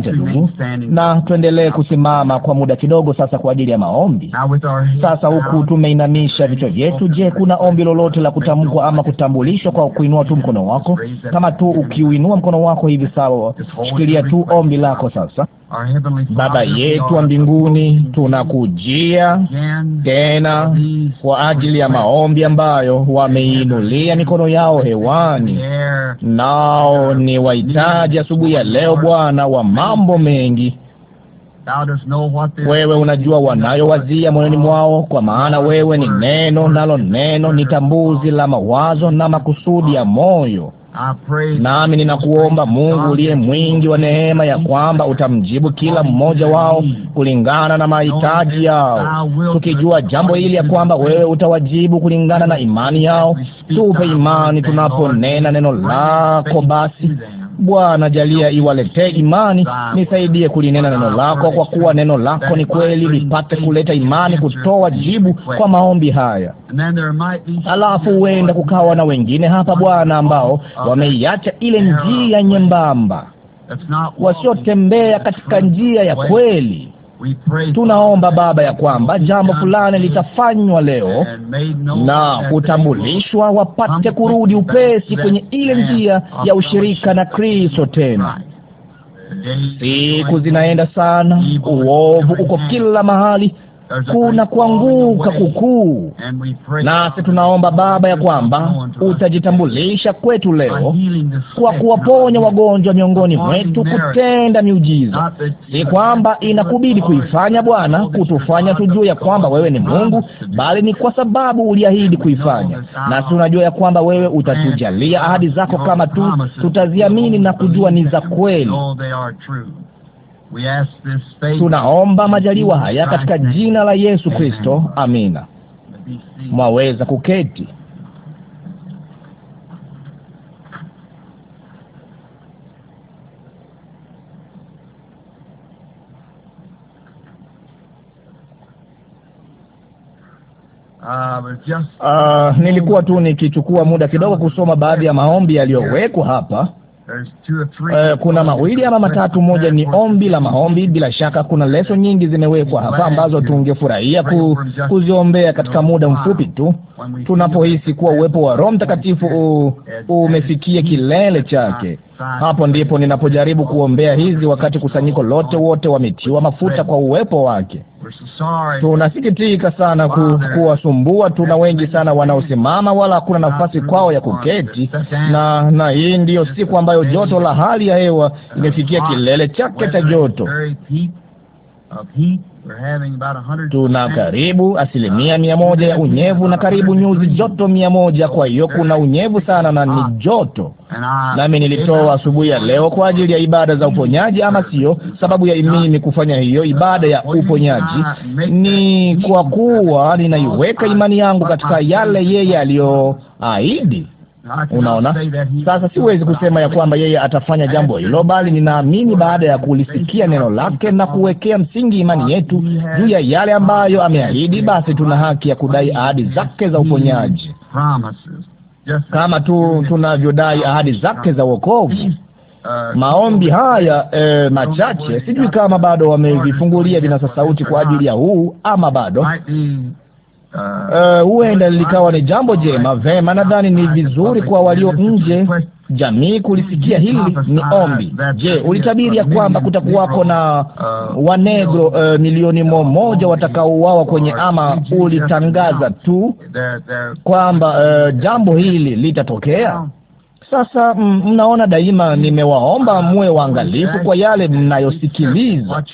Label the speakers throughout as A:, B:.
A: asante ndugu, na tuendelee kusimama kwa muda kidogo sasa kwa ajili ya maombi. Sasa huku tumeinamisha vichwa vyetu, je, kuna ombi lolote la kutamkwa ama kutambulishwa kwa kuinua tu mkono wako? Kama tu ukiuinua mkono wako hivi, sawa, shikilia tu ombi lako sasa.
B: Baba yetu wa
A: mbinguni, tunakujia tena kwa ajili ya maombi ambayo wameinulia mikono yao hewani, nao ni wahitaji asubuhi ya leo, Bwana wa mambo mengi. Wewe unajua wanayowazia moyoni mwao, kwa maana wewe ni neno, nalo neno ni tambuzi la mawazo na makusudi ya moyo. Nami ninakuomba Mungu uliye mwingi wa neema, ya kwamba utamjibu kila mmoja wao kulingana na mahitaji yao, tukijua jambo hili ya kwamba wewe utawajibu kulingana na imani yao. Tupe imani tunaponena neno lako basi, Bwana jalia iwaletee imani. Nisaidie kulinena neno lako, kwa kuwa neno lako ni kweli, lipate kuleta imani, kutoa jibu kwa maombi haya. Alafu huenda kukawa na wengine hapa Bwana, ambao wameiacha ile njia nyembamba, wasiotembea katika njia ya kweli Tunaomba Baba ya kwamba jambo fulani litafanywa leo na kutambulishwa, wapate kurudi upesi kwenye ile njia ya ushirika na Kristo tena. Siku zinaenda sana, uovu uko kila mahali, kuna kuanguka kukuu. Nasi tunaomba Baba ya kwamba utajitambulisha kwetu leo kwa kuwaponya wagonjwa miongoni mwetu, kutenda miujiza. Si kwamba inakubidi kuifanya, Bwana, kutufanya tujue ya kwamba wewe ni Mungu, bali ni kwa sababu uliahidi kuifanya, nasi tunajua ya kwamba wewe utatujalia ahadi zako kama tu tutaziamini na kujua ni za kweli.
B: Tunaomba majaliwa haya katika
A: jina la Yesu Kristo, amina. Mwaweza kuketi. Uh, ah, nilikuwa tu nikichukua muda kidogo kusoma baadhi ya maombi yaliyowekwa hapa.
B: Uh,
A: kuna mawili ama matatu. Moja ni ombi la maombi. Bila shaka kuna leso nyingi zimewekwa hapa ambazo tungefurahia ku, kuziombea katika muda mfupi tu, tunapohisi kuwa uwepo wa Roho Mtakatifu umefikia kilele chake. Hapo ndipo ninapojaribu kuombea hizi, wakati kusanyiko lote wote wametiwa mafuta kwa uwepo wake. Tunasikitika sana ku, kuwasumbua. Tuna wengi sana wanaosimama, wala hakuna nafasi kwao ya kuketi, na na hii ndiyo siku ambayo joto la hali ya hewa imefikia kilele chake cha joto
B: tuna karibu
A: asilimia mia moja ya unyevu na karibu nyuzi joto mia moja. Kwa hiyo kuna unyevu sana na ni ah, joto, uh,
B: nami nilitoa
A: asubuhi ya leo kwa ajili ya ibada za uponyaji, ama sio? Sababu ya ah, mimi kufanya hiyo uh, ibada ya uponyaji uh, ni kwa kuwa ninaiweka imani yangu katika yale yeye aliyoahidi. Unaona, sasa siwezi kusema ya kwamba yeye atafanya jambo hilo, bali ninaamini baada ya kulisikia neno lake na kuwekea msingi imani yetu juu ya yale ambayo ameahidi, basi tuna haki ya kudai ahadi zake za uponyaji kama tu tunavyodai ahadi zake za wokovu.
C: Uh, Maombi
A: haya e, machache, sijui kama uh, bado wamevifungulia vinasa sauti kwa ajili ya huu ama bado Eh, uh, huenda uh, likawa ni jambo jema. Vema, nadhani ni vizuri kwa walio nje jamii kulisikia hili. Ni ombi. Je, ulitabiri ya kwamba kutakuwako na uh, wanegro uh, milioni mmoja uh, watakaouawa kwenye, ama ulitangaza tu kwamba uh, jambo hili litatokea? Sasa mm, mnaona, daima nimewaomba muwe waangalifu kwa yale mnayosikiliza.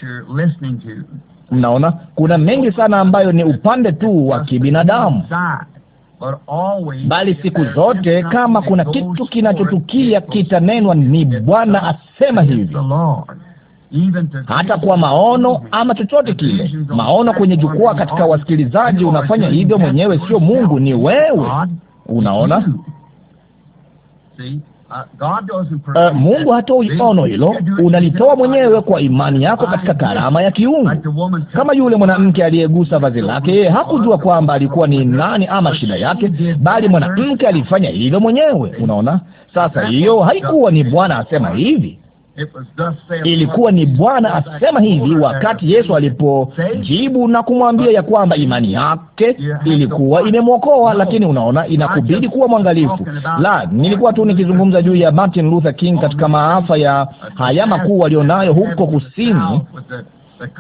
A: Mnaona, kuna mengi sana ambayo ni upande tu wa kibinadamu, bali siku zote kama kuna kitu kinachotukia kitanenwa ni Bwana asema hivyo hata kwa maono ama chochote kile, maono kwenye jukwaa, katika wasikilizaji, unafanya hivyo mwenyewe, sio Mungu, ni wewe. Unaona,
B: Uh, uh Mungu
A: hatoi ono hilo, unalitoa mwenyewe kwa imani yako katika karama ya kiungu. Kama yule mwanamke aliyegusa vazi lake, yeye hakujua kwamba alikuwa ni nani ama shida yake, bali mwanamke alifanya hivyo mwenyewe. Unaona sasa, hiyo haikuwa ni Bwana asema hivi
B: Ilikuwa ni
A: Bwana asema hivi, wakati Yesu alipojibu na kumwambia ya kwamba imani yake ilikuwa imemwokoa. Lakini unaona, inakubidi kuwa mwangalifu. La, nilikuwa tu nikizungumza juu ya Martin Luther King katika maafa ya haya makuu walionayo huko kusini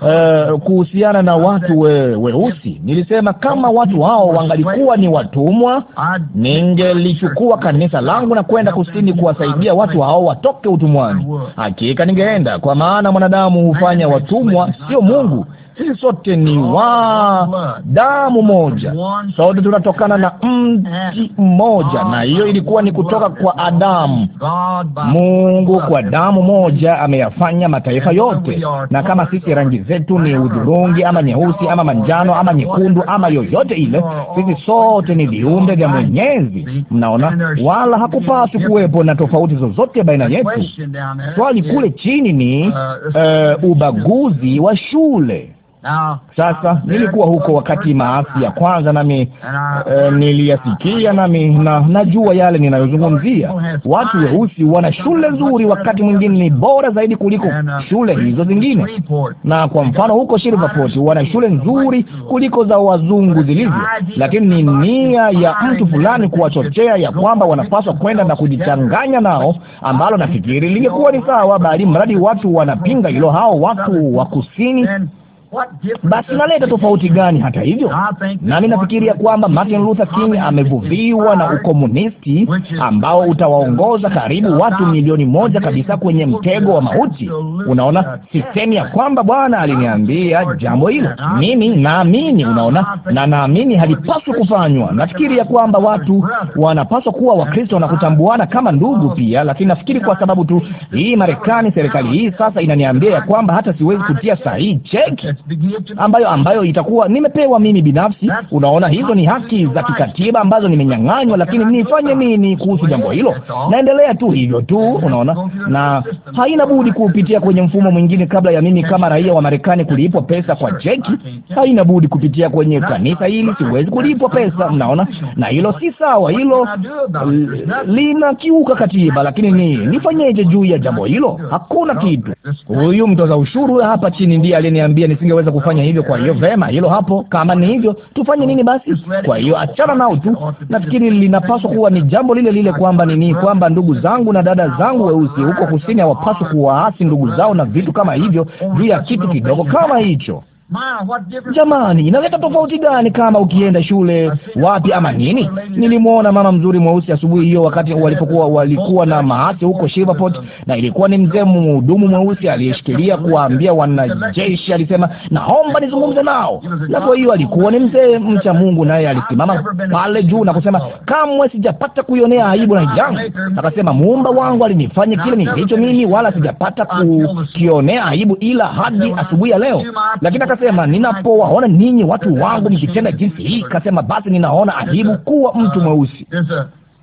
A: Uh, kuhusiana na watu we, weusi nilisema kama watu hao wangalikuwa ni watumwa, ningelichukua kanisa langu na kwenda kusini kuwasaidia watu hao watoke utumwani. Hakika ningeenda, kwa maana mwanadamu hufanya watumwa, sio Mungu sisi sote ni wa damu moja, sote tunatokana na mti mmoja, na hiyo ilikuwa ni kutoka kwa Adamu. Mungu kwa damu moja ameyafanya mataifa yote, na kama sisi rangi zetu ni udhurungi ama nyeusi ama manjano ama nyekundu ama yoyote ile, sisi sote ni viumbe vya Mwenyezi. Mnaona, wala hakupaswi kuwepo na tofauti zozote baina yetu.
B: Swali kule chini ni uh,
A: uh ubaguzi wa shule. Sasa nilikuwa huko wakati maasi ya kwanza, nami e, niliyasikia nami na najua yale ninayozungumzia. Watu weusi wana shule nzuri, wakati mwingine ni bora zaidi kuliko uh, shule hizo zingine, na kwa mfano huko Shreveport wana shule nzuri kuliko za wazungu zilivyo, lakini ni nia ya mtu fulani kuwachochea ya kwamba wanapaswa kwenda na kujichanganya nao, ambalo nafikiri lingekuwa ni sawa, bali mradi watu wanapinga hilo, hao watu wa kusini basi naleta tofauti gani? Hata hivyo, nami nafikiria kwamba Martin Luther King amevuviwa na ukomunisti ambao utawaongoza karibu watu milioni moja kabisa kwenye mtego wa mauti. Unaona, sisemi ya kwamba Bwana aliniambia jambo hilo, mimi naamini, unaona, na naamini halipaswi kufanywa. Nafikiri ya kwamba watu wanapaswa kuwa Wakristo na kutambuana kama ndugu pia, lakini nafikiri kwa sababu tu hii Marekani, serikali hii sasa inaniambia ya kwamba hata siwezi kutia sahihi cheki ambayo ambayo itakuwa nimepewa mimi binafsi. Unaona, hizo ni haki za kikatiba ambazo nimenyang'anywa, lakini nifanye nini kuhusu jambo hilo? Naendelea tu hivyo tu, unaona, na haina budi kupitia kwenye mfumo mwingine kabla ya mimi kama raia wa Marekani kulipwa pesa kwa cheki. Haina budi kupitia kwenye kanisa hili, siwezi kulipwa pesa, mnaona, na hilo si sawa, hilo linakiuka katiba. Lakini ni nifanyeje juu ya jambo hilo? Hakuna kitu. Huyu mtoza ushuru hapa chini ndiye aliniambia nisinge asingeweza kufanya hivyo. Kwa hiyo vema, hilo hapo. Kama ni hivyo, tufanye nini basi? Kwa hiyo achana nao tu. Nafikiri linapaswa kuwa ni jambo lile lile, kwamba nini, kwamba ndugu zangu na dada zangu weusi huko kusini hawapaswi kuwaasi ndugu zao na vitu kama hivyo, juu ya kitu kidogo kama hicho.
B: Jamani, inaleta
A: tofauti gani kama ukienda shule wapi ama yaani nini? Nilimwona mama mzuri mweusi asubuhi hiyo, wakati walipokuwa walikuwa na maasi huko Shreveport, na ilikuwa ni mzee mhudumu mweusi aliyeshikilia kuwaambia wanajeshi, alisema naomba nizungumze nao, na kwa hiyo alikuwa ni mzee mcha Mungu, naye alisimama pale juu na kusema, kamwe sijapata kuionea aibu na yangu. Akasema, muumba wangu alinifanya kile nilicho mimi, wala sijapata kukionea aibu ila hadi asubuhi ya leo, lakini akasema, ninapowaona ninyi watu wangu mkitenda jinsi hii, kasema basi ninaona aibu kuwa mtu mweusi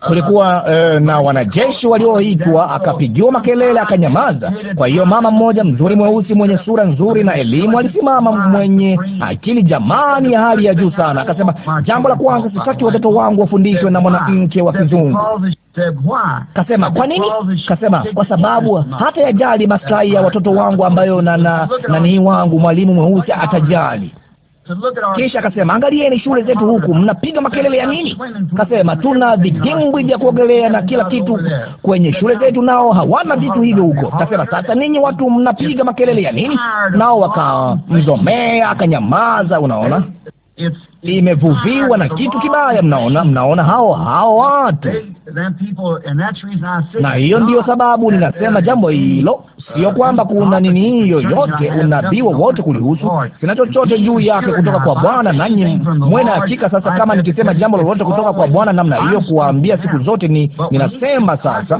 A: kulikuwa eh, na wanajeshi walioitwa, akapigiwa makelele, akanyamaza. Kwa hiyo mama mmoja mzuri mweusi mwenye sura nzuri na elimu alisimama, mwenye akili jamani ya hali ya juu sana, akasema, jambo la kwanza, sitaki watoto wangu wafundishwe na mwanamke wa kizungu.
B: Kasema, kwa nini? Kasema, kwa sababu hata
A: yajali maslahi ya watoto wangu ambayo na nani na, na, wangu mwalimu mweusi atajali kisha akasema angalieni shule zetu huku, mnapiga makelele ya nini? Kasema tuna vidimbwi vya kuogelea na kila kitu kwenye shule zetu, nao hawana vitu hivyo huko. Kasema sasa ninyi watu mnapiga makelele ya nini? Nao wakamzomea akanyamaza. Unaona limevuviwa na ah, kitu kibaya. Mnaona, mnaona hao hao watu,
B: na hiyo ndiyo sababu ninasema jambo
A: hilo. Sio kwamba kuna nini yoyote unabii wowote kulihusu, sina chochote juu yake kutoka kwa Bwana, nanyi mwena hakika. Sasa kama nikisema jambo lolote kutoka kwa Bwana namna hiyo, kuwaambia siku zote ni ninasema sasa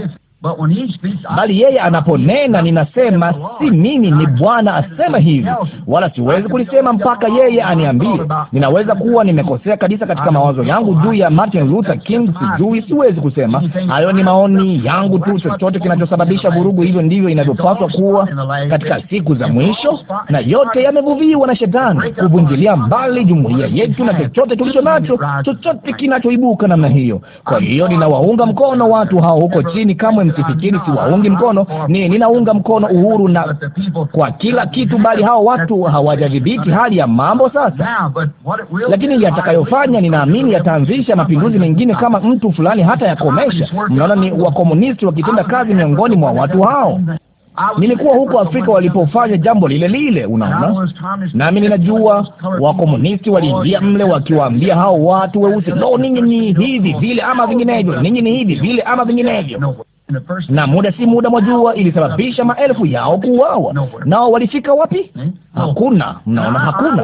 A: bali yeye anaponena ninasema, si mimi, ni Bwana asema hivi, wala siwezi kulisema mpaka yeye aniambie. Ninaweza kuwa nimekosea kabisa katika mawazo yangu juu ya Martin Luther King, sijui, siwezi kusema. Hayo ni maoni yangu tu. Chochote kinachosababisha vurugu, hivyo ndivyo inavyopaswa kuwa katika siku za mwisho, na yote yamevuviwa na Shetani kuvunjilia mbali jumuiya yetu na chochote tulicho nacho, chochote kinachoibuka namna hiyo. Kwa hiyo ninawaunga mkono watu hao huko chini, kamwe msifikiri siwaungi mkono, ni ninaunga mkono uhuru na kwa kila kitu, bali hao watu hawajadhibiti hali ya mambo sasa. Lakini yatakayofanya, ninaamini yataanzisha mapinduzi mengine, kama mtu fulani hata yakomesha. Mnaona, ni wakomunisti wakitenda kazi miongoni mwa watu hao.
B: Nilikuwa huko
A: Afrika walipofanya jambo lile lile, unaona. Nami ninajua wakomunisti waliingia mle wakiwaambia hao watu weusi, lo, ninyi ni hivi vile ama vinginevyo, ninyi ni hivi vile ama vinginevyo na muda si muda mwa jua ilisababisha maelfu yao kuuawa. Nao walifika wapi? Hmm? Hakuna. Mnaona, hakuna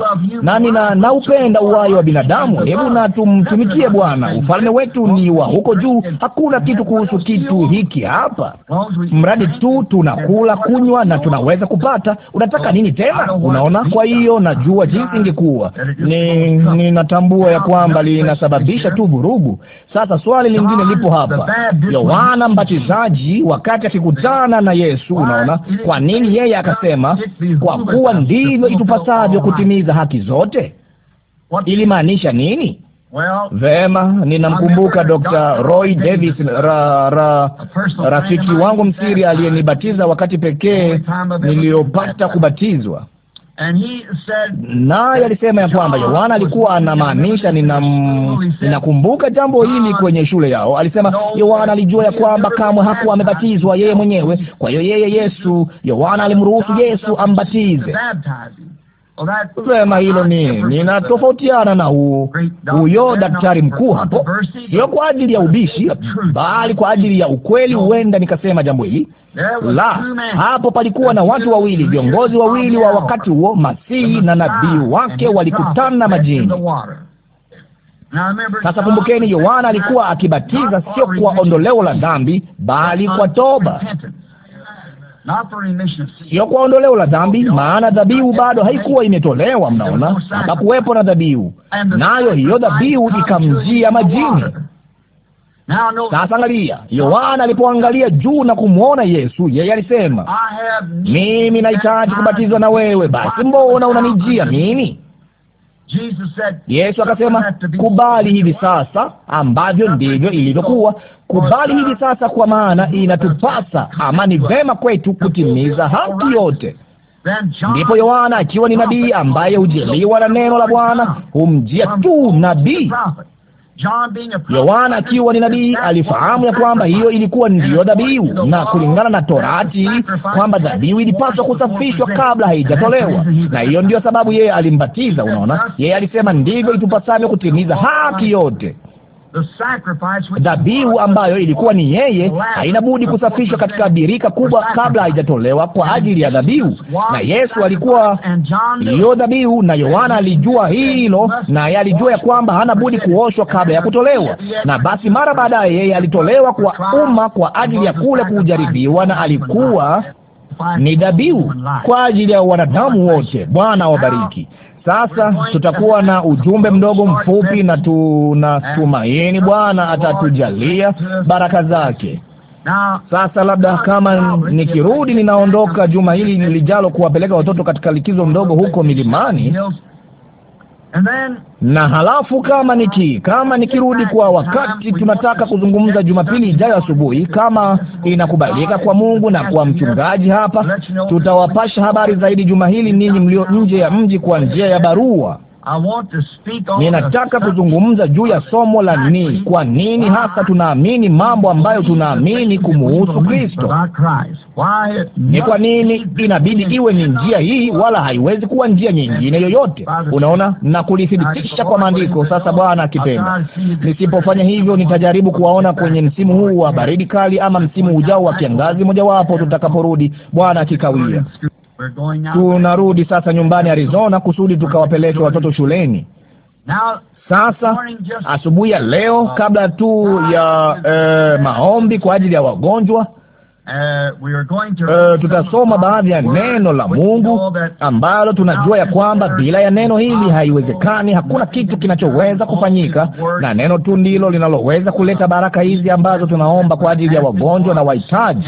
A: na naupenda uwayo wa binadamu. Hebu na tumtumikie Bwana. Ufalme wetu ni wa huko juu. Hakuna kitu kuhusu kitu hiki hapa, mradi tu tunakula, kunywa na tunaweza kupata. Unataka nini tena? Unaona, kwa hiyo najua jinsi ingekuwa ni ninatambua ya kwamba linasababisha tu vurugu. Sasa swali lingine lipo hapa, Yohana Mbatizaji mchungaji wakati akikutana na Yesu. Unaona kwa nini yeye akasema, kwa kuwa ndivyo itupasavyo kutimiza haki zote. Ilimaanisha nini? Vema, ninamkumbuka Dr. Roy Davis ra, ra, rafiki wangu msiri aliyenibatiza wakati pekee niliyopata kubatizwa naye alisema ya kwamba Yohana alikuwa anamaanisha, ninakumbuka jambo hili kwenye shule yao. Alisema Yohana alijua ya kwamba kamwe hakuwa amebatizwa yeye mwenyewe, kwa hiyo yeye Yesu, Yohana alimruhusu Yesu ambatize. Vema, hilo ni ninatofautiana na huo huyo daktari mkuu hapo, sio kwa ajili ya ubishi, bali kwa ajili ya ukweli. Huenda nikasema jambo hili
C: la hapo.
A: Palikuwa na watu wawili, viongozi wawili wa wakati huo, Masihi na nabii wake walikutana majini.
B: Sasa kumbukeni, Yohana alikuwa akibatiza sio kwa
A: ondoleo la dhambi, bali kwa toba sio kwa ondoleo la dhambi, maana dhabihu bado haikuwa imetolewa. Mnaona, hapakuwepo na dhabihu, nayo hiyo dhabihu ikamjia majini. Sasa angalia, Yohana alipoangalia juu na kumwona Yesu, yeye alisema, mimi nahitaji kubatizwa na wewe, basi mbona unanijia mimi? Yesu akasema, kubali hivi sasa, ambavyo ndivyo ilivyokuwa. Kubali hivi sasa, kwa maana inatupasa ama ni vema kwetu kutimiza haki yote. Ndipo Yohana akiwa ni nabii ambaye hujeliwa na neno la Bwana humjia tu nabii Yohana akiwa ni nabii alifahamu ya kwamba hiyo ilikuwa ndiyo dhabihu, na kulingana na Torati kwamba dhabihu ilipaswa kusafishwa kabla haijatolewa, na hiyo ndiyo sababu yeye alimbatiza. Unaona, yeye alisema ndivyo itupasavyo kutimiza haki yote. Dhabihu ambayo ilikuwa ni yeye haina budi kusafishwa katika birika kubwa kabla haijatolewa kwa ajili ya dhabihu, na Yesu alikuwa hiyo dhabihu, na Yohana alijua hilo, naye alijua ya kwamba hana budi kuoshwa kabla ya kutolewa. Na basi mara baadaye yeye alitolewa kwa umma kwa ajili ya kule kujaribiwa, na alikuwa ni dhabihu kwa ajili ya wanadamu wote. Bwana wabariki. Sasa tutakuwa na ujumbe mdogo mfupi, na tunatumaini Bwana atatujalia baraka zake. Sasa labda kama nikirudi, ninaondoka juma hili nilijalo kuwapeleka watoto katika likizo mdogo huko milimani, na halafu, kama niki kama nikirudi kwa wakati, tunataka kuzungumza Jumapili ijayo asubuhi, kama inakubalika kwa Mungu na kwa mchungaji hapa, tutawapasha habari zaidi juma hili, ninyi mlio nje ya mji, kwa njia ya barua.
B: Ninataka
A: kuzungumza juu ya somo la ni kwa nini hasa tunaamini mambo ambayo tunaamini kumuhusu Kristo. Ni kwa nini inabidi iwe ni njia hii, wala haiwezi kuwa njia nyingine yoyote. Unaona, na kulithibitisha kwa maandiko. Sasa Bwana akipenda, nisipofanya hivyo, nitajaribu kuwaona kwenye msimu huu wa baridi kali ama msimu ujao wa kiangazi, mojawapo tutakaporudi, Bwana akikawia. Tunarudi sasa nyumbani Arizona kusudi tukawapeleke watoto shuleni.
B: Sasa asubuhi ya leo, uh, kabla
A: tu ya eh, maombi kwa ajili ya wagonjwa Uh, eh, tutasoma baadhi ya neno la Mungu ambalo tunajua ya kwamba bila ya neno hili haiwezekani. Hakuna kitu kinachoweza kufanyika, na neno tu ndilo linaloweza kuleta baraka hizi ambazo tunaomba kwa ajili ya wagonjwa na wahitaji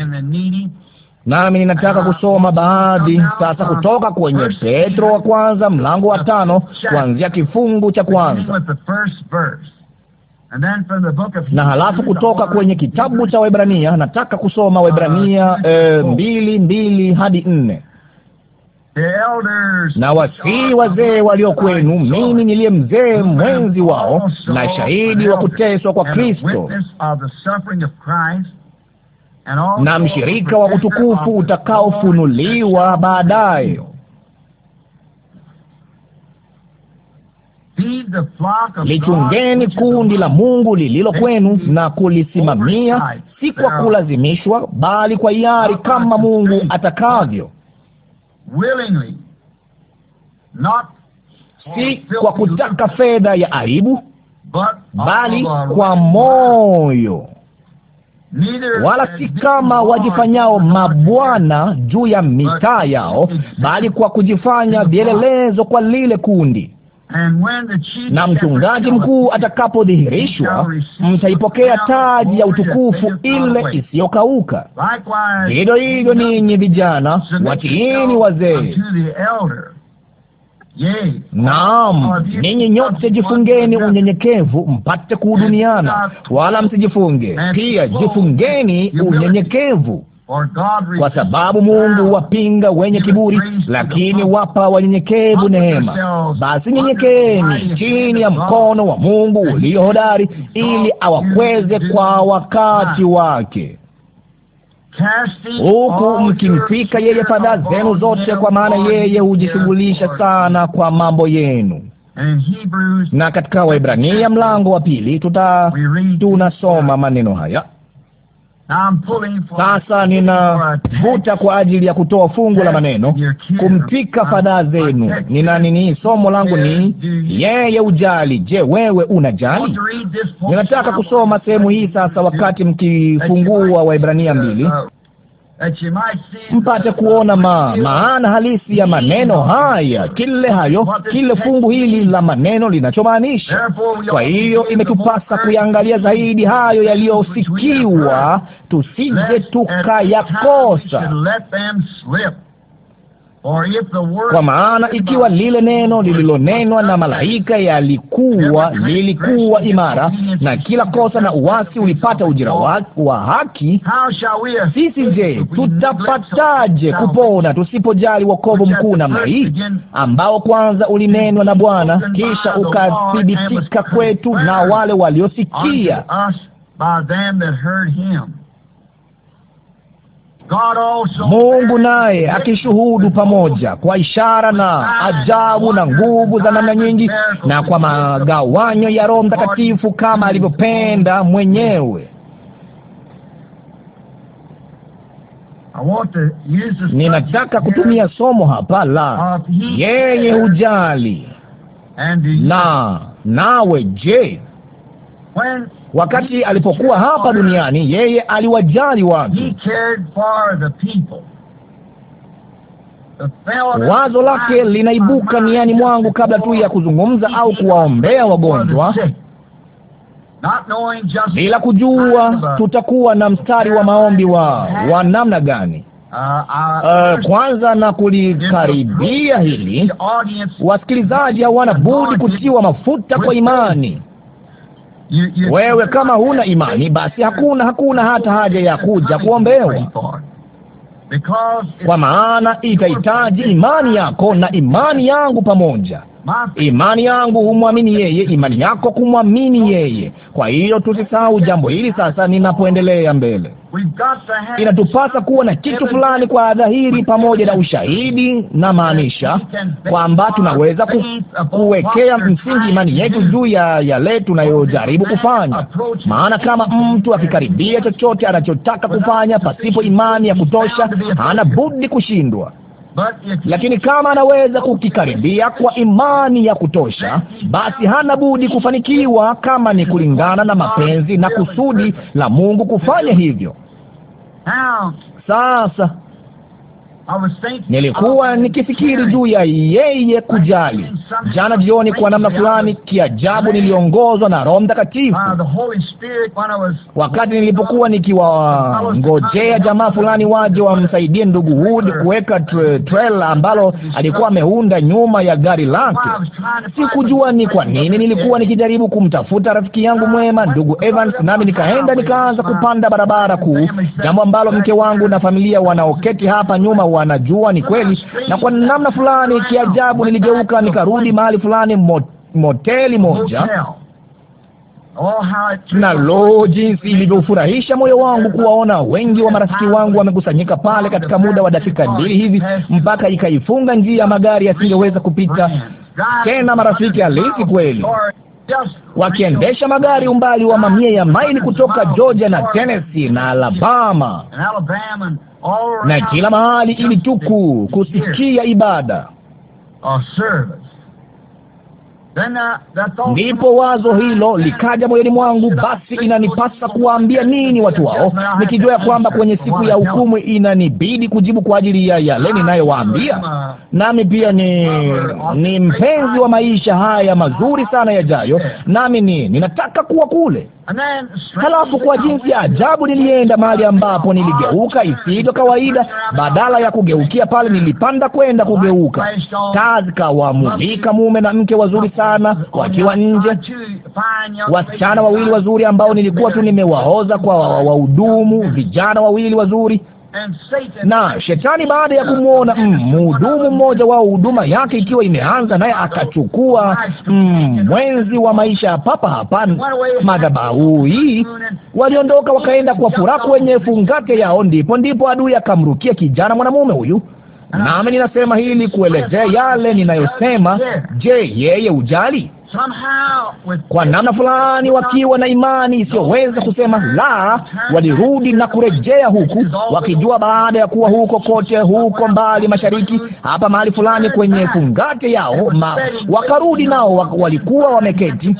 A: nami ninataka kusoma baadhi sasa kutoka kwenye Petro wa kwanza mlango wa tano kuanzia kifungu cha kwanza
B: na halafu kutoka kwenye
A: kitabu cha Waebrania nataka kusoma Waebrania e, mbili mbili hadi nne na wasii wazee walio kwenu, mimi niliye mzee mwenzi wao na shahidi wa kuteswa kwa Kristo
B: na mshirika wa utukufu utakaofunuliwa
A: baadaye.
B: Lichungeni
A: kundi la Mungu lililo kwenu na kulisimamia, si kwa kulazimishwa, bali kwa hiari, kama Mungu atakavyo, si kwa kutaka fedha ya aibu,
B: bali kwa
A: moyo wala si kama wajifanyao mabwana juu ya mitaa yao, bali kwa kujifanya vielelezo kwa lile kundi. Na mchungaji mkuu atakapodhihirishwa, mtaipokea taji ya utukufu ile isiyokauka. hivyo hivyo ninyi vijana, watiini wazee Naam, ninyi nyote jifungeni unyenyekevu mpate kuhudumiana, wala msijifunge. Pia jifungeni unyenyekevu kwa sababu Mungu wapinga wenye kiburi, lakini wapa wanyenyekevu neema. Basi nyenyekeni chini ya mkono wa Mungu ulio hodari, ili awakweze kwa wakati wake huku mkimfika yeye fadhaa zenu zote, kwa maana yeye hujishughulisha sana kwa mambo yenu. Na katika Waibrania mlango wa pili tuta tunasoma maneno haya sasa ninavuta kwa ajili ya kutoa fungu la maneno, kumpika fadhaa zenu. Nina nini? Somo langu ni yeye ujali. Je, wewe unajali?
B: Ninataka kusoma sehemu hii
A: sasa, wakati mkifungua Waebrania mbili uh, mpate kuona ma, maana halisi ya maneno haya, kile hayo, kile fungu hili la maneno linachomaanisha. Kwa hiyo imetupasa kuyangalia zaidi hayo yaliyosikiwa, tusije tukayakosa. Kwa maana ikiwa lile neno lililonenwa na malaika yalikuwa lilikuwa imara, na kila kosa na uasi ulipata ujira wa, wa haki, sisi je, tutapataje kupona tusipojali wokovu mkuu namna hii, ambao kwanza ulinenwa na Bwana, kisha ukathibitika kwetu na wale waliosikia Mungu naye akishuhudu pamoja kwa ishara na ajabu na nguvu za namna nyingi, na kwa magawanyo ya Roho Mtakatifu kama alivyopenda mwenyewe. Ninataka kutumia somo hapa la yeye hujali na nawe. Je, Wakati alipokuwa hapa duniani, yeye aliwajali watu. Wazo lake linaibuka niani mwangu kabla tu ya kuzungumza au kuwaombea wagonjwa, bila kujua tutakuwa na mstari wa maombi wa wa namna gani.
B: Uh, uh
A: kwanza na kulikaribia hili, wasikilizaji hawana budi kutiwa mafuta kwa imani. Wewe kama huna imani, basi hakuna hakuna hata haja ya kuja kuombewa, kwa maana itahitaji imani yako na imani yangu pamoja. Imani yangu humwamini yeye, imani yako kumwamini yeye. Kwa hiyo tusisahau jambo hili sasa, ninapoendelea mbele.
B: Inatupasa
A: kuwa na kitu fulani kwa dhahiri, pamoja na ushahidi na maanisha kwamba tunaweza ku, kuwekea msingi imani yetu juu ya yale tunayojaribu kufanya. Maana kama mtu akikaribia chochote anachotaka kufanya pasipo imani ya kutosha, hana budi kushindwa. Lakini kama anaweza kukikaribia kwa imani ya kutosha, basi hana budi kufanikiwa, kama ni kulingana na mapenzi na kusudi la Mungu kufanya hivyo.
B: Sasa Nilikuwa
A: nikifikiri juu ya yeye kujali. Jana jioni, kwa namna fulani kiajabu, niliongozwa na Roho Mtakatifu ah, wakati nilipokuwa nikiwangojea jamaa fulani waje wamsaidie ndugu Wood kuweka tre trela ambalo alikuwa ameunda nyuma ya gari lake. Sikujua ni kwa nini, nilikuwa nikijaribu kumtafuta rafiki yangu ah, mwema, ndugu Evans, nami nikaenda nikaanza kupanda barabara kuu, jambo ambalo mke wangu na familia wanaoketi hapa nyuma wa wanajua ni kweli, na kwa namna fulani kiajabu, niligeuka nikarudi mahali fulani, mot, moteli moja na lo, jinsi ilivyofurahisha moyo wangu kuwaona wengi wa marafiki wangu wamekusanyika pale katika muda wa dakika mbili hivi, mpaka ikaifunga njia ya magari yasingeweza kupita tena. Marafiki halisi kweli wakiendesha magari umbali wa mamia ya maili kutoka Georgia na Tennessee na Alabama
B: na kila mahali, ili tu kusikia
A: ibada Ndipo wazo hilo likaja moyoni mwangu, basi inanipasa kuwaambia nini watu wao, nikijua ya kwamba kwenye siku ya hukumu inanibidi kujibu kwa ajili ya yale ninayowaambia. Nami pia ni ni mpenzi wa maisha haya mazuri sana yajayo, nami ni ninataka kuwa kule Halafu kwa jinsi ya ajabu nilienda mahali ambapo niligeuka isivyo kawaida, badala ya kugeukia pale nilipanda kwenda kugeuka. Taa zikawamulika mume na mke wazuri sana wakiwa nje, wasichana wawili wazuri ambao nilikuwa tu nimewaoza kwa wahudumu, vijana wawili wazuri na shetani baada ya kumwona mhudumu mm, mmoja wa huduma yake ikiwa imeanza, naye akachukua mm, mwenzi wa maisha papa hapa madhabahu hii, waliondoka wakaenda kwa furaha kwenye fungate yao, ndipo ndipo adui akamrukia kijana mwanamume huyu. Nami ninasema hili kuelezea yale ninayosema. Je, yeye ujali kwa namna fulani, wakiwa na imani isiyoweza kusema la, walirudi na kurejea huku, wakijua baada ya kuwa huko kote huko mbali mashariki, hapa mahali fulani kwenye fungate yao ma, wakarudi nao walikuwa wameketi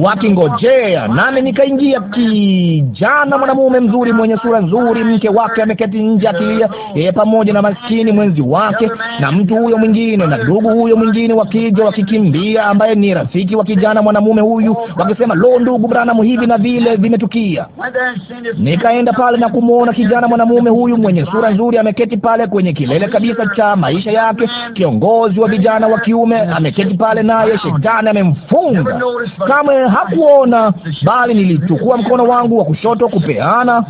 A: wakingojea, nami nikaingia. Kijana mwanamume mzuri mwenye sura nzuri, mke wake ameketi nje akilia, yeye pamoja na maskini mwenzi wake na mtu huyo mwingine na ndugu huyo mwingine, wakija wakikimbia, ambaye ni rafiki wa kijana mwanamume huyu, wakisema lo, ndugu Branham, hivi na vile vimetukia. Nikaenda pale na kumwona kijana mwanamume huyu mwenye sura nzuri ameketi pale kwenye kilele kabisa cha maisha yake, kiongozi wa vijana wa kiume ameketi pale, naye shetani amemfunga kamwe hakuona, bali nilichukua mkono wangu wa kushoto kupeana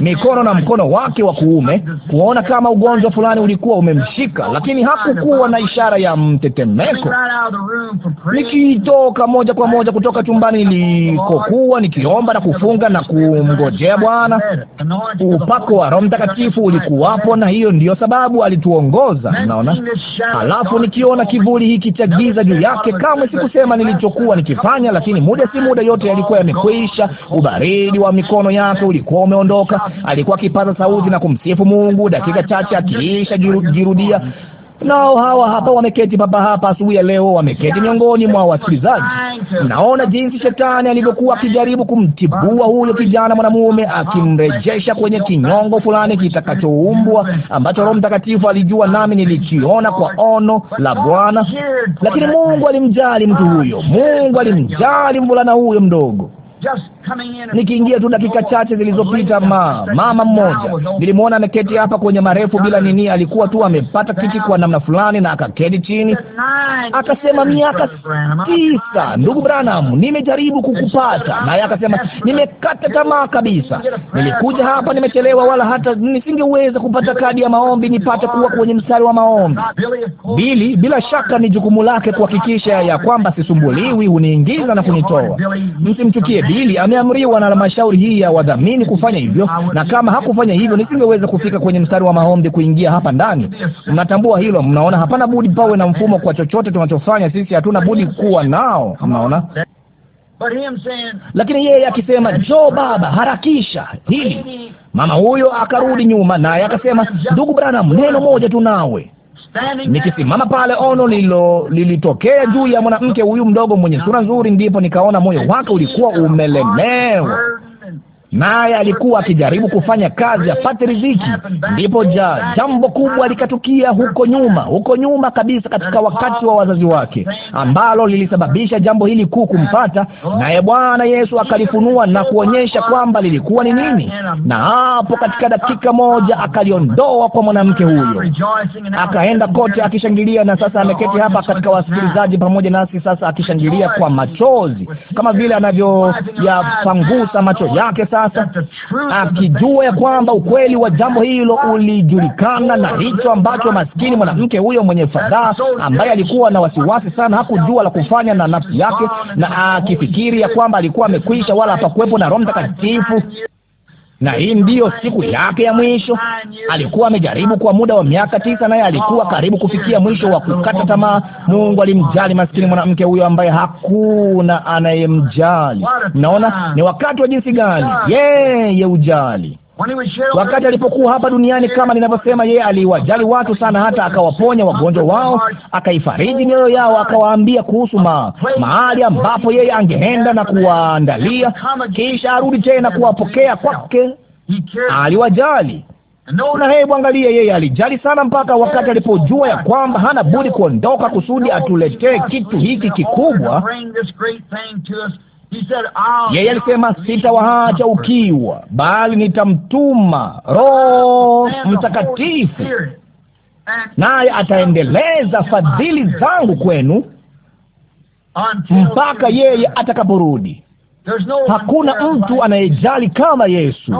A: mikono na mkono wake wa kuume kuona kama ugonjwa fulani ulikuwa umemshika, lakini hakukuwa na ishara ya mtetemeko. Nikitoka moja kwa moja kutoka chumbani nilikokuwa nikiomba na kufunga na kumgojea Bwana, upako wa Roho Mtakatifu ulikuwapo, na hiyo ndiyo sababu alituongoza. naona Halafu nikiona kivuli hiki cha giza juu yake, kamwe sikusema nilichokuwa nikifanya, lakini muda si muda yote yalikuwa yamekwisha. Ubaridi wa mikono yake ulikuwa umeondoka kanisa, alikuwa akipaza sauti na kumsifu Mungu dakika chache, akiisha jirudia Nao hawa hapa wameketi papa hapa asubuhi ya leo, wameketi miongoni mwa wasikilizaji. Naona jinsi shetani alivyokuwa akijaribu kumtibua huyo kijana mwanamume, akimrejesha kwenye kinyongo fulani kitakachoumbwa ambacho Roho Mtakatifu alijua, nami nilikiona kwa ono la Bwana. Lakini Mungu alimjali mtu huyo, Mungu alimjali mvulana huyo mdogo nikiingia tu dakika chache zilizopita, ma mama mmoja nilimwona ameketi hapa kwenye marefu bila nini, alikuwa tu amepata kiti kwa namna fulani na akaketi chini, akasema miaka tisa, ndugu Branham, nimejaribu kukupata, naye akasema nimekata tamaa kabisa. Nilikuja hapa nimechelewa, wala hata nisingeweza kupata kadi ya maombi nipate kuwa kwenye mstari wa maombi. Bili bila shaka ni jukumu lake kuhakikisha ya kwamba sisumbuliwi, huniingiza na kunitoa. Msimchukie Bili ame Nimeamriwa na halmashauri hii ya wadhamini kufanya hivyo, na kama hakufanya hivyo nisingeweza kufika kwenye mstari wa maombi kuingia hapa ndani. Mnatambua hilo? Mnaona, hapana budi pawe na mfumo kwa chochote tunachofanya sisi, hatuna budi kuwa nao. Mnaona? Lakini yeye akisema njoo baba, harakisha hili, mama huyo akarudi nyuma, naye akasema ndugu Branham, neno moja tu nawe
B: Nikisimama pale,
A: ono lilo lilitokea juu ya mwanamke huyu mdogo mwenye sura nzuri, ndipo nikaona moyo wake ulikuwa umelemewa naye alikuwa akijaribu kufanya kazi apate riziki. Ndipo ja jambo kubwa likatukia huko nyuma, huko nyuma kabisa, katika wakati wa wazazi wake, ambalo lilisababisha jambo hili kuu kumpata, naye Bwana Yesu akalifunua na kuonyesha kwamba lilikuwa ni nini, na hapo katika dakika moja akaliondoa kwa mwanamke huyo, akaenda kote akishangilia, na sasa ameketi hapa katika wasikilizaji pamoja nasi sasa, akishangilia kwa machozi kama vile anavyoyapangusa macho yake sana sasa, akijua ya kwamba ukweli wa jambo hilo ulijulikana, na hicho ambacho maskini mwanamke huyo mwenye fadhaa ambaye alikuwa na wasiwasi sana hakujua la kufanya na nafsi yake, na akifikiri ya kwamba alikuwa amekwisha, wala hapakuwepo na Roho Mtakatifu na hii ndiyo siku yake ya mwisho. Alikuwa amejaribu kwa muda wa miaka tisa, naye alikuwa karibu kufikia mwisho wa kukata tamaa. Mungu alimjali maskini mwanamke huyo ambaye hakuna anayemjali. Naona ni wakati wa jinsi gani yeye ujali
B: Wakati alipokuwa hapa
A: duniani, kama ninavyosema, yeye aliwajali watu sana, hata akawaponya wagonjwa wao, akaifariji mioyo yao, akawaambia kuhusu ma, mahali ambapo yeye angeenda na kuwaandalia, kisha arudi tena kuwapokea kwake. Aliwajali na hebu angalia, yeye alijali sana mpaka wakati alipojua ya kwamba hana budi kuondoka kusudi atuletee kitu hiki kikubwa
B: yeye alisema
A: sitawaacha ukiwa, bali nitamtuma Roho Mtakatifu, naye ataendeleza fadhili zangu kwenu mpaka yeye atakaporudi. Hakuna mtu anayejali kama Yesu,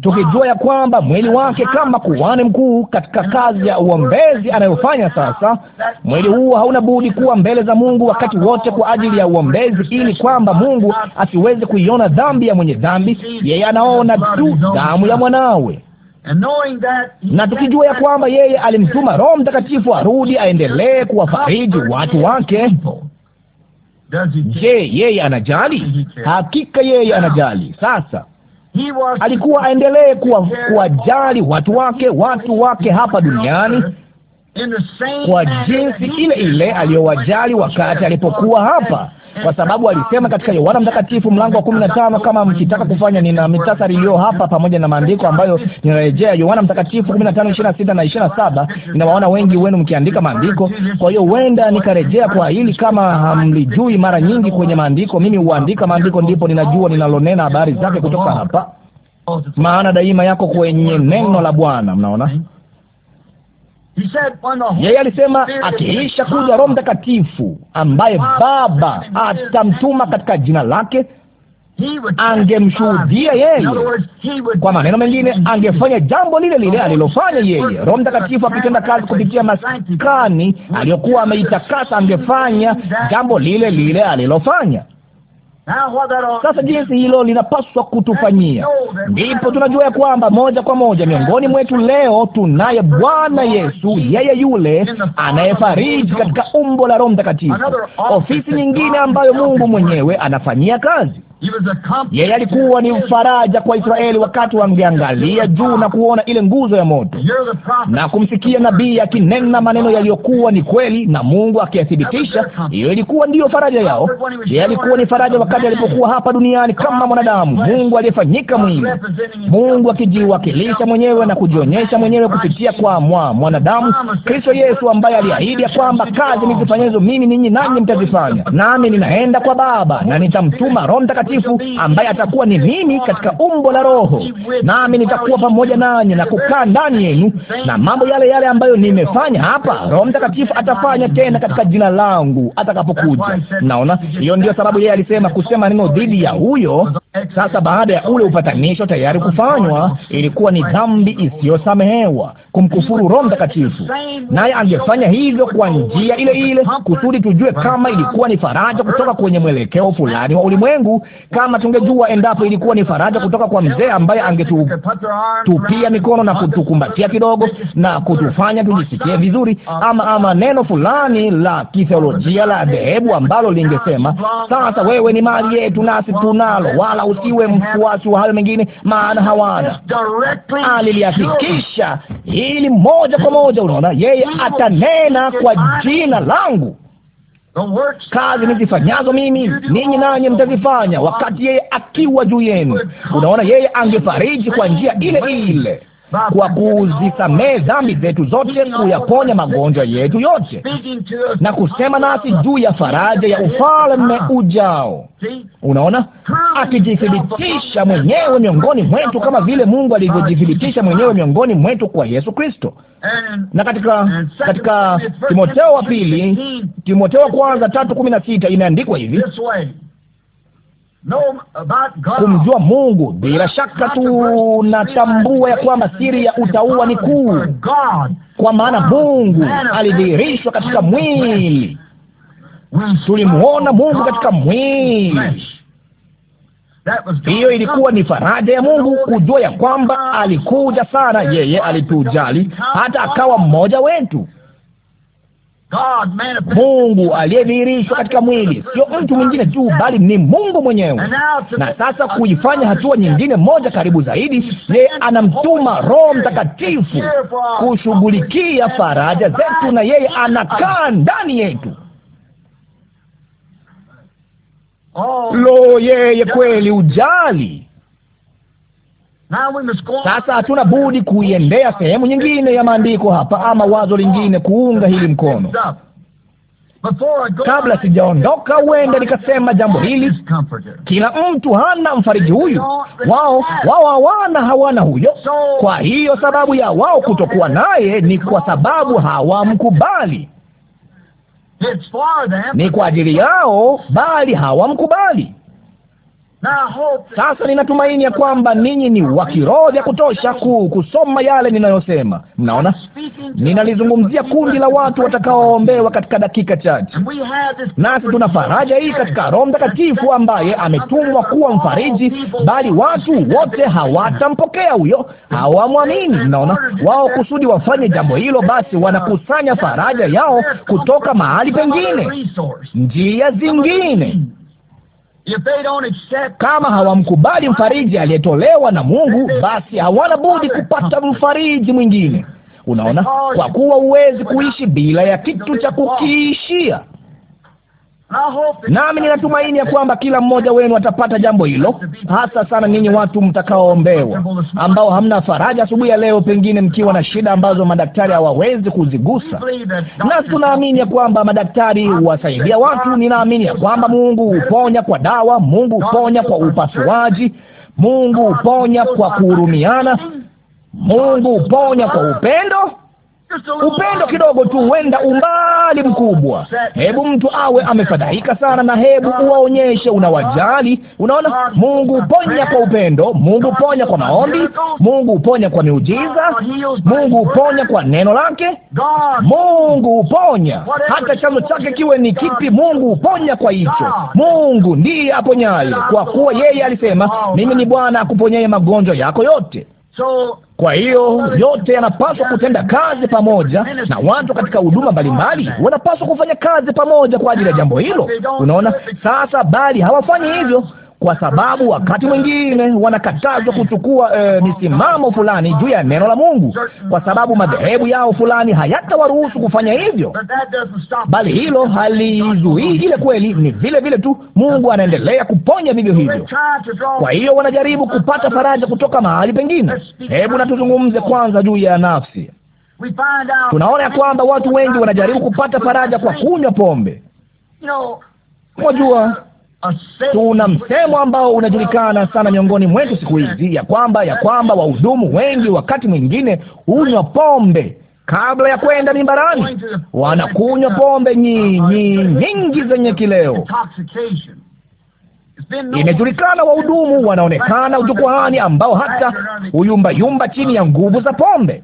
A: tukijua ya kwamba mwili wake kama kuhani mkuu katika kazi ya uombezi anayofanya sasa, mwili huo hauna budi kuwa mbele za Mungu wakati wote kwa ajili ya uombezi, ili kwamba Mungu asiweze kuiona dhambi ya mwenye dhambi. Yeye anaona tu damu ya mwanawe na tukijua ya kwamba yeye alimtuma Roho Mtakatifu arudi aendelee kuwafariji watu wake Je, yeye anajali? Hakika yeye anajali. Sasa alikuwa aendelee kuwajali watu wake, watu wake hapa duniani kwa jinsi ile ile aliyowajali wakati alipokuwa hapa, kwa sababu alisema katika Yohana Mtakatifu mlango wa kumi na tano. Kama mkitaka kufanya, nina mitasari iliyo hapa pamoja na maandiko ambayo ninarejea. Yohana Mtakatifu kumi na tano ishirini na sita na ishirini na saba. Ninawaona wengi wenu mkiandika maandiko, kwa hiyo huenda nikarejea kwa hili kama hamlijui. Mara nyingi kwenye maandiko mimi huandika maandiko, ndipo ninajua ninalonena habari zake kutoka hapa, maana daima yako kwenye neno la Bwana. Mnaona
B: yeye alisema akiisha kuja
A: Roho Mtakatifu ambaye Baba atamtuma katika jina lake angemshuhudia yeye. Kwa maneno mengine, angefanya jambo lile lile alilofanya yeye. Roho Mtakatifu akitenda kazi kupitia maskani aliyokuwa ameitakasa, angefanya jambo lile lile alilofanya. Sasa jinsi hilo linapaswa kutufanyia, ndipo tunajua ya kwamba moja kwa moja miongoni mwetu leo tunaye Bwana Yesu, yeye yule anayefariji katika umbo la Roho Mtakatifu, ofisi nyingine ambayo Mungu mwenyewe anafanyia kazi.
B: Yeye alikuwa ni mfaraja
A: kwa Israeli wakati wangeangalia juu na kuona ile nguzo ya moto na kumsikia nabii akinena maneno yaliyokuwa ni kweli na Mungu akiyathibitisha. Hiyo ilikuwa ndiyo faraja yao. Yeye alikuwa ni faraja wakati alipokuwa hapa duniani kama mwanadamu, Mungu aliyefanyika mwili, Mungu akijiwakilisha mwenyewe na kujionyesha mwenyewe kupitia kwa mwa mwanadamu Kristo Yesu, ambaye aliahidi ya kwamba kazi nizifanyazo mimi ninyi nanyi mtazifanya, nami ninaenda kwa Baba na nitamtuma Roho Mtakatifu Mtakatifu ambaye atakuwa ni mimi katika umbo la Roho, nami nitakuwa pamoja nanyi na kukaa ndani yenu, na mambo yale yale ambayo nimefanya hapa, Roho Mtakatifu atafanya tena katika jina langu atakapokuja. Naona hiyo ndio sababu yeye alisema kusema neno dhidi ya huyo. Sasa baada ya ule upatanisho tayari kufanywa, ilikuwa ni dhambi isiyosamehewa kumkufuru Roho Mtakatifu, naye angefanya hivyo kwa njia ile ile, kusudi tujue kama ilikuwa ni faraja kutoka kwenye mwelekeo fulani wa ulimwengu, kama tungejua endapo ilikuwa ni faraja kutoka kwa mzee ambaye angetupia mikono na kutukumbatia kidogo na kutufanya tujisikie vizuri, ama ama neno fulani la kitheolojia la dhehebu ambalo lingesema sasa, wewe ni mali yetu nasi tunalo, wala usiwe mfuasi wa hayo mengine, maana hawana aliliafikisha ili moja kwa moja. Unaona, yeye atanena kwa jina langu. Kazi nizifanyazo mimi ninyi nanyi mtazifanya, wakati yeye akiwa juu yenu. Unaona, yeye angefariji kwa njia ile ile kwa kuzisamehe dhambi zetu zote, kuyaponya magonjwa yetu yote, na kusema nasi juu ya faraja ya ufalme ujao. Unaona, akijithibitisha mwenyewe miongoni mwetu kama vile Mungu alivyojithibitisha mwenyewe miongoni mwetu kwa Yesu Kristo. Na katika katika Timotheo wa pili, Timotheo wa kwanza tatu kumi na sita imeandikwa hivi kumjua Mungu. Bila shaka tunatambua ya kwamba siri ya utauwa ni kuu, kwa maana Mungu alidhihirishwa katika mwili. Tulimwona Mungu katika mwili.
B: Hiyo ilikuwa
A: ni faraja ya Mungu kujua ya kwamba alikuja sana, yeye alitujali hata akawa mmoja wetu. Mungu aliyedhihirishwa katika mwili, sio mtu mwingine tu, bali ni Mungu mwenyewe. Na sasa kuifanya hatua nyingine moja karibu zaidi, yeye anamtuma Roho Mtakatifu kushughulikia faraja zetu, na yeye anakaa ndani yetu. Oh. Lo, yeye kweli ujali sasa hatuna budi kuiendea sehemu nyingine ya maandiko hapa, ama wazo lingine kuunga hili mkono. Kabla sijaondoka, huenda nikasema jambo hili: kila mtu hana mfariji huyu, wao wao hawana hawana huyo. Kwa hiyo sababu ya wao kutokuwa naye ni kwa sababu hawamkubali,
B: ni kwa ajili
A: yao, bali hawamkubali. Sasa ninatumaini ya kwamba ninyi ni wa kiroho vya kutosha ku, kusoma yale ninayosema. Mnaona, ninalizungumzia kundi la watu watakaoombewa katika dakika chache, nasi tuna faraja hii katika Roho Mtakatifu ambaye ametumwa kuwa mfariji, bali watu wote hawatampokea huyo, hawamwamini. Mnaona, wao kusudi wafanye jambo hilo, basi wanakusanya faraja yao kutoka mahali pengine, njia zingine kama hawamkubali mfariji aliyetolewa na Mungu, basi hawana budi kupata mfariji mwingine. Unaona, kwa kuwa huwezi kuishi bila ya kitu cha kukiishia. Nami ninatumaini ya kwamba kila mmoja wenu atapata jambo hilo, hasa sana ninyi watu mtakaoombewa, ambao hamna faraja asubuhi ya leo, pengine mkiwa na shida ambazo madaktari hawawezi kuzigusa. Nasi tunaamini ya kwamba madaktari huwasaidia watu. Ninaamini ya kwamba Mungu huponya kwa dawa, Mungu huponya kwa upasuaji, Mungu huponya kwa kuhurumiana, Mungu huponya kwa upendo upendo kidogo tu huenda umbali mkubwa. Hebu mtu awe amefadhaika sana, na hebu uwaonyeshe unawajali. Unaona, Mungu ponya kwa upendo, Mungu ponya kwa maombi, Mungu ponya kwa miujiza, Mungu ponya kwa neno lake, Mungu ponya hata chanzo chake kiwe ni kipi. Mungu ponya kwa hicho. Mungu ndiye aponyaye, kwa kuwa yeye alisema, mimi ni Bwana akuponyaye magonjwa yako yote. Kwa hiyo yote yanapaswa kutenda kazi pamoja, na watu katika huduma mbalimbali wanapaswa kufanya kazi pamoja kwa ajili ya jambo hilo. Unaona sasa, bali hawafanyi hivyo kwa sababu wakati mwingine wanakatazwa kuchukua e, misimamo fulani juu ya neno la Mungu, kwa sababu madhehebu yao fulani hayatawaruhusu kufanya hivyo. Bali hilo halizuii ile kweli, ni vile vile tu Mungu anaendelea kuponya vivyo hivyo.
B: Kwa hiyo wanajaribu kupata faraja kutoka
A: mahali pengine. Hebu na tuzungumze kwanza juu ya nafsi.
B: Tunaona ya kwamba watu wengi wanajaribu
A: kupata faraja kwa kunywa pombe. Mwajua Tuna msemo ambao unajulikana sana miongoni mwetu siku hizi, ya kwamba ya kwamba wahudumu wengi wakati mwingine hunywa pombe kabla ya kwenda mimbarani, wanakunywa pombe nyinyi nyingi zenye kileo.
B: Imejulikana
A: wahudumu wanaonekana jukwaani, ambao hata huyumbayumba chini ya nguvu za pombe.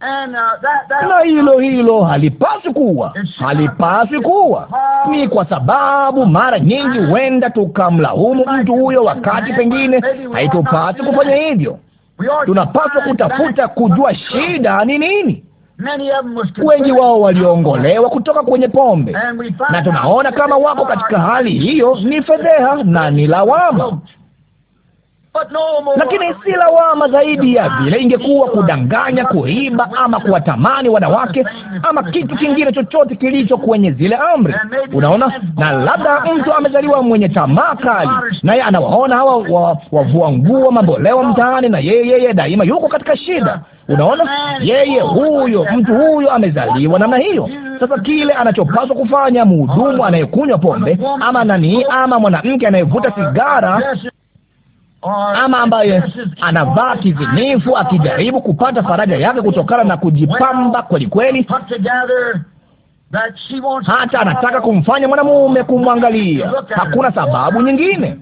B: Uh, na hilo hilo
A: halipaswi kuwa, halipaswi kuwa. Ni kwa sababu mara nyingi huenda tukamlaumu mtu huyo, wakati pengine haitupasi kufanya hivyo.
B: Tunapaswa kutafuta
A: kujua shida ni nini. Wengi wao waliongolewa kutoka kwenye pombe,
B: na tunaona kama wako katika hali
A: hiyo, ni fedheha na ni lawama
B: lakini si lawama zaidi ya vile ingekuwa
A: kudanganya, kuiba, ama kuwatamani wanawake ama kitu kingine chochote kilicho kwenye zile amri. Unaona, na labda mtu amezaliwa mwenye tamaa kali, naye anawaona hawa wavua nguo mamboleo mtaani, na yeye yeye daima yuko katika shida. Unaona, yeye huyo mtu huyo amezaliwa namna hiyo. Sasa kile anachopaswa kufanya mhudumu anayekunywa pombe ama nani ama mwanamke anayevuta sigara ama ambaye anavaa kizinifu akijaribu kupata faraja yake kutokana na kujipamba kweli kweli hata anataka kumfanya mwanamume kumwangalia. Hakuna sababu nyingine.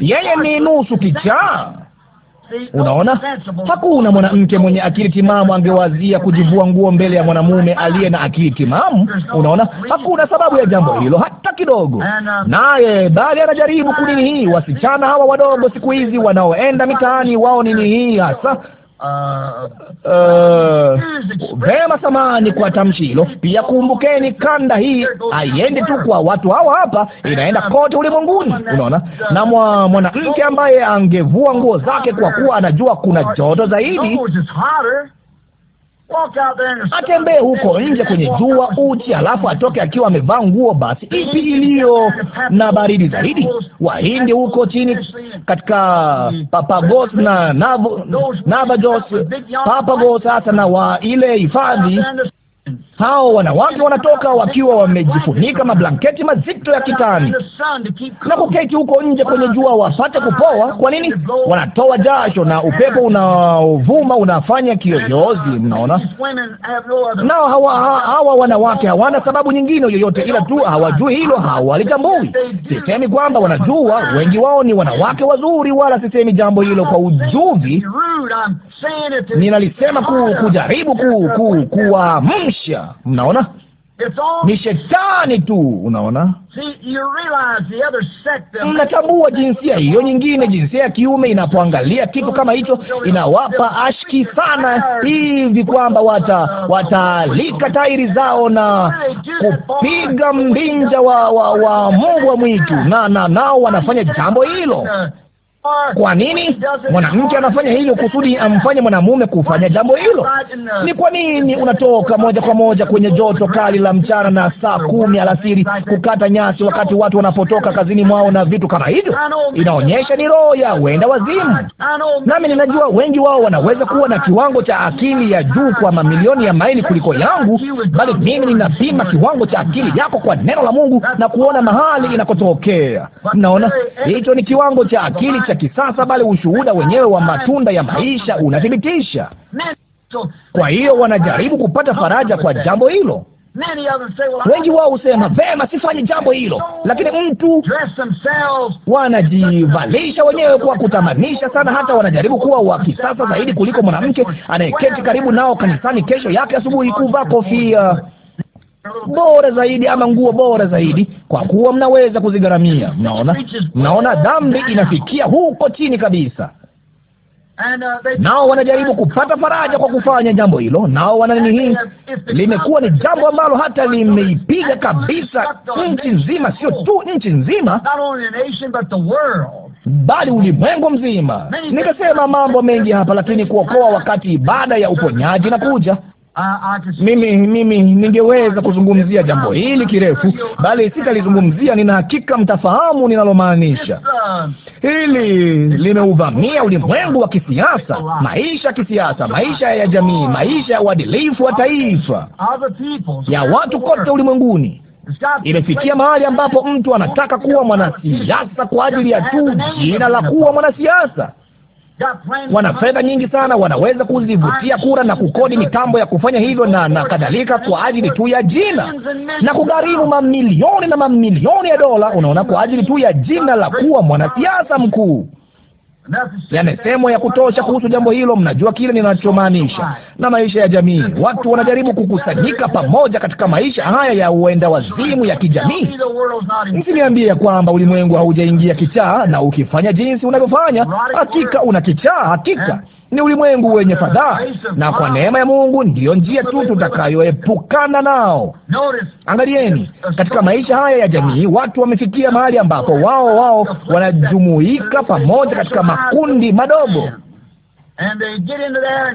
A: Yeye ni nusu kichaa. Unaona, hakuna mwanamke mwenye akili timamu angewazia kujivua nguo mbele ya mwanamume aliye na akili timamu. Unaona, hakuna sababu ya jambo hilo hata kidogo. Naye bali anajaribu kunini hii. Wasichana hawa wadogo siku hizi wanaoenda mitaani, wao nini hii hasa Uh, uh, vema, samani kwa tamshi hilo. Pia kumbukeni, kanda hii haiendi tu kwa watu hawa hapa, inaenda kote ulimwenguni. Unaona, na mwa mwanamke ambaye angevua nguo zake kwa kuwa anajua kuna joto zaidi
B: atembee huko nje kwenye
A: jua uchi, alafu atoke akiwa amevaa nguo basi ipi iliyo na baridi zaidi? Wahindi huko chini katika Papagos na Navajos, Papagos hasa na wa ile hifadhi hao wanawake wanatoka wakiwa wamejifunika mablanketi mazito ya kitani
B: na kuketi huko
A: nje kwenye jua wapate kupoa. Kwa nini? Wanatoa jasho na upepo unaovuma unafanya kiyoyozi. Mnaona, nao hawa, hawa wanawake hawana sababu nyingine yoyote ila tu hawajui hilo, hawalitambui. Sisemi kwamba wanajua, wengi wao ni wanawake wazuri, wala sisemi jambo hilo kwa ujuvi.
B: Ninalisema ku, kujaribu ku, ku,
A: kuwaamsha maisha. Mnaona ni shetani tu, unaona.
B: Mnatambua
A: jinsia hiyo nyingine, jinsia ya kiume inapoangalia kitu kama hicho, inawapa ashki sana hivi kwamba wata wataalika tairi zao na kupiga mbinja wa wa, wa mbwa mwitu, na na nao wanafanya jambo hilo kwa nini mwanamke anafanya hivyo? Kusudi amfanye mwanamume kufanya jambo hilo. Ni kwa nini unatoka moja kwa moja kwenye joto kali la mchana na saa kumi alasiri kukata nyasi, wakati watu wanapotoka kazini mwao na vitu kama hivyo? Inaonyesha ni roho ya wenda wazimu, nami ninajua wengi wao wanaweza kuwa na kiwango cha akili ya juu kwa mamilioni ya maili kuliko yangu, bali mimi ninapima kiwango cha akili yako kwa neno la Mungu na kuona mahali inakotokea. Mnaona, hicho ni kiwango cha akili cha kisasa, bali ushuhuda wenyewe wa matunda ya maisha unathibitisha. Kwa hiyo wanajaribu kupata faraja kwa jambo hilo. Wengi wao husema vema, sifanye jambo hilo, lakini mtu wanajivalisha wenyewe kwa kutamanisha sana, hata wanajaribu kuwa wa kisasa zaidi kuliko mwanamke anayeketi karibu nao kanisani kesho yake asubuhi kuvaa kofia uh, bora zaidi ama nguo bora zaidi, kwa kuwa mnaweza kuzigharamia. Mnaona, mnaona dhambi inafikia huko chini kabisa. Nao wanajaribu kupata faraja kwa kufanya jambo hilo, nao hii Limekuwa ni jambo ambalo hata limeipiga kabisa nchi nzima, sio tu nchi nzima bali ulimwengu mzima. Nikasema mambo mengi hapa, lakini kuokoa wakati ibada ya uponyaji na kuja Ah, ah, mimi mimi ningeweza kuzungumzia jambo hili kirefu, bali sitalizungumzia. Nina hakika mtafahamu ninalomaanisha. Hili limeuvamia ulimwengu wa kisiasa, maisha ya kisiasa, maisha ya jamii, maisha ya uadilifu wa taifa,
B: ya watu kote
A: ulimwenguni.
B: Imefikia mahali
A: ambapo mtu anataka kuwa mwanasiasa kwa ajili ya tu jina la kuwa mwanasiasa
B: wana fedha nyingi
A: sana, wanaweza kuzivutia kura na kukodi mitambo ya kufanya hivyo na na kadhalika, kwa ajili tu ya jina
B: na kugharimu
A: mamilioni na mamilioni ya dola, unaona, kwa ajili tu ya jina la kuwa mwanasiasa mkuu yamesemwa yaani, ya kutosha kuhusu jambo hilo. Mnajua kile ninachomaanisha na maisha ya jamii. Watu wanajaribu kukusanyika pamoja katika maisha haya ya uenda wazimu ya kijamii. Msiniambie kwamba ulimwengu haujaingia kichaa, na ukifanya jinsi unavyofanya, hakika una kichaa, hakika ni ulimwengu wenye fadhaa, na kwa neema ya Mungu ndiyo njia tu tutakayoepukana nao. Angalieni, katika maisha haya ya jamii, watu wamefikia mahali ambapo wao wao wanajumuika pamoja katika makundi madogo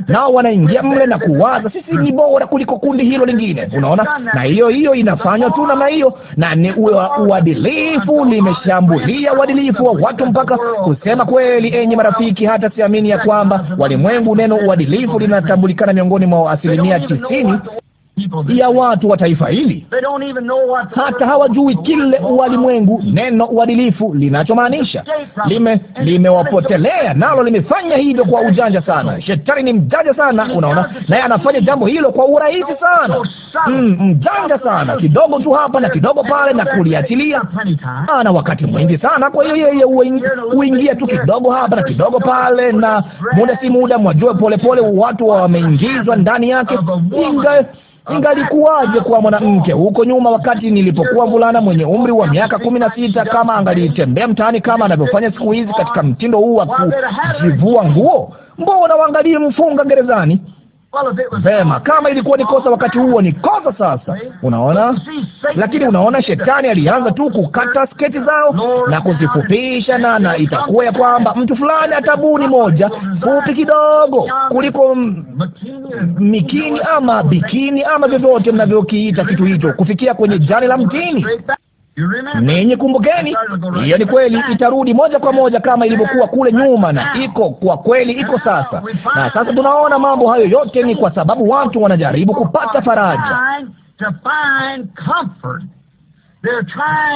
A: nao wanaingia mle na kuwaza sisi ni bora kuliko kundi hilo lingine. Unaona, na hiyo hiyo inafanywa tu namna hiyo, na ni uadilifu, limeshambulia uadilifu wa watu mpaka kusema kweli. Enyi marafiki, hata siamini ya kwamba walimwengu, neno uadilifu linatambulikana miongoni mwa asilimia tisini ya watu wa taifa hili,
B: hata hawajui
A: kile ualimwengu, neno uadilifu linachomaanisha. Lime limewapotelea nalo limefanya hivyo kwa ujanja sana. Shetani ni mjanja sana, unaona, naye anafanya jambo hilo kwa urahisi sana, mm, mjanja sana, kidogo tu hapa na kidogo pale na kuliachilia. Ana wakati mwingi sana, kwa hiyo yeye huingia tu kidogo hapa na kidogo pale, na muda si muda, mwajue, polepole watu wameingizwa ndani yake inga Ingalikuwaje kwa mwanamke huko nyuma, wakati nilipokuwa vulana mwenye umri wa miaka kumi na sita, kama angalitembea mtaani kama anavyofanya siku hizi katika mtindo huu wa kujivua nguo? Mbona waangalie mfunga gerezani?
B: Vema, kama ilikuwa ni kosa
A: wakati huo, ni kosa sasa. Unaona, lakini unaona, shetani alianza tu kukata sketi zao na kuzifupisha, na na itakuwa ya kwamba mtu fulani atabuni moja fupi kidogo kuliko mikini ama bikini ama vyovyote mnavyokiita kitu hicho, kufikia kwenye jani la mtini. Ninyi kumbukeni, hiyo ni kweli, itarudi moja kwa moja kama ilivyokuwa kule nyuma, na iko kwa kweli, iko sasa. Na sasa tunaona mambo hayo yote ni kwa sababu watu wanajaribu kupata faraja,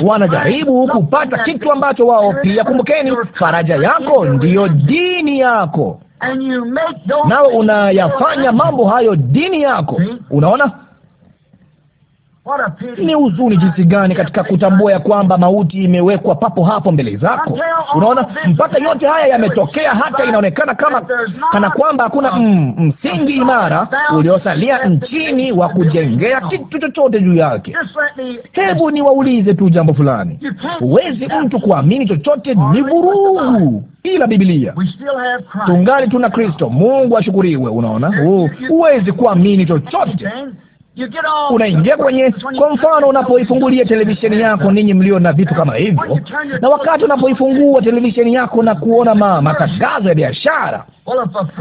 A: wanajaribu kupata kitu ambacho wao pia. Kumbukeni, faraja yako ndiyo dini yako, nawe unayafanya mambo hayo dini yako. Unaona? Ni huzuni jinsi gani katika kutambua ya kwamba mauti imewekwa papo hapo mbele zako. Unaona, mpaka yote haya yametokea, hata inaonekana kama kana kwamba hakuna mm, msingi imara uliosalia nchini wa kujengea kitu chochote juu yake. Hebu niwaulize tu jambo fulani, huwezi mtu kuamini chochote, ni vurugu ila Biblia tungali tuna Kristo. Mungu ashukuriwe. Unaona, huwezi kuamini chochote unaingia kwenye, kwa mfano, unapoifungulia televisheni yako, ninyi mlio na vitu kama hivyo, na wakati unapoifungua televisheni yako na kuona matangazo ya biashara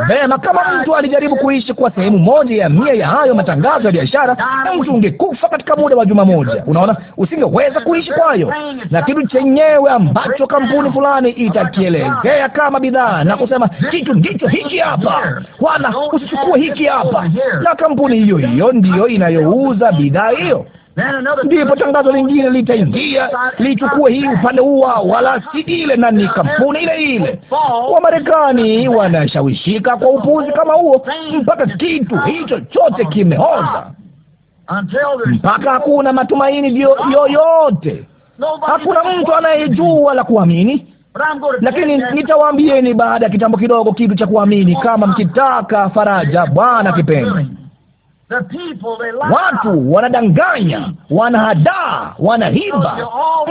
B: Vema, kama mtu alijaribu kuishi
A: kwa sehemu moja ya mia ya hayo matangazo ya biashara, na mtu ungekufa katika muda wa juma moja. Unaona, usingeweza kuishi kwayo, na kitu chenyewe ambacho kampuni fulani itakielezea kama bidhaa na kusema kitu ndicho hiki hapa, wala usichukue hiki hapa, na kampuni hiyo hiyo ndiyo inayouza bidhaa hiyo ndipo tangazo lingine litaingia lichukue hii upande huu, wala si ile, na ni kampuni ile ile. Wamarekani wanashawishika kwa upuzi kama huo mpaka kitu hicho chote kimeoza, mpaka hakuna matumaini yoyote, hakuna mtu anayejua la kuamini. Lakini nitawaambieni baada ya kitambo kidogo kitu cha kuamini, kama mkitaka faraja. Bwana kipenzi Watu wanadanganya, wanahadaa, wanahiba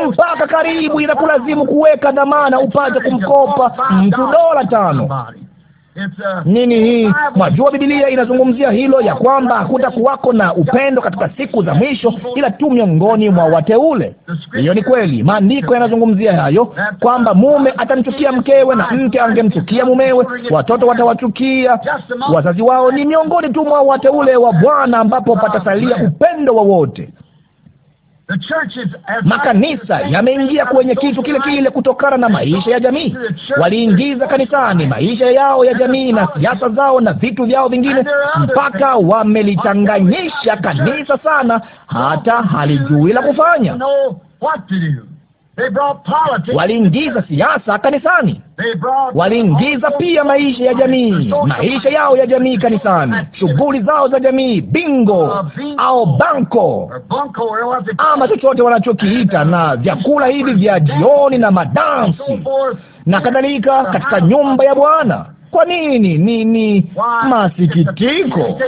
A: mpaka karibu inakulazimu kuweka dhamana upate kumkopa mtu dola tano
B: nini hii.
A: Mwajua Bibilia inazungumzia hilo, ya kwamba hakutakuwako na upendo katika siku za mwisho, ila tu miongoni mwa wateule. Hiyo ni kweli, maandiko yanazungumzia hayo, kwamba mume atamchukia mkewe na mke angemchukia mumewe, watoto watawachukia wazazi wao. Ni miongoni tu mwa wateule wa Bwana ambapo patasalia upendo wowote wa Makanisa yameingia kwenye kitu kile kile kutokana na maisha ya jamii. Waliingiza kanisani maisha yao ya jamii na siasa zao na vitu vyao vingine, mpaka wamelichanganyisha kanisa sana, hata halijui la kufanya. Waliingiza siasa kanisani,
B: waliingiza pia
A: maisha ya jamii, maisha yao ya jamii kanisani, shughuli zao za jamii, bingo uh, au banko uh, ama chochote wanachokiita, na vyakula hivi vya jioni na madansi na kadhalika, katika nyumba ya Bwana kwa nini? Ni masikitiko.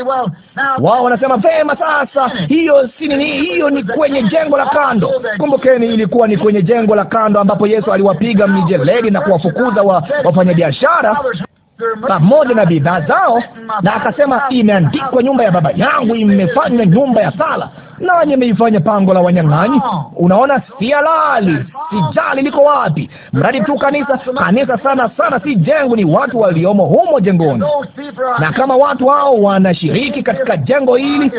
A: Wao wanasema vema, sasa hiyo si nini, hiyo ni kwenye jengo la kando. Kumbukeni, ilikuwa ni kwenye jengo la kando ambapo Yesu aliwapiga mnijeledi na kuwafukuza wa, wafanyabiashara pamoja na bidhaa zao, na akasema, imeandikwa, nyumba ya Baba yangu imefanywa nyumba ya sala nanyi mmeifanya pango la wanyang'anyi. Ah. Unaona, si halali, sijali liko wapi, mradi tu kanisa. Kanisa sana sana si jengo, ni watu waliomo humo jengoni, na kama watu hao wanashiriki katika jengo hili,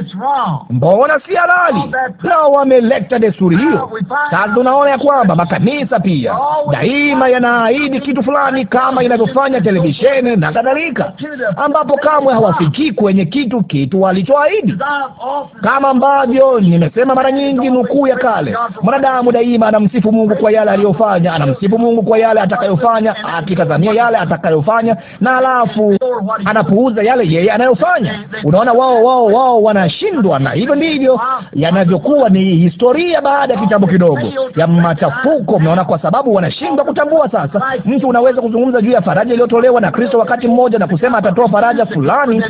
A: mbona si halali? Na wameleta desturi hiyo. Ah, Sasa tunaona ya kwamba makanisa pia daima yanaahidi kitu fulani, kama inavyofanya televisheni na kadhalika, ambapo kamwe hawafikii kwenye kitu kitu walichoahidi, kama ambavyo nimesema mara nyingi, nukuu ya kale, mwanadamu daima anamsifu Mungu kwa yale aliyofanya, anamsifu Mungu kwa yale atakayofanya, akitazamia yale atakayofanya, na alafu anapuuza yale yeye anayofanya. Unaona, wao wao wao wanashindwa, na hivyo ndivyo yanavyokuwa. Ni historia baada ya kitabu kidogo ya machafuko, mnaona, kwa sababu wanashindwa kutambua. Sasa mtu unaweza kuzungumza juu ya faraja iliyotolewa na Kristo wakati mmoja na kusema atatoa faraja fulani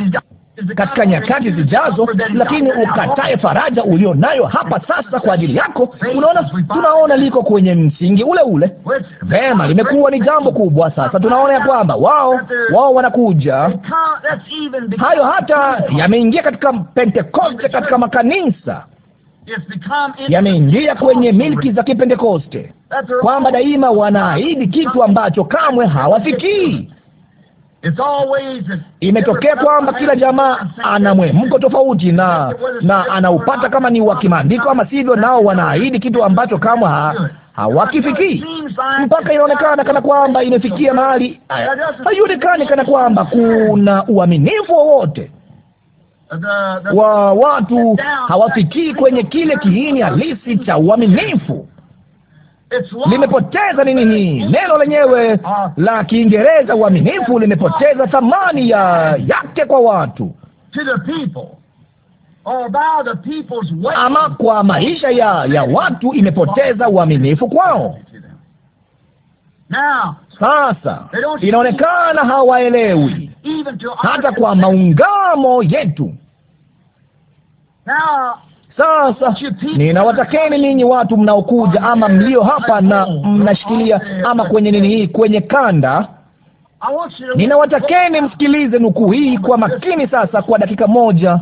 A: katika nyakati zijazo, lakini ukatae faraja ulio nayo hapa sasa kwa ajili yako. Unaona, tunaona liko kwenye msingi ule ule. Vema, limekuwa ni jambo kubwa. Sasa tunaona ya kwamba wao wao wanakuja
B: hayo, hata
A: yameingia katika Pentekoste, katika makanisa
B: yameingia kwenye milki
A: za Kipentekoste, kwamba daima wanaahidi kitu ambacho kamwe hawafikii Imetokea kwamba kila jamaa ana mwemko tofauti na na anaupata kama ni wa kimaandiko ama sivyo, nao wanaahidi kitu ambacho kama ha, hawakifikii mpaka inaonekana kana kwamba imefikia mahali haionekani kana kwamba kuna uaminifu wowote wa watu, hawafikii kwenye kile kiini halisi cha uaminifu limepoteza nini? Hii neno lenyewe ah. la Kiingereza uaminifu limepoteza thamani ya yake kwa watu
B: ama kwa maisha ya,
A: ya watu imepoteza uaminifu kwao. Sasa inaonekana hawaelewi hata kwa maungamo yetu. Sasa ninawatakeni ninyi watu mnaokuja ama mlio hapa na mnashikilia ama kwenye nini hii kwenye kanda
B: ninawatakeni
A: msikilize nukuu hii kwa makini sasa, kwa dakika moja.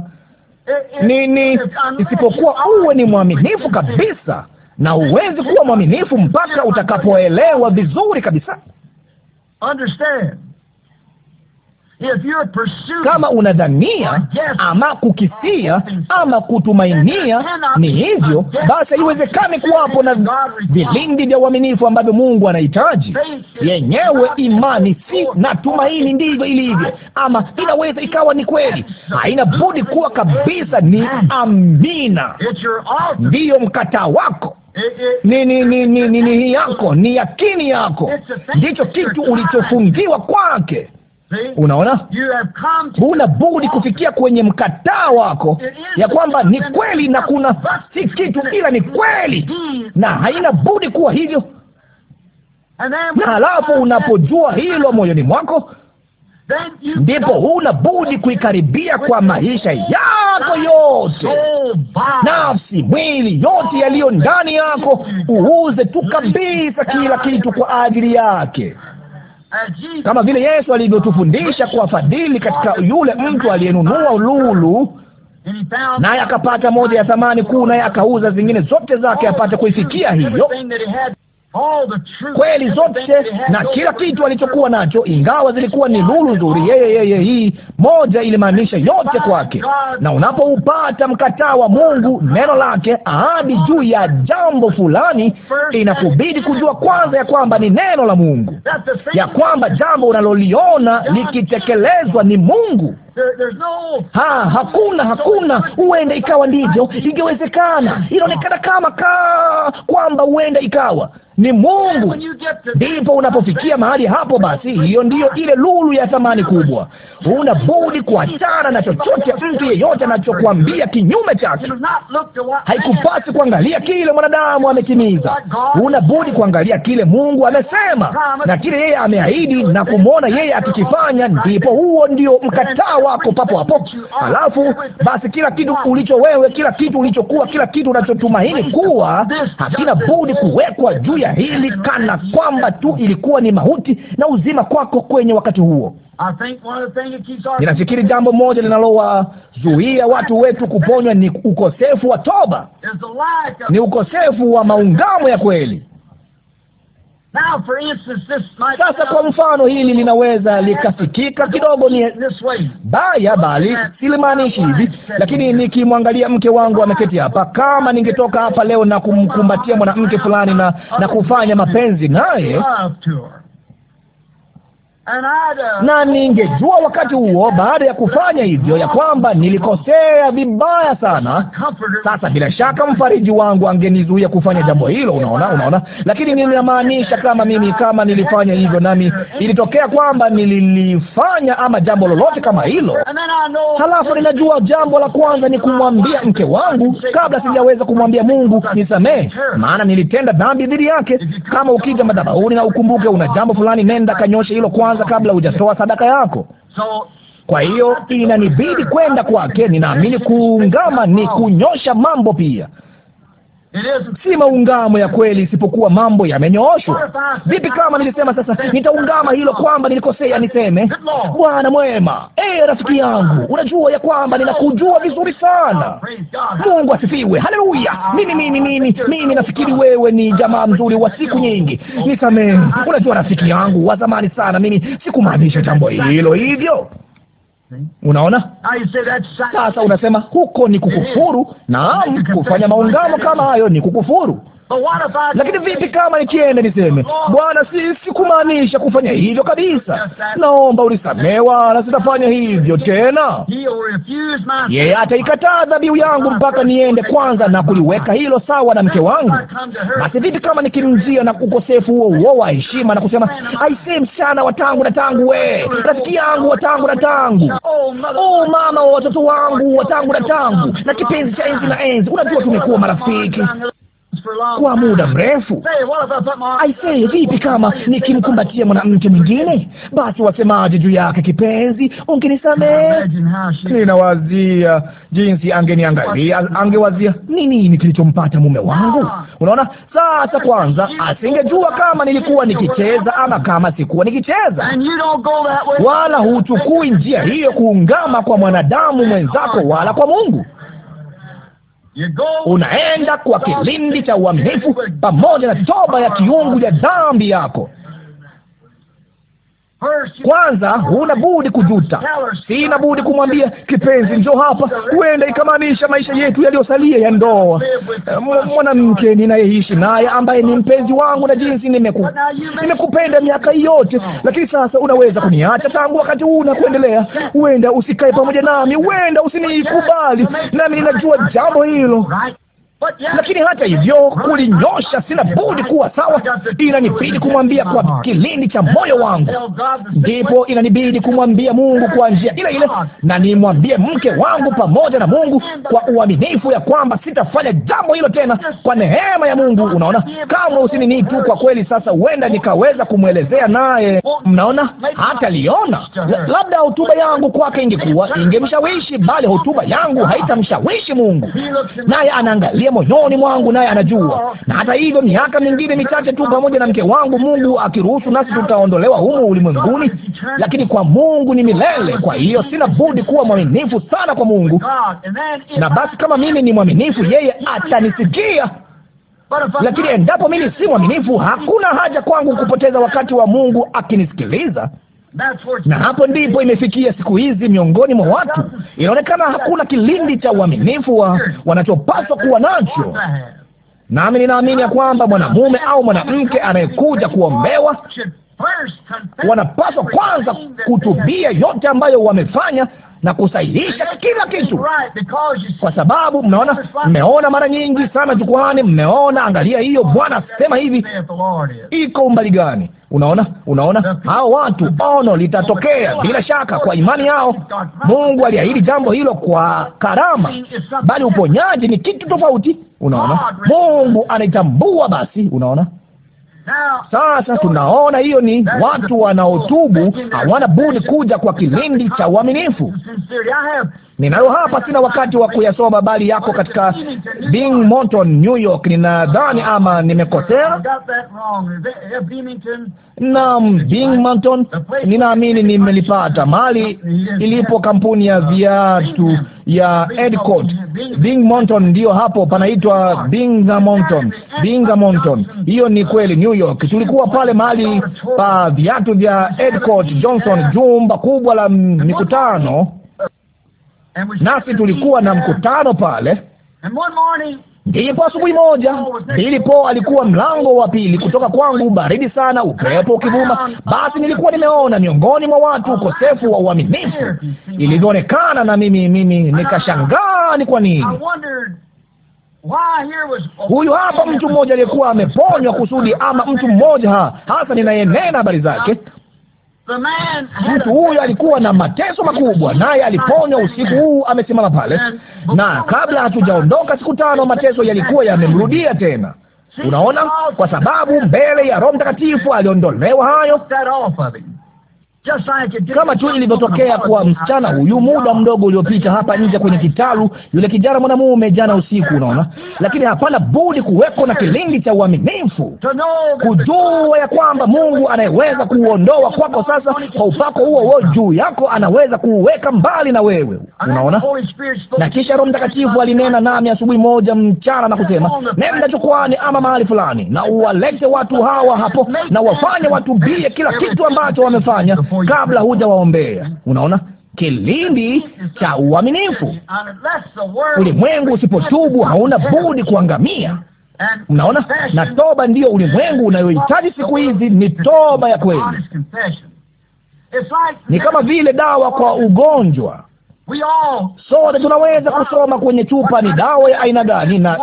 A: Nini isipokuwa uwe ni mwaminifu kabisa, na huwezi kuwa mwaminifu mpaka utakapoelewa vizuri kabisa. Understand. Kama unadhania ama kukisia ama kutumainia ni hivyo, basi haiwezekani kuwapo na vilindi vya uaminifu ambavyo Mungu anahitaji. Yenyewe imani si na tumaini, ndivyo ilivyo, ama inaweza ikawa ni kweli, haina budi kuwa kabisa ni amina, ndiyo mkataa wako ni ni ni ni ni yako ni yakini yako, ndicho kitu ulichofungiwa kwake. Unaona, huna budi kufikia kwenye mkataa wako ya kwamba ni kweli, na kuna si kitu ila ni kweli, na haina budi kuwa hivyo. Na halafu unapojua hilo moyoni mwako, ndipo huna budi kuikaribia kwa maisha yako yote, nafsi, mwili, yote yaliyo ndani yako, uuze tu kabisa kila kitu kwa ajili yake kama vile Yesu alivyotufundisha kuwafadhili katika yule mtu aliyenunua lulu naye akapata moja ya thamani kuu, naye akauza zingine zote zake apate kuifikia hiyo
B: kweli zote na kila
A: kitu alichokuwa nacho, ingawa zilikuwa ni lulu nzuri. Yeye yeye hii moja ilimaanisha yote kwake. Na unapoupata mkataa wa Mungu, neno lake, ahadi juu ya jambo fulani, inakubidi kujua kwanza ya kwamba ni neno la Mungu, ya kwamba jambo unaloliona likitekelezwa ni Mungu. Ha, hakuna hakuna, huenda ikawa ndivyo, ingewezekana, inaonekana kama ka kwamba huenda ikawa ni Mungu. Ndipo unapofikia mahali hapo, basi hiyo ndiyo ile lulu ya thamani kubwa. Huna budi kuachana na chochote mtu yeyote anachokuambia kinyume chake.
B: Haikupasi kuangalia
A: kile mwanadamu ametimiza, huna budi kuangalia kile Mungu amesema na kile yeye ameahidi na kumwona yeye akikifanya. Ndipo huo ndio mkataa wako papo hapo. Alafu basi kila kitu ulicho wewe, kila kitu ulichokuwa, kila kitu unachotumaini kuwa hakina budi kuwekwa juu ya kulichukia hili kana kwamba tu ilikuwa ni mauti na uzima kwako kwenye wakati huo. Ninafikiri jambo moja linalowazuia watu wetu kuponywa ni ukosefu wa toba, ni ukosefu wa maungamo ya kweli. Sasa kwa mfano, hili linaweza likasikika kidogo ni baya, bali silimaanishi hivi, lakini nikimwangalia mke wangu ameketi hapa, kama ningetoka hapa leo na kumkumbatia mwanamke fulani na, na kufanya mapenzi naye na ningejua wakati huo, baada ya kufanya hivyo, ya kwamba nilikosea vibaya sana. Sasa bila shaka mfariji wangu angenizuia kufanya jambo hilo. Unaona, unaona. Lakini ninamaanisha kama mimi, kama nilifanya hivyo, nami ilitokea kwamba nililifanya ama jambo lolote kama hilo,
B: halafu ninajua
A: jambo la kwanza ni kumwambia mke wangu, kabla sijaweza kumwambia Mungu nisamehe, maana nilitenda dhambi dhidi yake. Kama ukija madhabahuni na ukumbuke una jambo fulani, nenda kanyoshe hilo kwanza kwanza kabla hujatoa sadaka yako. Kwa hiyo inanibidi kwenda kwake. Ninaamini kuungama ni kunyosha mambo pia si maungamo ya kweli, isipokuwa mambo yamenyooshwa. Vipi kama nilisema sasa nitaungama hilo kwamba nilikosea, niseme Bwana mwema, e rafiki yangu, unajua ya kwamba ninakujua vizuri sana. Oh, Mungu asifiwe, haleluya. Ah, mimi mimi mimi mimi nafikiri wewe ni jamaa mzuri wa siku nyingi, oh, nisamehe. Unajua rafiki yangu wa zamani sana, mimi sikumaanisha jambo hilo hivyo. Unaona sasa, unasema huko ni kukufuru. Naam, kufanya maungano kama hayo ni kukufuru. Lakini vipi kama nikienda niseme, Bwana, si sikumaanisha kufanya hivyo kabisa, naomba unisamewa na sitafanya hivyo tena?
B: Yeye ataikataa dhabihu yangu mpaka niende kwanza na kuliweka hilo sawa na mke wangu.
A: Basi vipi kama nikimzia na ukosefu huo huo wa heshima na kusema, aisee, msichana wa tangu na tangu, we rafiki yangu wa tangu na tangu, oh mama wa watoto wangu wa tangu na tangu, na kipenzi cha enzi na enzi, unajua tumekuwa marafiki kwa muda mrefu. Aisee, vipi kama nikimkumbatia mwanamke mwingine? Basi wasemaje juu yake? Kipenzi, ungenisamehe. Ninawazia jinsi angeniangalia, angewazia ni nini kilichompata mume wangu. Ah. Unaona, sasa kwanza asingejua kama nilikuwa nikicheza ama kama sikuwa nikicheza, wala huchukui njia hiyo kuungama kwa mwanadamu mwenzako ah. wala kwa Mungu
B: unaenda kwa kilindi cha
A: uaminifu pamoja na toba ya kiungu ya dhambi yako. Kwanza huna budi kujuta. Sina budi kumwambia kipenzi, njo hapa. Huenda ikamaanisha maisha yetu yaliyosalia ya ndoa, mwanamke ninayeishi naye, ambaye ni mpenzi wangu na jinsi nimeku nimekupenda miaka yote, lakini sasa unaweza kuniacha tangu wakati huu na kuendelea. Huenda usikae pamoja nami, huenda usinikubali, nami ninajua jambo hilo lakini hata hivyo kulinyosha, sina budi kuwa sawa. Inanibidi kumwambia kwa kilindi cha moyo wangu, ndipo inanibidi kumwambia Mungu kwa njia ile ile, na nimwambie mke wangu pamoja na Mungu kwa uaminifu ya kwamba sitafanya jambo hilo tena, kwa neema ya Mungu. Unaona, kama usinini tu kwa kweli. Sasa huenda nikaweza kumwelezea naye, mnaona, hata liona labda hotuba yangu kwake ingekuwa ingemshawishi, bali hotuba yangu haitamshawishi Mungu, naye anaangalia moyoni mwangu, naye anajua. Na hata hivyo, miaka mingine michache tu, pamoja na mke wangu, Mungu akiruhusu, nasi tutaondolewa humu ulimwenguni, lakini kwa Mungu ni milele. Kwa hiyo sina budi kuwa mwaminifu sana kwa Mungu, na basi kama mimi ni mwaminifu, yeye atanisikia lakini endapo mimi si mwaminifu, hakuna haja kwangu kupoteza wakati wa Mungu akinisikiliza na hapo ndipo imefikia siku hizi miongoni mwa watu, inaonekana hakuna kilindi cha uaminifu wa wanachopaswa kuwa nacho. Nami ninaamini ya kwamba mwanamume au mwanamke anayekuja kuombewa
B: wanapaswa kwanza kutubia
A: yote ambayo wamefanya na kusahihisha kila kitu, kwa sababu mnaona, mmeona mara nyingi sana jukwani, mmeona, angalia hiyo, Bwana sema hivi, iko umbali gani? Unaona, unaona hao watu, ono litatokea bila shaka. Kwa imani yao Mungu aliahidi jambo hilo kwa karama, bali uponyaji ni kitu tofauti. Unaona, Mungu anaitambua. Basi unaona
B: sasa tunaona hiyo ni watu wanaotubu hawana
A: budi kuja kwa kilindi cha uaminifu ninayo hapa, sina wakati wa kuyasoma, bali yako katika Binghamton, New York. Ninadhani ama nimekosea? Naam, Binghamton, ninaamini nimelipata. mali ilipo kampuni ya viatu ya Edcourt Binghamton, ndiyo hapo panaitwa Binghamton. Binghamton, hiyo ni kweli. New York, tulikuwa pale mahali pa viatu vya Edcourt Johnson, jumba kubwa la mikutano nasi tulikuwa na mkutano pale.
B: Ndipo asubuhi moja Bili
A: Po alikuwa mlango wa pili kutoka kwangu, baridi sana, upepo ukivuma. Basi nilikuwa nimeona miongoni mwa watu ukosefu wa uaminifu ilivyoonekana, na mimi mimi nikashangaa ni kwa nini
B: huyu hapa mtu mmoja aliyekuwa
A: ameponywa kusudi, ama mtu mmoja hasa ninayenena habari zake, Mtu huyo alikuwa na mateso makubwa, naye aliponywa usiku huu. Amesimama pale, na kabla hatujaondoka siku tano, mateso yalikuwa yamemrudia tena. Unaona, kwa sababu mbele ya Roho Mtakatifu aliondolewa hayo
B: kama tu ilivyotokea kwa msichana huyu muda
A: mdogo uliopita hapa nje kwenye kitalu, yule kijana mwanamume jana usiku. Unaona, lakini hapana budi kuweko na kilindi cha uaminifu, kujua ya kwamba Mungu anayeweza kuuondoa kwako sasa kwa upako huo huo juu yako, anaweza kuuweka mbali na wewe. Unaona, na kisha Roho Mtakatifu alinena nami asubuhi moja mchana na kusema, nenda jukwani ama mahali fulani na uwalete watu hawa hapo na wafanye watubie kila kitu ambacho wamefanya kabla hujawaombea. Unaona kilindi cha uaminifu.
B: Ulimwengu usipotubu hauna budi kuangamia.
A: Mnaona, na toba ndiyo ulimwengu unayohitaji siku hizi, ni toba ya kweli.
B: Ni kama vile dawa kwa
A: ugonjwa. Sote tunaweza kusoma kwenye chupa ni dawa ya aina gani na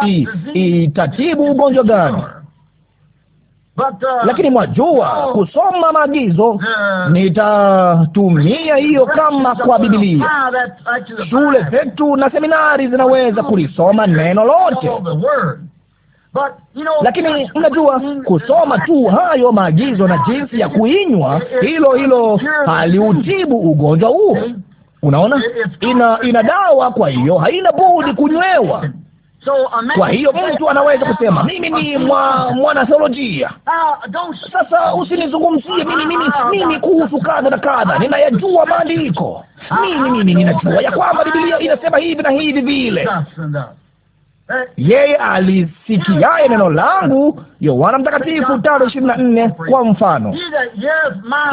A: itatibu ugonjwa gani. Uh, lakini mwajua oh. kusoma maagizo. Ah. Nitatumia hiyo kama kwa Biblia. Shule zetu na seminari zinaweza kulisoma neno lote lakini mnajua kusoma tu hayo maagizo na jinsi ya kuinywa, hilo hilo haliutibu ugonjwa huo. Unaona, ina ina dawa, kwa hiyo haina budi kunywewa.
B: Kwa hiyo mtu anaweza kusema mimi ni uh, mwa
A: mwanatheolojia.
B: Uh, Sasa usinizungumzie uh, mimi mimi mimi
A: kuhusu kadha na kadha, ninayajua maandiko mimi mimi ninajua ya kwamba Biblia inasema hivi na hivi vile yeye alisikiaye neno langu, Yohana Mtakatifu tano ishirini na nne kwa mfano.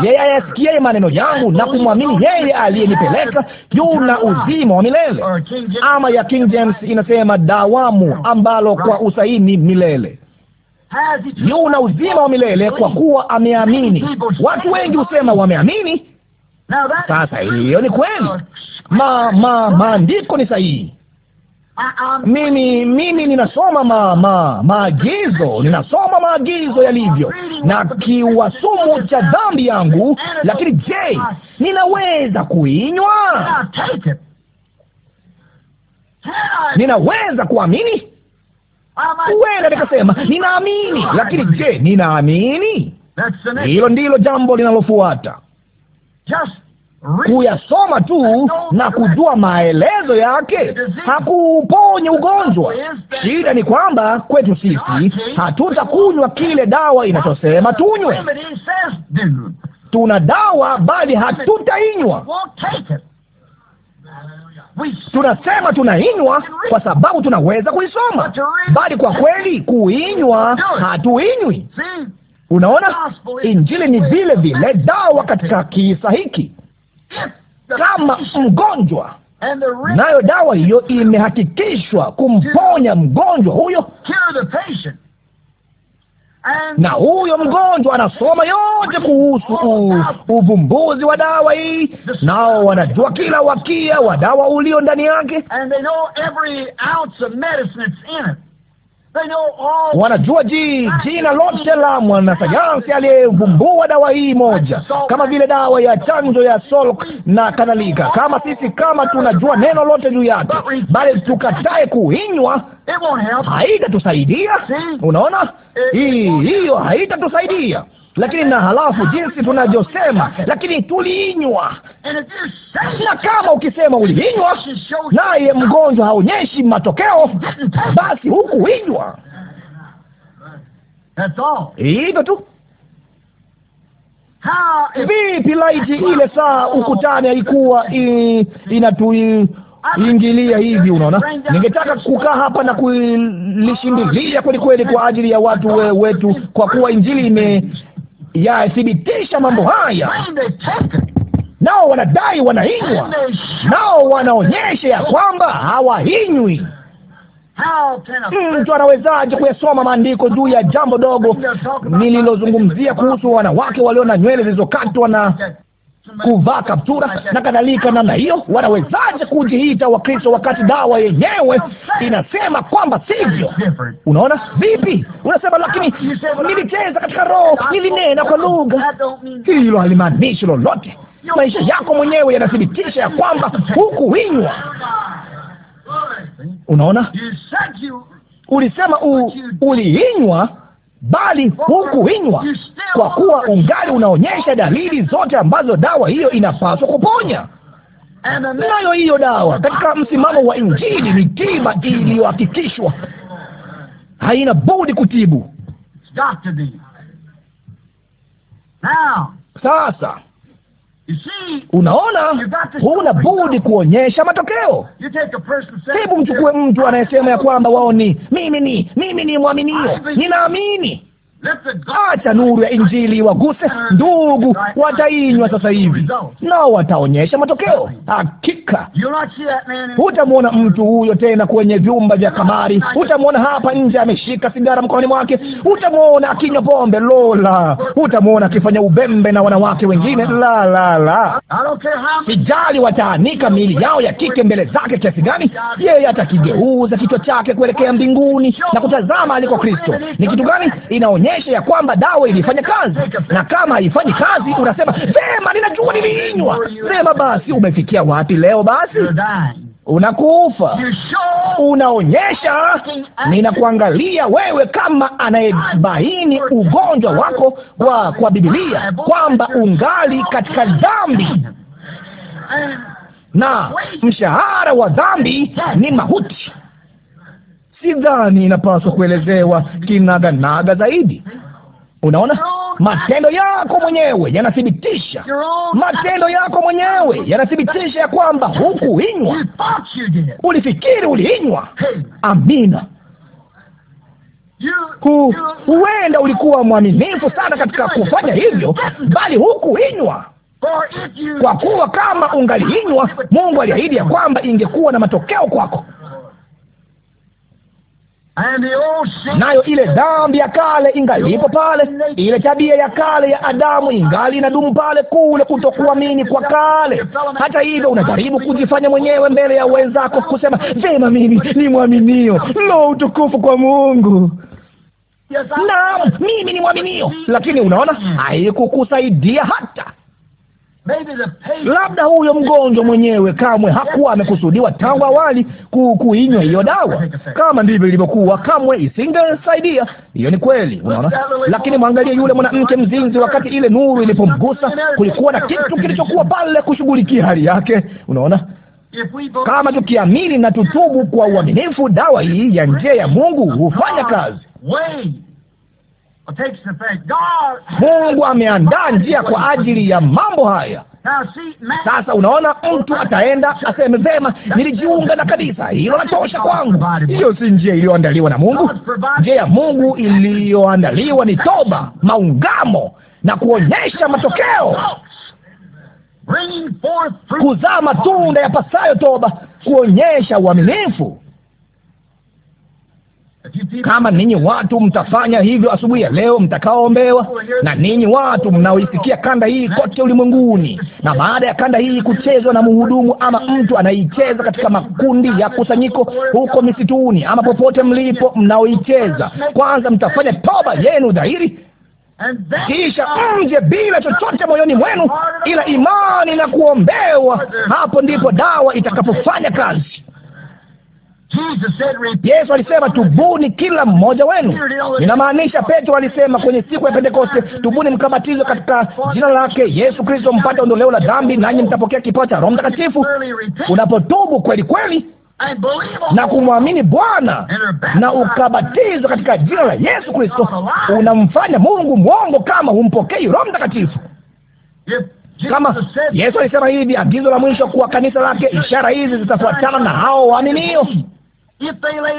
A: Yeye ayasikiaye maneno yangu na kumwamini yeye aliyenipeleka yuna uzima wa milele, ama ya King James inasema dawamu, ambalo kwa usaini milele yuna uzima wa milele kwa kuwa ameamini. Watu wengi husema wameamini. Sasa hiyo ni kweli, ma ma maandiko ni sahihi mimi mimi ninasoma ma, ma, maagizo ninasoma maagizo yalivyo na kiwasumu cha dhambi yangu, lakini je, ninaweza kuinywa? Ninaweza kuamini?
B: Huenda nikasema ninaamini, lakini
A: je, ninaamini? Hilo ndilo jambo linalofuata kuyasoma tu na kujua maelezo yake hakuponye ugonjwa. Shida ni kwamba kwetu sisi hatutakunywa kile dawa inachosema tunywe. Tuna dawa bali hatutainywa. Tunasema tunainywa kwa sababu tunaweza kuisoma, bali kwa kweli kuinywa hatuinywi. Unaona, Injili ni vile vile dawa katika kisa hiki kama mgonjwa, nayo dawa hiyo imehakikishwa kumponya mgonjwa huyo, na huyo mgonjwa anasoma yote kuhusu uvumbuzi wa dawa hii, nao wanajua kila wakia wa dawa ulio ndani yake
B: wanajua ji jina lote
A: la mwanasayansi aliyevumbua dawa hii moja, kama vile dawa ya chanjo ya Salk na kadhalika. Kama sisi kama tunajua neno lote juu yake, bali tukatae kuinywa, haitatusaidia. Unaona, hii hiyo haitatusaidia lakini na halafu jinsi tunavyosema, lakini tuliinywa.
B: Na kama ukisema uliinywa, naye mgonjwa
A: haonyeshi matokeo, basi hukuinywa. Hivyo tu. Vipi laiti ile saa ukutani haikuwa inatuingilia hivi? Unaona, ningetaka kukaa hapa na kulishindilia kweli kweli kwa ajili ya watu we, wetu, kwa kuwa injili ime yathibitisha mambo haya, nao wanadai wanainywa, nao wanaonyesha ya kwamba hawahinywi.
B: Hmm, mtu
A: anawezaje kuyasoma maandiko juu ya jambo dogo nililozungumzia kuhusu wanawake walio na nywele zilizokatwa na kuvaa kaptura na kadhalika namna hiyo. Wanawezaje kujiita Wakristo wakati dawa yenyewe inasema kwamba sivyo? Unaona vipi? Unasema lakini nilicheza katika roho, nilinena kwa lugha. Hilo halimaanishi lolote. Maisha yako mwenyewe yanathibitisha ya kwamba hukuinywa. Unaona, ulisema uliinywa bali hukuinywa, kwa kuwa ungali unaonyesha dalili zote ambazo dawa hiyo inapaswa kuponya.
B: Nayo hiyo dawa katika msimamo wa Injili
A: ni tiba iliyohakikishwa, haina budi kutibu. Sasa
B: Unaona, huna
A: budi kuonyesha matokeo.
B: Hebu mchukue mtu anayesema ya kwamba
A: wao ni mimi, ni mimi ni mwaminio, ninaamini Acha nuru ya Injili waguse ndugu, watainywa sasa hivi, nao wataonyesha matokeo. Hakika hutamwona mtu huyo tena kwenye vyumba vya kamari, hutamwona hapa nje ameshika sigara mkononi mwake, hutamwona akinywa pombe lola, hutamwona akifanya ubembe na wanawake wengine la la la. Sijali wataanika miili yao ya kike mbele zake kiasi gani, yeye atakigeuza kichwa chake kuelekea mbinguni na kutazama aliko Kristo. Ni kitu gani inaonyesha kuonyesha ya kwamba dawa ilifanya kazi, na kama haifanyi kazi unasema vema, ninajua niliinywa. Vema basi, umefikia wapi leo? Basi unakufa, unaonyesha ninakuangalia wewe kama anayebaini ugonjwa wako kwa, kwa Biblia kwamba ungali katika dhambi
B: na mshahara
A: wa dhambi ni mauti sidhani inapaswa kuelezewa kinaganaga zaidi. Unaona, matendo yako mwenyewe yanathibitisha,
B: matendo yako mwenyewe yanathibitisha ya
A: kwamba hukuinywa. Ulifikiri uliinywa? Amina. huenda ulikuwa mwaminifu sana katika kufanya hivyo, bali hukuinywa kwa kuwa kama ungaliinywa, Mungu aliahidi ya kwamba ingekuwa na matokeo kwako nayo ile dhambi ya kale ingalipo pale, ile tabia ya kale ya Adamu ingali inadumu pale, kule kutokuamini kwa kale. Hata hivyo, unajaribu kujifanya mwenyewe mbele ya wenzako kusema vema, mimi ni mwaminio. Lo, utukufu kwa Mungu! Naam, mimi ni mwaminio, lakini unaona mm. haikukusaidia hata Labda huyo mgonjwa mwenyewe kamwe hakuwa amekusudiwa tangu awali kuinywa hiyo dawa. Kama ndivyo ilivyokuwa, kamwe isingesaidia. Hiyo ni kweli, unaona. Lakini mwangalie yule mwanamke mzinzi, wakati ile nuru ilipomgusa, kulikuwa na kitu kilichokuwa pale kushughulikia hali yake, unaona. Kama tukiamini na tutubu kwa uaminifu, dawa hii ya njia ya Mungu hufanya kazi.
B: Mungu ameandaa njia kwa ajili ya mambo haya. Sasa
A: unaona, mtu ataenda aseme, vema, nilijiunga na kanisa hilo, natosha kwangu. Hiyo si njia iliyoandaliwa na Mungu. Njia ya Mungu iliyoandaliwa ni toba, maungamo na kuonyesha matokeo, kuzaa matunda ya pasayo toba, kuonyesha uaminifu kama ninyi watu mtafanya hivyo asubuhi ya leo, mtakaoombewa na ninyi watu mnaoisikia kanda hii kote ulimwenguni, na baada ya kanda hii kuchezwa na mhudumu ama mtu anaicheza katika makundi ya kusanyiko huko misituni ama popote mlipo mnaoicheza, kwanza mtafanya toba yenu dhahiri,
B: kisha mje
A: bila chochote moyoni mwenu ila imani na kuombewa. Hapo ndipo dawa itakapofanya kazi. Yesu alisema tubuni kila mmoja wenu. Ninamaanisha Petro alisema kwenye siku ya Pentekoste, tubuni mkabatizwe katika jina lake Yesu Kristo mpate ondoleo la dhambi, nanyi mtapokea kipawa cha Roho Mtakatifu. Unapotubu kweli kweli na kumwamini Bwana na ukabatizwa katika jina la Yesu Kristo, unamfanya Mungu mwongo kama humpokei Roho Mtakatifu.
B: Kama Yesu
A: alisema hivi, agizo la mwisho kuwa kanisa lake, ishara hizi zitafuatana na hao waaminio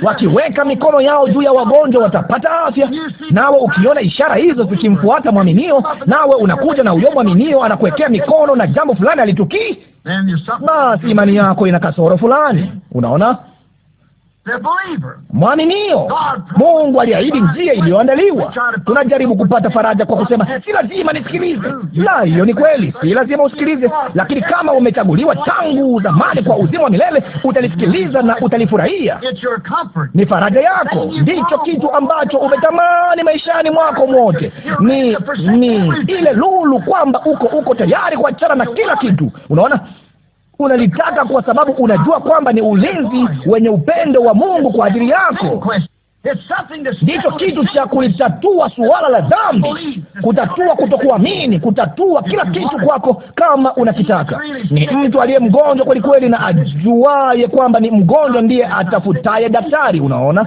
A: wakiweka mikono yao juu ya wagonjwa watapata afya. Nawe ukiona ishara hizo zikimfuata mwaminio, nawe unakuja na huyo mwaminio anakuwekea mikono na jambo fulani alitukii, basi imani yako ina kasoro fulani. Unaona, mwaminio. Mungu aliahidi njia iliyoandaliwa. Tunajaribu kupata faraja kwa kusema si lazima nisikilize. La, hiyo ni kweli, si lazima usikilize, lakini kama umechaguliwa tangu zamani kwa uzima wa milele, utalisikiliza na utalifurahia. Ni faraja yako, ndicho kitu ambacho umetamani maishani mwako mwote. Ni, ni ile lulu kwamba uko uko tayari kuachana na kila kitu. Unaona unalitaka kwa sababu unajua kwamba ni ulinzi wenye upendo wa Mungu kwa ajili yako. Ndicho kitu cha kulitatua suala la dhambi, kutatua kutokuamini, kutatua kila kitu kwako kama unakitaka. Ni mtu aliye mgonjwa kweli kweli na ajuaye kwamba ni mgonjwa ndiye atafutaye daktari. Unaona?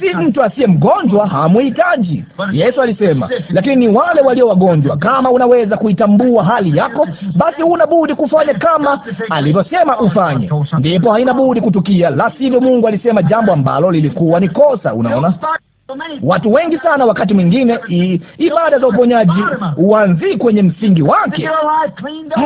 A: Si mtu asiye mgonjwa hamuhitaji. Yesu alisema, lakini ni wale walio wagonjwa. Kama unaweza kuitambua hali yako, basi huna budi kufanya kama alivyosema ufanye, ndipo haina budi kutukia, la sivyo Mungu alisema jambo ambalo lilikuwa ni kosa. Unaona? Watu wengi sana wakati mwingine ibada za uponyaji huanzii kwenye msingi wake.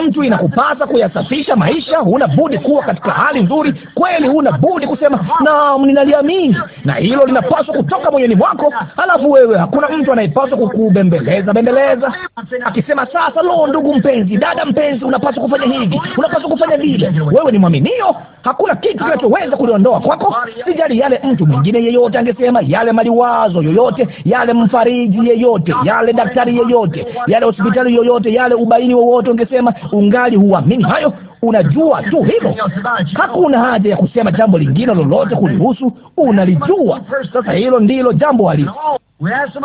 A: Mtu inakupasa kuyasafisha maisha, huna budi kuwa katika hali nzuri kweli, huna budi kusema naam, ninaliamini, na hilo linapaswa kutoka moyoni mwako. Halafu wewe, hakuna mtu anayepaswa kukubembeleza bembeleza akisema, sasa lo, ndugu mpenzi, dada mpenzi, unapaswa kufanya hivi, unapaswa kufanya vile. Wewe ni mwaminio, hakuna kitu kinachoweza kuliondoa kwako. Sijali yale mtu mwingine yeyote angesema, yale maliwa mawazo yoyote yale, mfariji yeyote yale, daktari yeyote yale, hospitali yoyote yale, ubaini wowote, ungesema ungali huamini hayo? Unajua tu hilo, hakuna haja ya kusema jambo lingine lolote kulihusu. Unalijua sasa, hilo ndilo jambo halisi.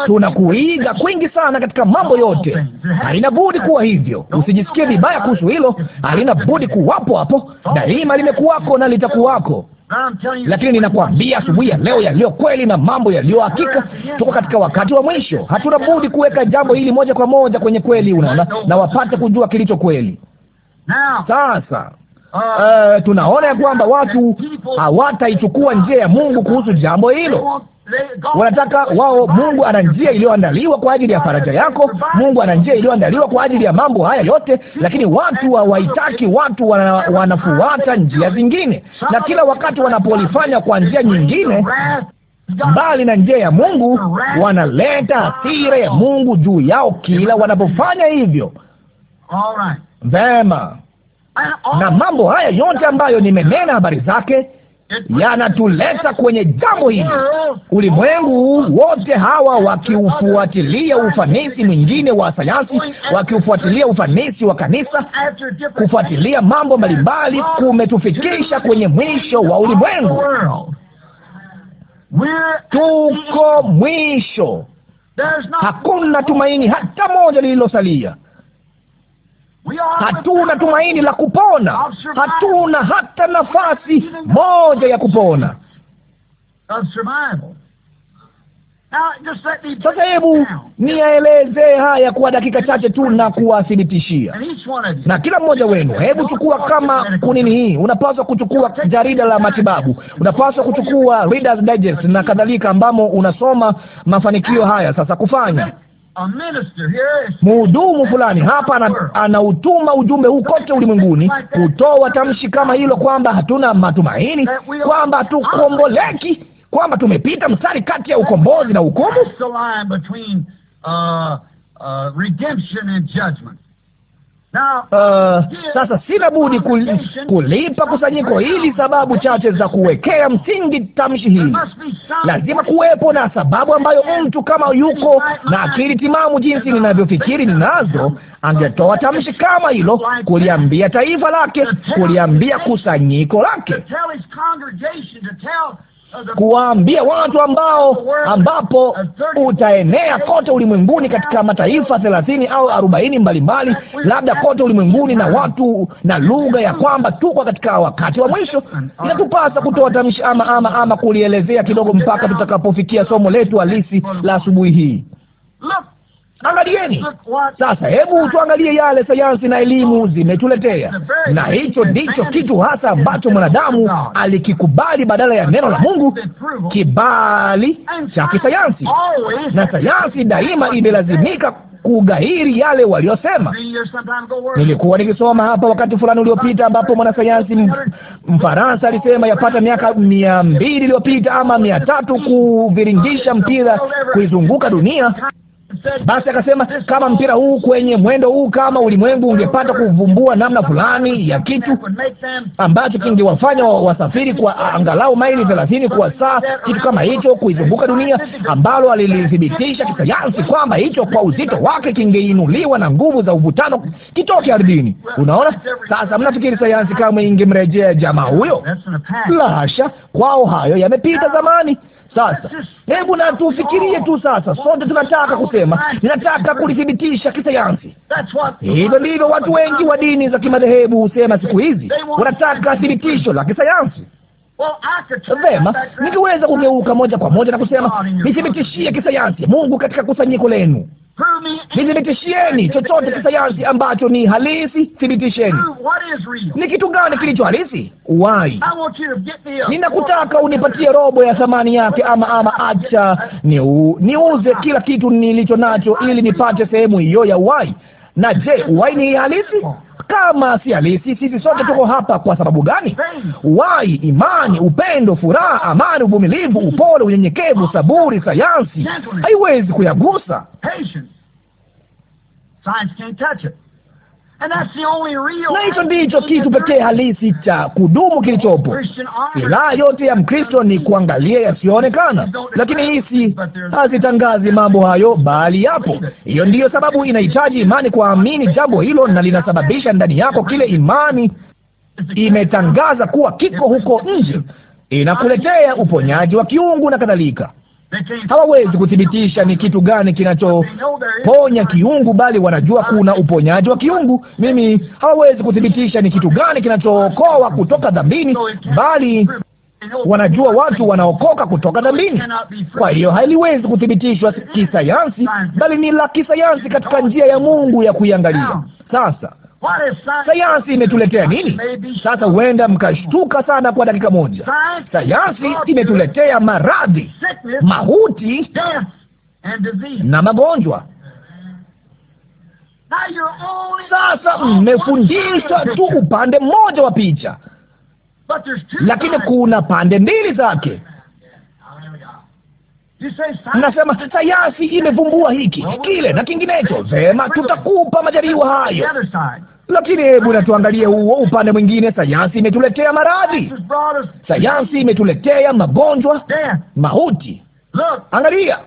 B: Tunakuiga kwingi
A: sana katika mambo yote. Halina budi kuwa hivyo, usijisikie vibaya kuhusu hilo. Halina budi kuwapo hapo daima, limekuwako na litakuwako lakini ninakwambia asubuhi ya leo, yaliyo kweli na mambo yaliyo hakika. Tuko katika wakati wa mwisho, hatuna budi kuweka jambo hili moja kwa moja kwenye kweli, unaona, na wapate kujua kilicho kweli. Sasa uh, tunaona ya kwamba watu hawataichukua njia ya Mungu kuhusu jambo hilo. Wanataka wao, Mungu ana njia iliyoandaliwa kwa ajili ya faraja yako. Mungu ana njia iliyoandaliwa kwa ajili ya mambo haya yote, lakini watu hawaitaki. Watu wana, wanafuata njia zingine, na kila wakati wanapolifanya kwa njia nyingine mbali na njia ya Mungu, wanaleta hasira ya Mungu juu yao kila wanapofanya hivyo. Vema,
B: ah, oh. na mambo haya
A: yote ambayo nimenena habari zake yanatuleta kwenye jambo hili. Ulimwengu wote hawa wakiufuatilia ufanisi mwingine wa sayansi, wakiufuatilia ufanisi wa kanisa,
B: kufuatilia
A: mambo mbalimbali kumetufikisha kwenye mwisho wa ulimwengu. Tuko mwisho, hakuna tumaini hata moja lililosalia. Hatuna tumaini la kupona, hatuna hata nafasi moja ya kupona.
B: Sasa hebu
A: niyaelezee haya kwa dakika chache tu na kuwathibitishia. Na kila mmoja wenu, hebu chukua kama kunini hii, unapaswa kuchukua jarida la matibabu, unapaswa kuchukua Reader's Digest na kadhalika, ambamo unasoma mafanikio haya sasa kufanya mhudumu fulani hapa anautuma ana ujumbe huu kote ulimwenguni kutoa tamshi kama hilo, kwamba hatuna matumaini, kwamba hatukomboleki, kwamba tumepita mstari kati ya ukombozi na hukumu. Uh, sasa sina budi kulipa kusanyiko hili sababu chache za kuwekea msingi tamshi hili.
B: Lazima kuwepo
A: na sababu ambayo mtu kama yuko na akili timamu, jinsi ninavyofikiri ninazo, angetoa tamshi kama hilo, kuliambia taifa lake, kuliambia kusanyiko lake
B: kuwaambia
A: watu ambao ambapo utaenea kote ulimwenguni katika mataifa thelathini au arobaini mbalimbali, labda kote ulimwenguni, na watu na lugha, ya kwamba tuko katika wakati wa mwisho. Inatupasa kutoa tamshi ama ama ama kulielezea kidogo mpaka tutakapofikia somo letu halisi la asubuhi hii. Angalieni sasa, hebu tuangalie yale sayansi na elimu zimetuletea, na hicho ndicho kitu hasa ambacho mwanadamu alikikubali badala ya neno la Mungu, kibali cha kisayansi. Na sayansi daima imelazimika kugairi yale waliosema. Nilikuwa nikisoma hapa wakati fulani uliopita, ambapo mwanasayansi Mfaransa alisema yapata miaka mia mbili iliyopita ama mia tatu kuviringisha mpira kuizunguka dunia basi akasema kama mpira huu kwenye mwendo huu, kama ulimwengu ungepata kuvumbua namna fulani ya kitu ambacho kingewafanya wasafiri kwa angalau maili thelathini kwa saa, kitu kama hicho kuizunguka dunia, ambalo alilithibitisha kisayansi kwamba hicho kwa uzito wake kingeinuliwa na nguvu za uvutano kitoke ardhini. Unaona sasa, mnafikiri sayansi kama ingemrejea jamaa huyo? La hasha, kwao hayo yamepita zamani. Sasa hebu na tufikirie tu sasa, oh. sote tunataka oh, kusema, ninataka kulithibitisha kisayansi.
B: Hivyo ndivyo watu wengi wa dini za
A: kimadhehebu husema siku hizi, wanataka thibitisho la kisayansi. Vema, nikiweza kugeuka moja kwa moja na kusema, nithibitishie kisayansi Mungu katika kusanyiko lenu. Nithibitishieni chochote kisayansi ambacho ni halisi, thibitisheni
B: ni kitu gani kilicho halisi. wai ninakutaka unipatie robo ya thamani yake, ama
A: ama acha niu, niuze kila kitu nilicho nacho ili nipate sehemu hiyo ya uwai. Na je, uwai ni halisi? kama si halisi. Sisi sote tuko hapa kwa sababu gani? Wai, imani, upendo, furaha, amani, uvumilivu, upole, unyenyekevu, saburi, sayansi haiwezi kuyagusa na hicho ndicho kitu pekee halisi cha kudumu kilichopo. Silaha yote ya Mkristo ni kuangalia yasiyoonekana, lakini hisi hazitangazi mambo hayo, bali yapo. Hiyo ndiyo sababu inahitaji imani kuamini jambo hilo, na linasababisha ndani yako kile imani imetangaza kuwa kiko huko nje, inakuletea uponyaji wa kiungu na kadhalika hawawezi kuthibitisha ni kitu gani kinachoponya kiungu, bali wanajua kuna uponyaji wa kiungu. Mimi hawawezi kuthibitisha ni kitu gani kinachookoa kutoka dhambini, bali wanajua watu wanaokoka kutoka dhambini. Kwa hiyo haliwezi kuthibitishwa kisayansi, bali ni la kisayansi katika njia ya Mungu ya kuiangalia. Sasa Sayansi imetuletea nini sasa? Huenda mkashtuka sana kwa dakika moja.
B: Sayansi imetuletea maradhi, mauti
A: na magonjwa.
B: Sasa mmefundishwa tu
A: upande mmoja wa picha,
B: lakini kuna
A: pande mbili zake. Nasema sayansi imevumbua hiki, kile na kinginecho. Vema, tutakupa majaribu hayo lakini hebu na tuangalie huo upande mwingine. Sayansi imetuletea maradhi, sayansi imetuletea magonjwa, mauti. Angalia,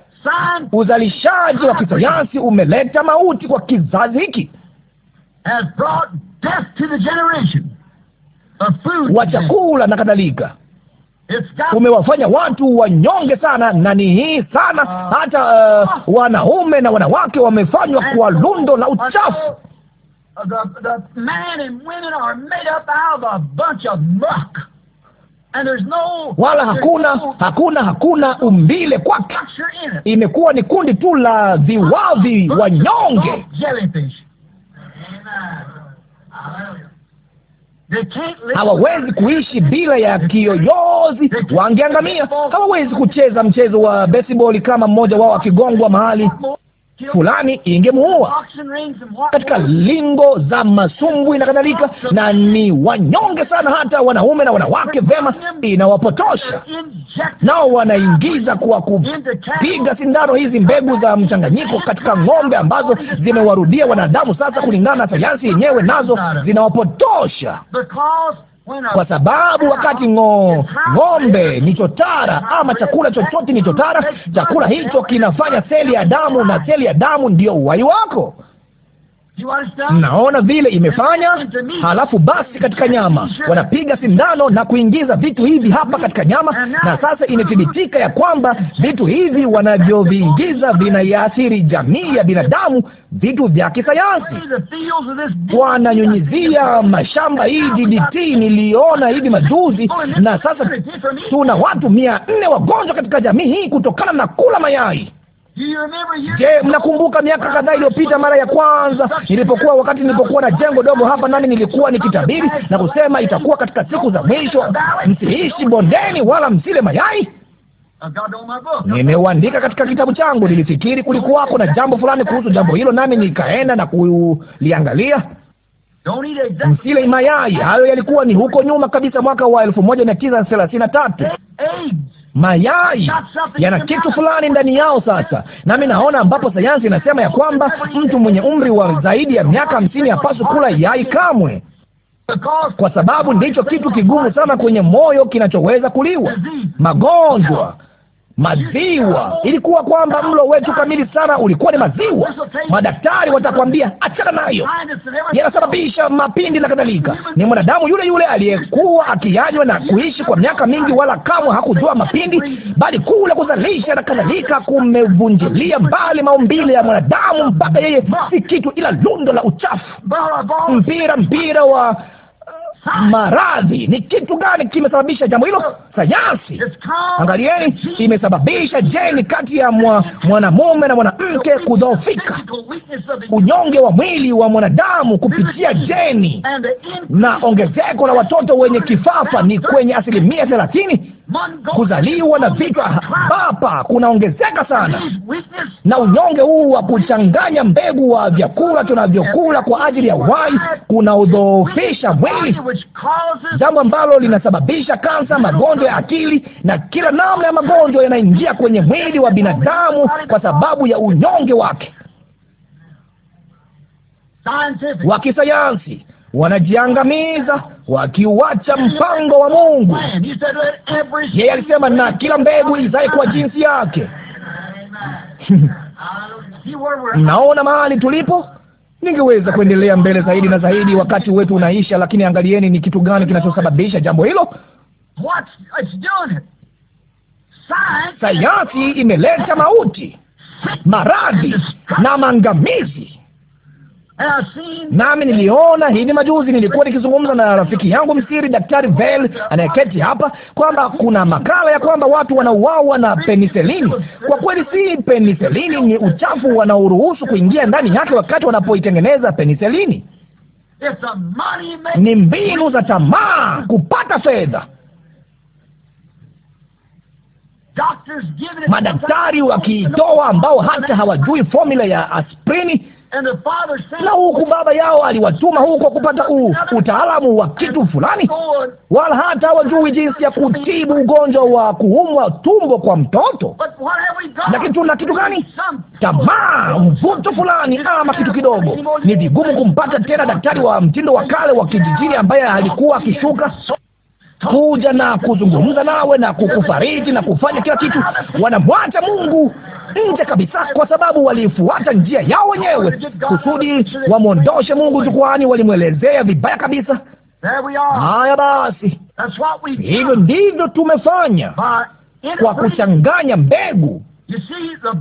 A: uzalishaji wa kisayansi umeleta mauti kwa kizazi hiki wa chakula na kadhalika umewafanya watu wanyonge sana, na ni hii sana ah. hata uh, ah. wanaume na wanawake wamefanywa kwa lundo la uchafu
B: the, the man and women are made up out of a bunch of muck. No, wala hakuna no,
A: hakuna hakuna umbile kwake, imekuwa ni kundi tu la viwavi wanyonge. Hawawezi kuishi bila ya kiyoyozi, wangeangamia. Hawawezi kucheza mchezo wa baseball kama mmoja wao akigongwa mahali
B: fulani ingemuua katika
A: lingo za masumbwi na kadhalika, na ni wanyonge sana, hata wanaume na wanawake. Vema, inawapotosha nao wanaingiza kwa kupiga sindano hizi mbegu za mchanganyiko katika ng'ombe ambazo zimewarudia wanadamu. Sasa kulingana na sayansi yenyewe, nazo zinawapotosha
B: kwa sababu wakati ng'o, ng'ombe ni chotara ama chakula chochote ni chotara, chakula hicho kinafanya
A: seli ya damu, na seli ya damu ndiyo uhai wako naona vile imefanya. Halafu basi katika nyama wanapiga sindano na kuingiza vitu hivi hapa katika nyama, na sasa imethibitika ya kwamba vitu hivi wanavyoviingiza vinaiathiri jamii ya binadamu, vitu vya kisayansi. Wananyunyizia mashamba hii DDT, niliona hivi majuzi, oh, na sasa tuna watu mia nne wagonjwa katika jamii hii kutokana na kula mayai. Je, mnakumbuka miaka kadhaa iliyopita, mara ya kwanza nilipokuwa, wakati nilipokuwa na jengo dogo hapa nami nilikuwa nikitabiri na kusema itakuwa katika siku za mwisho, msiishi bondeni wala msile mayai. Nimeuandika katika kitabu changu. Nilifikiri kulikuwako na jambo fulani kuhusu jambo hilo, nami nikaenda na kuliangalia. Msile mayai, hayo yalikuwa ni huko nyuma kabisa, mwaka wa elfu moja mia tisa thelathini na tatu mayai yana kitu fulani ndani yao. Sasa nami naona ambapo sayansi inasema ya kwamba mtu mwenye umri wa zaidi ya miaka hamsini hapaswi kula yai kamwe, kwa sababu ndicho kitu kigumu sana kwenye moyo kinachoweza kuliwa. Magonjwa, maziwa. Ilikuwa kwamba mlo wetu kamili sana ulikuwa ni maziwa. Madaktari watakwambia achana nayo,
B: yanasababisha mapindi
A: na kadhalika. Ni mwanadamu yule yule aliyekuwa akiyanywa na kuishi kwa miaka mingi, wala kamwe hakujua mapindi, bali kule kuzalisha na kadhalika kumevunjilia mbali maumbile ya mwanadamu, mpaka yeye si kitu ila lundo la uchafu. Mpira mpira wa maradhi. Ni kitu gani kimesababisha jambo hilo? Oh. Sayansi, angalieni, imesababisha jeni kati ya mwa, mwanamume na mwanamke kudhoofika, unyonge wa mwili wa mwanadamu kupitia jeni, na ongezeko la watoto wenye kifafa ni kwenye asilimia thelathini
B: kuzaliwa
A: na vichwa papa kunaongezeka sana, na unyonge huu wa kuchanganya mbegu wa vyakula tunavyokula kwa ajili ya uhai kunaudhoofisha mwili, jambo ambalo linasababisha kansa, magonjwa ya akili na kila namna ya magonjwa yanaingia kwenye mwili wa binadamu kwa sababu ya unyonge wake wa kisayansi wanajiangamiza wakiuacha mpango wa Mungu. Yeye alisema na kila mbegu izae kwa jinsi yake. Mnaona mahali tulipo. Ningeweza kuendelea mbele zaidi na zaidi, wakati wetu unaisha, lakini angalieni ni kitu gani kinachosababisha jambo hilo. Sayansi imeleta mauti, maradhi na maangamizi nami niliona hivi majuzi, nilikuwa nikizungumza na rafiki yangu msiri Daktari Vel anayeketi hapa, kwamba kuna makala ya kwamba watu wanauawa na peniselini. Kwa kweli si peniselini, ni uchafu wanaoruhusu kuingia ndani yake wakati wanapoitengeneza peniselini. Ni mbinu za tamaa kupata fedha.
B: Madaktari wakiitoa,
A: ambao hata hawajui formula ya aspirini
B: na huku baba yao aliwatuma
A: huko kupata u, utaalamu wa kitu fulani, wala hata wajui jinsi ya kutibu ugonjwa wa kuumwa tumbo kwa mtoto.
B: Lakini tuna kitu gani?
A: Tamaa, mvuto fulani, ama kitu kidogo. Ni vigumu kumpata tena daktari wa mtindo wa kale wa kijijini ambaye alikuwa akishuka kuja na kuzungumza nawe na kukufariji na kufanya kila kitu. Wanamwacha Mungu nje kabisa, kwa sababu walifuata njia yao wenyewe kusudi wamwondoshe Mungu jukwani. Walimwelezea vibaya kabisa.
B: Haya basi,
A: hivyo ndivyo tumefanya
B: kwa kuchanganya
A: mbegu.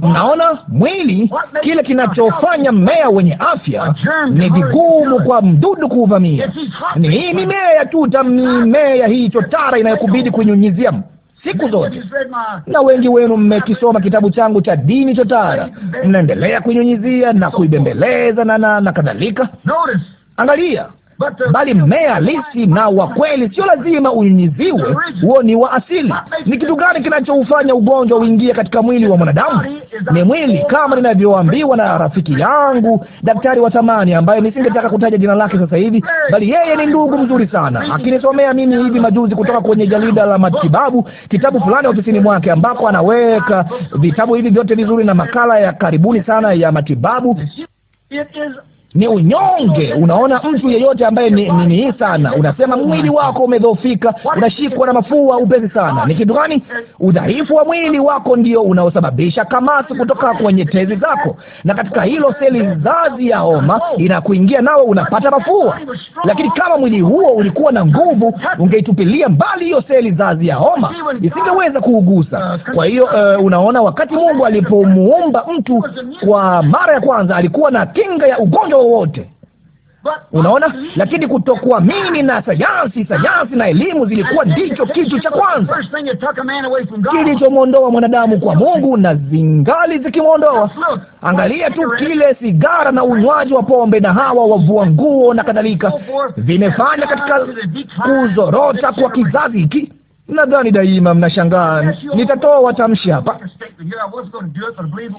A: Mnaona, mwili, kile kinachofanya mmea wenye afya ni vigumu kwa mdudu kuuvamia. Ni hii mimea ya tuta, mimea hii chotara inayokubidi kuinyunyizia siku zote. Na wengi wenu mmekisoma kitabu changu cha dini cha Tara, mnaendelea kuinyunyizia na kuibembeleza na na, na kadhalika. Angalia bali mmea halisi na wa kweli sio lazima unyunyiziwe. Huo ni wa asili. Ni kitu gani kinachoufanya ugonjwa uingie katika mwili wa mwanadamu? Ni mwili, kama ninavyoambiwa na rafiki yangu daktari wa thamani, ambaye nisingetaka kutaja jina lake sasa hivi, bali yeye ni ndugu mzuri sana, akinisomea mimi hivi majuzi kutoka kwenye jarida la matibabu, kitabu fulani ofisini mwake, ambako anaweka vitabu hivi vyote vizuri na makala ya karibuni sana ya matibabu ni unyonge. Unaona, mtu yeyote ambaye ni nini sana, unasema mwili wako umedhoofika, unashikwa na mafua upesi sana. Ni kitu gani? Udhaifu wa mwili wako ndio unaosababisha kamasi kutoka kwenye tezi zako, na katika hilo seli zazi ya homa inakuingia, nawe unapata mafua. Lakini kama mwili huo ulikuwa na nguvu, ungeitupilia mbali hiyo seli zazi ya homa, isingeweza kuugusa. Kwa hiyo uh, unaona, wakati Mungu alipomuumba mtu kwa mara ya kwanza alikuwa na kinga ya ugonjwa upendo wowote. Unaona, lakini kutokuamini na sayansi, sayansi na elimu zilikuwa ndicho kitu cha kwanza
B: kilichomwondoa
A: mwanadamu kwa Mungu, na zingali zikimwondoa. Angalia tu kile sigara na unywaji wa pombe na hawa wavua nguo na kadhalika, vimefanya katika kuzorota kwa kizazi hiki. Nadhani daima mnashangaa nitatoa watamshi hapa.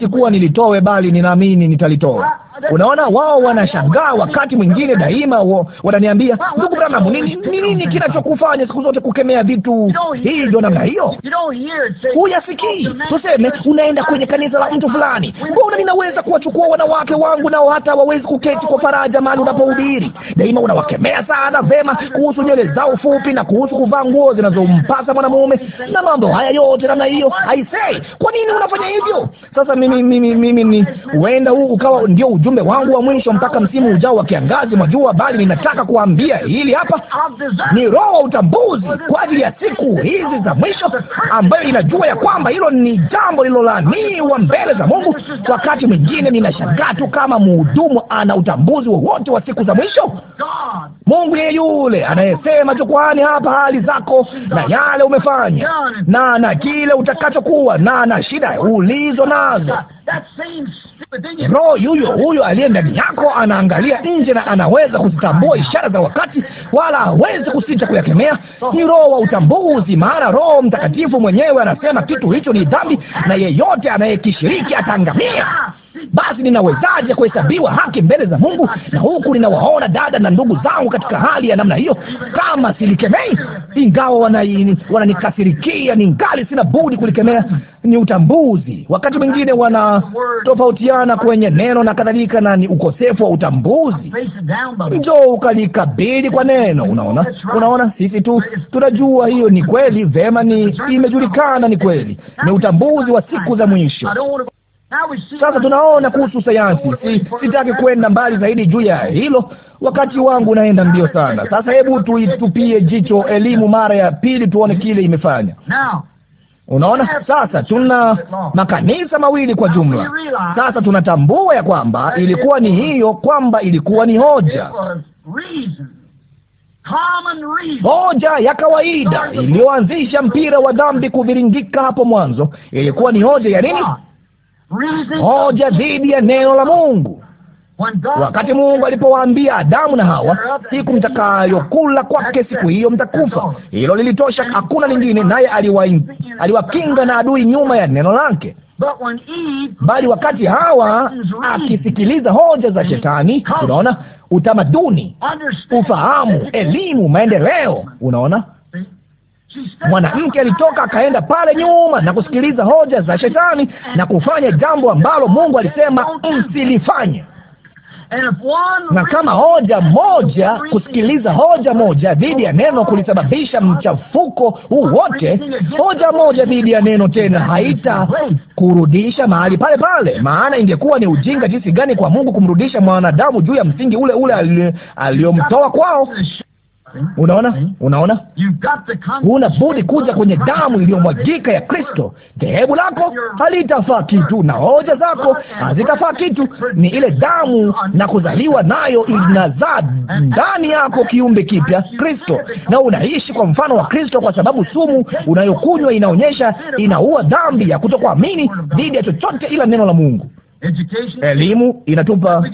A: Sikuwa nilitowe, bali ninaamini nitalitoa. Unaona, wao wanashangaa. Wakati mwingine daima wananiambia, ndugu Branham, nini ni nini kinachokufanya siku zote kukemea vitu hivyo namna hiyo? Huyasikii? Oh, Tuseme unaenda kwenye kanisa la mtu fulani, mbona ninaweza kuwachukua wanawake wangu nao hata wawezi kuketi kwa oh, faraja mahali oh, unapohubiri? Daima unawakemea sana, vema, kuhusu nywele zao fupi na kuhusu kuvaa nguo zinazompa kumpasa mwanamume na mambo haya yote namna hiyo. Haisei, kwa nini unafanya hivyo? Sasa mimi mimi mimi ni huenda huu ukawa ndio ujumbe wangu wa mwisho mpaka msimu ujao wa kiangazi mwajua, bali ninataka kuambia hili hapa ni roho wa utambuzi kwa ajili ya siku hizi za mwisho, ambayo inajua ya kwamba hilo ni jambo lilolaniwa mbele za Mungu. Wakati mwingine ninashangaa tu kama mhudumu ana utambuzi wowote wa, wa siku za mwisho. Mungu yeye yule anayesema, chukwani hapa hali zako na ya pale umefanya na na kile utakachokuwa na na shida ulizo nazo. Roho yuyo huyo aliye ndani yako anaangalia nje na anaweza kuzitambua ishara za wakati, wala hawezi kusita kuyakemea. Ni roho wa utambuzi, maana Roho Mtakatifu mwenyewe anasema kitu hicho ni dhambi, na yeyote anayekishiriki ataangamia basi ninawezaje kuhesabiwa haki mbele za Mungu? Na huku ninawaona dada na ndugu zangu katika hali ya namna hiyo, kama silikemei, ingawa wananikasirikia, ni ningali sina budi kulikemea. Ni utambuzi. Wakati mwingine wanatofautiana kwenye neno na kadhalika, na ni ukosefu wa utambuzi. njo ukalikabili kwa neno. Unaona, unaona, sisi tu tunajua hiyo ni kweli. Vema, ni imejulikana, ni kweli, ni utambuzi wa siku za mwisho. Sasa tunaona kuhusu sayansi. Sitaki kwenda mbali zaidi juu ya hilo, wakati wangu unaenda mbio sana. Sasa hebu tuitupie jicho elimu mara ya pili, tuone kile imefanya. Unaona, sasa tuna makanisa mawili kwa jumla. Sasa tunatambua ya kwamba ilikuwa ni hiyo, kwamba ilikuwa ni hoja hoja ya kawaida iliyoanzisha mpira wa dhambi kuviringika hapo mwanzo. Ilikuwa ni hoja ya nini? hoja dhidi ya neno la Mungu. Wakati Mungu alipowaambia Adamu na Hawa, siku mtakayokula kwake, siku hiyo mtakufa, hilo lilitosha, hakuna lingine. Naye aliwakinga na adui nyuma ya neno lake. Bali wakati Hawa akisikiliza hoja za Shetani, unaona utamaduni, ufahamu, elimu, maendeleo, unaona Mwanamke alitoka akaenda pale nyuma na kusikiliza hoja za shetani na kufanya jambo ambalo Mungu alisema msilifanye. Na kama hoja moja, kusikiliza hoja moja dhidi ya neno kulisababisha mchafuko huu wote, hoja moja dhidi ya neno tena haita kurudisha mahali pale pale. Maana ingekuwa ni ujinga jinsi gani kwa Mungu kumrudisha mwanadamu juu ya msingi ule ule aliyomtoa kwao. Unaona, hmm? unaona, huna budi kuja kwenye damu iliyomwagika ya Kristo. Dhehebu lako halitafaa kitu na hoja zako hazitafaa kitu. Ni ile damu na kuzaliwa nayo inazaa ndani yako kiumbe kipya, Kristo, na unaishi kwa mfano wa Kristo, kwa sababu sumu unayokunywa inaonyesha, inaua dhambi ya kutokuamini dhidi ya chochote ila neno la Mungu. Elimu inatupa.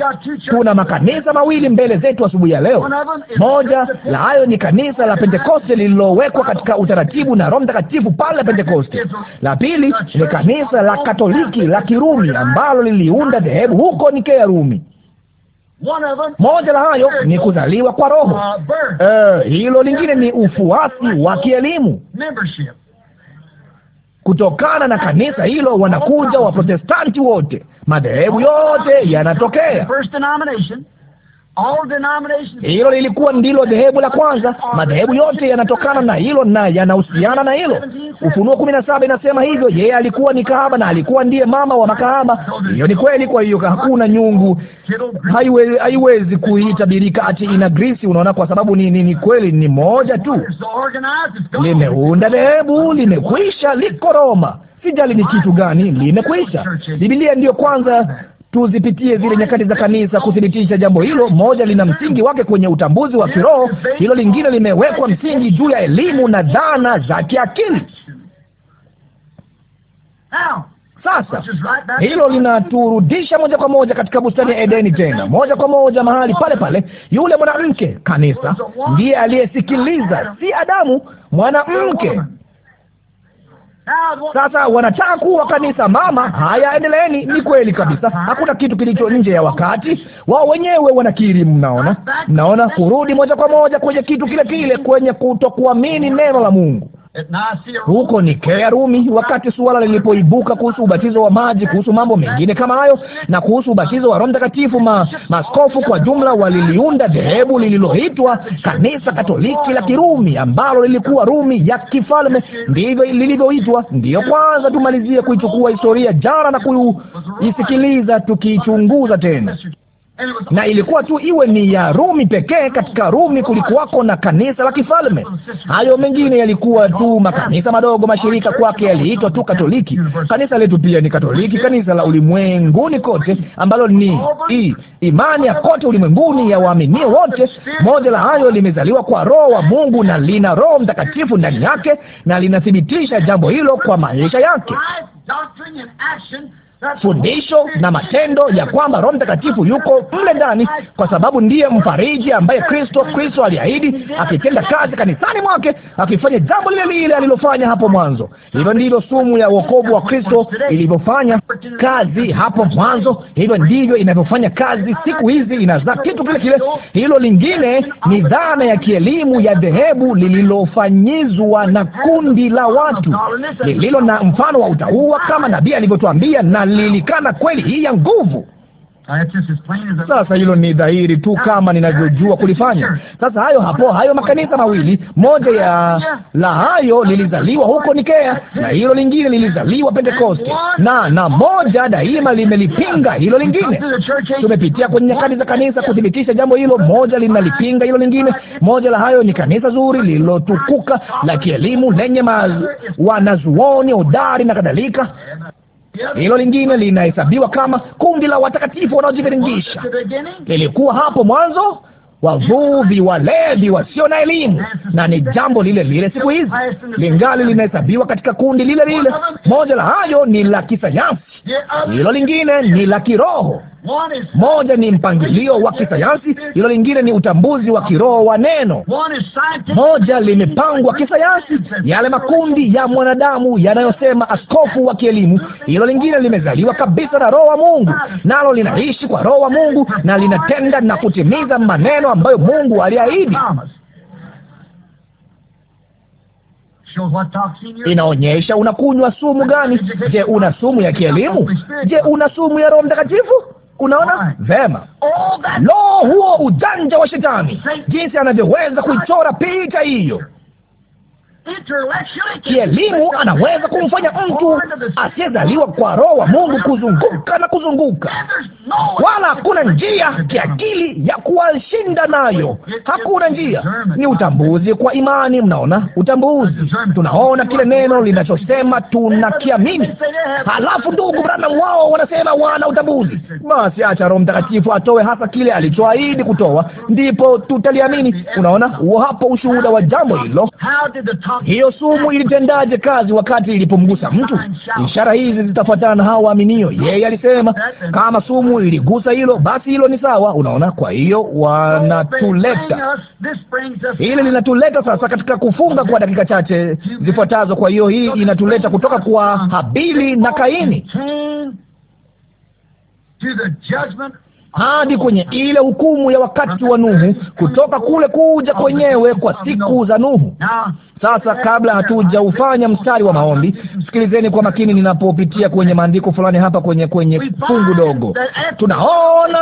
A: Kuna makanisa mawili mbele zetu asubuhi ya leo. Moja la hayo ni kanisa la Pentekoste lililowekwa katika utaratibu na Roho Mtakatifu pale Pentekoste. La pili ni kanisa la Katoliki la Kirumi ambalo liliunda dhehebu huko Nikea, Rumi.
B: Moja la hayo ni kuzaliwa kwa Roho, uh,
A: hilo lingine ni ufuasi wa kielimu Kutokana na kanisa hilo wanakuja Waprotestanti wote, madhehebu yote yanatokea. Hilo lilikuwa ndilo dhehebu la kwanza. Madhehebu yote yanatokana na hilo na yanahusiana na hilo. Ufunuo kumi na saba inasema hivyo. Yeye alikuwa ni kahaba na alikuwa ndiye mama wa makahaba. Hiyo ni kweli. Kwa hiyo hakuna nyungu, haiwezi haiwezi kuitabirika ati ina grisi. Unaona, kwa sababu ni, ni, ni kweli ni moja tu, limeunda dhehebu, limekwisha, liko Roma. Sijali ni kitu gani, limekwisha. Biblia ndiyo kwanza tuzipitie zile nyakati za kanisa kuthibitisha jambo hilo. Moja lina msingi wake kwenye utambuzi wa kiroho, hilo lingine limewekwa msingi juu ya elimu na dhana za kiakili. Sasa hilo linaturudisha moja kwa moja katika bustani ya Edeni, tena moja kwa moja mahali pale pale. Yule mwanamke kanisa ndiye aliyesikiliza, si Adamu. Mwanamke
B: sasa wanataka
A: kuwa kanisa mama. Haya, endeleeni. Ni kweli kabisa, hakuna kitu kilicho nje ya wakati wao wenyewe. Wanakiri, mnaona, mnaona kurudi moja kwa moja kwenye kitu kile kile, kwenye kutokuamini neno la Mungu huko Nikea, Rumi, wakati suala lilipoibuka kuhusu ubatizo wa maji, kuhusu mambo mengine kama hayo, na kuhusu ubatizo wa Roho Mtakatifu, ma, maskofu kwa jumla waliliunda dhehebu lililoitwa Kanisa Katoliki la Kirumi ambalo lilikuwa Rumi ya kifalme, ndivyo lilivyoitwa. Ndiyo kwanza tumalizie kuichukua historia jara na kuisikiliza tukiichunguza tena na ilikuwa tu iwe ni ya Rumi pekee. Katika Rumi kulikuwako na kanisa la kifalme, hayo mengine yalikuwa tu makanisa madogo, mashirika kwake yaliitwa tu Katoliki. Kanisa letu pia ni Katoliki, kanisa la ulimwenguni kote, ambalo ni i, imani ya kote ulimwenguni ya waamini wote. Moja la hayo limezaliwa kwa Roho wa Mungu na lina Roho Mtakatifu ndani yake, na linathibitisha jambo hilo kwa maisha yake fundisho na matendo ya kwamba Roho Mtakatifu yuko mle ndani, kwa sababu ndiye mfariji ambaye Kristo Kristo aliahidi, akitenda kazi kanisani mwake, akifanya jambo lile lile alilofanya hapo mwanzo. Hivyo ndivyo sumu ya wokovu wa Kristo ilivyofanya kazi hapo mwanzo, hivyo ndivyo inavyofanya kazi siku hizi, inazaa kitu kile kile. Hilo lingine ni dhana ya kielimu ya dhehebu lililofanyizwa na kundi la watu lililo na mfano wa utauwa, kama nabii alivyotuambia na lilikana kweli hii ya nguvu. Sasa hilo ni dhahiri tu kama ninavyojua kulifanya. Sasa hayo hapo, hayo makanisa mawili, moja ya la hayo lilizaliwa huko Nikea na hilo lingine lilizaliwa Pentekoste, na na moja daima limelipinga hilo lingine. Tumepitia kwenye nyakati za kanisa kuthibitisha jambo hilo, moja linalipinga hilo lingine. Moja la hayo ni kanisa zuri lililotukuka la kielimu lenye wanazuoni hodari na kadhalika hilo lingine linahesabiwa kama kundi la watakatifu wanaojiviringisha. Lilikuwa hapo mwanzo, wavuvi, walevi, wasio na elimu, na ni jambo lile lile siku hizi, lingali linahesabiwa katika kundi lile lile. Moja la hayo ni la kisayansi, hilo lingine ni la kiroho. Moja ni mpangilio wa kisayansi, hilo lingine ni utambuzi wa kiroho wa neno. Moja limepangwa kisayansi, yale makundi ya mwanadamu yanayosema askofu wa kielimu, hilo lingine limezaliwa kabisa na roho wa Mungu, nalo linaishi kwa roho wa Mungu na linatenda na kutimiza maneno ambayo Mungu aliahidi. Inaonyesha unakunywa sumu gani? Je, una sumu ya kielimu? Je, una sumu ya Roho Mtakatifu? Unaona ah, vema, lo, huo ujanja wa Shetani, jinsi anavyoweza kuichora picha hiyo.
B: Kielimu anaweza kumfanya mtu
A: asiyezaliwa kwa Roho wa Mungu kuzunguka na kuzunguka, wala hakuna njia kiakili ya kuwashinda nayo. Hakuna njia, ni utambuzi kwa imani. Mnaona utambuzi, tunaona kile neno linachosema, tunakiamini.
B: Halafu ndugu Branham, wao
A: wanasema wana utambuzi. Basi acha Roho Mtakatifu atoe hasa kile alichoahidi kutoa, ndipo tutaliamini. Unaona huo hapo ushuhuda wa jambo hilo hiyo sumu ilitendaje kazi wakati ilipomgusa mtu? Ishara hizi zitafuatana na hao waaminio. Yeye alisema kama sumu iligusa hilo, basi hilo ni sawa. Unaona, kwa hiyo wanatuleta, hili linatuleta sasa katika kufunga kwa dakika chache zifuatazo. Kwa hiyo hii inatuleta kutoka kwa Habili na Kaini hadi kwenye ile hukumu ya wakati wa Nuhu, kutoka kule kuja kwenyewe kwa siku za Nuhu. Sasa, kabla hatujaufanya mstari wa maombi, sikilizeni kwa makini ninapopitia kwenye maandiko fulani hapa kwenye kwenye fungu dogo.
B: Tunaona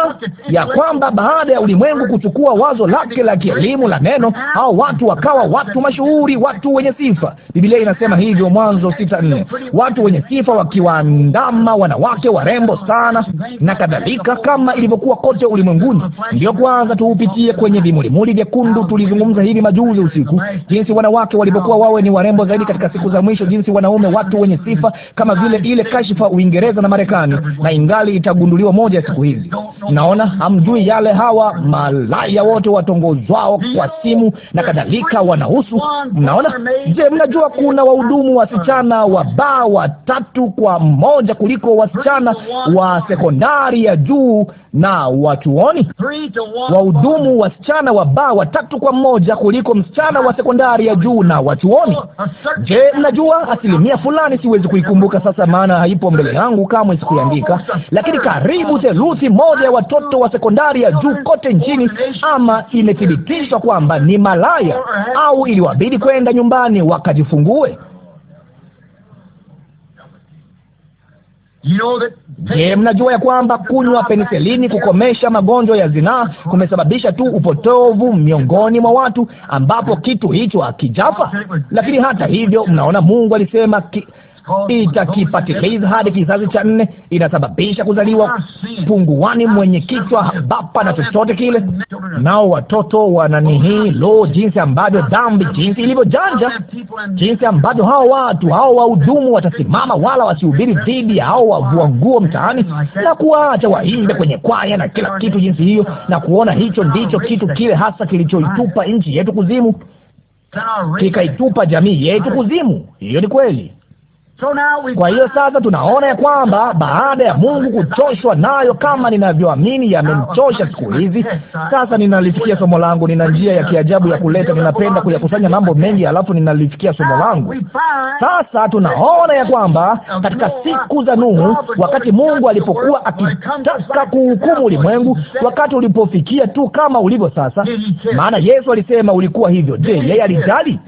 A: ya kwamba baada ya ulimwengu kuchukua wazo lake la kielimu la neno, hao watu wakawa watu mashuhuri, watu wenye sifa. Biblia inasema hivyo, Mwanzo sita nne, watu wenye sifa wakiwaandama wanawake warembo sana na kadhalika, kama ilivyokuwa kote ulimwenguni. Ndiyo kwanza tuupitie kwenye vimulimuli vyekundu. Tulizungumza hivi majuzi usiku, jinsi wanawake walipokuwa wawe ni warembo zaidi katika siku za mwisho, jinsi wanaume, watu wenye sifa kama vile ile kashifa Uingereza na Marekani, na ingali itagunduliwa moja ya siku hizi. Naona hamjui yale hawa malaya wote watongozwao kwa simu na kadhalika wanahusu. Mnaona? Je, mnajua kuna wahudumu wasichana wa baa watatu kwa moja kuliko wasichana wa sekondari ya juu na wachuoni? Wahudumu wasichana wa baa watatu kwa moja kuliko msichana wa sekondari ya juu na wachuoni. Je, mnajua asilimia fulani, siwezi kuikumbuka sasa, maana haipo mbele yangu, kamwe sikuiandika, lakini karibu theluthi moja watoto wa sekondari ya juu kote nchini, ama imethibitishwa kwamba ni malaya au iliwabidi kwenda nyumbani wakajifungue. Je, mnajua ya kwamba kunywa peniselini kukomesha magonjwa ya zinaa kumesababisha tu upotovu miongoni mwa watu, ambapo kitu hicho hakijafa? Lakini hata hivyo, mnaona Mungu alisema ki, itakipatiliza hadi kizazi cha nne, inasababisha kuzaliwa punguani mwenye kichwa bapa na chochote kile. Nao watoto wanani hii lo, jinsi ambavyo dhambi, jinsi ilivyojanja, jinsi ambavyo hao watu hao wahudumu watasimama, wala wasihubiri dhidi ya hao wavua nguo mtaani na kuwaacha waimbe kwenye kwaya na kila kitu jinsi hiyo, na kuona hicho ndicho kitu kile hasa kilichoitupa nchi yetu kuzimu,
B: kikaitupa
A: jamii yetu kuzimu. Hiyo ni kweli. Kwa hiyo sasa tunaona ya kwamba baada ya Mungu kuchoshwa nayo, kama ninavyoamini yamemchosha siku hizi, sasa ninalifikia somo langu. Nina njia ya kiajabu ya kuleta, ninapenda kuyakusanya mambo mengi, alafu ninalifikia somo langu. Sasa tunaona ya kwamba katika siku za Nuhu, wakati Mungu alipokuwa akitaka kuhukumu ulimwengu, wakati ulipofikia tu kama ulivyo sasa, maana Yesu alisema ulikuwa hivyo. Je, yeye alijali?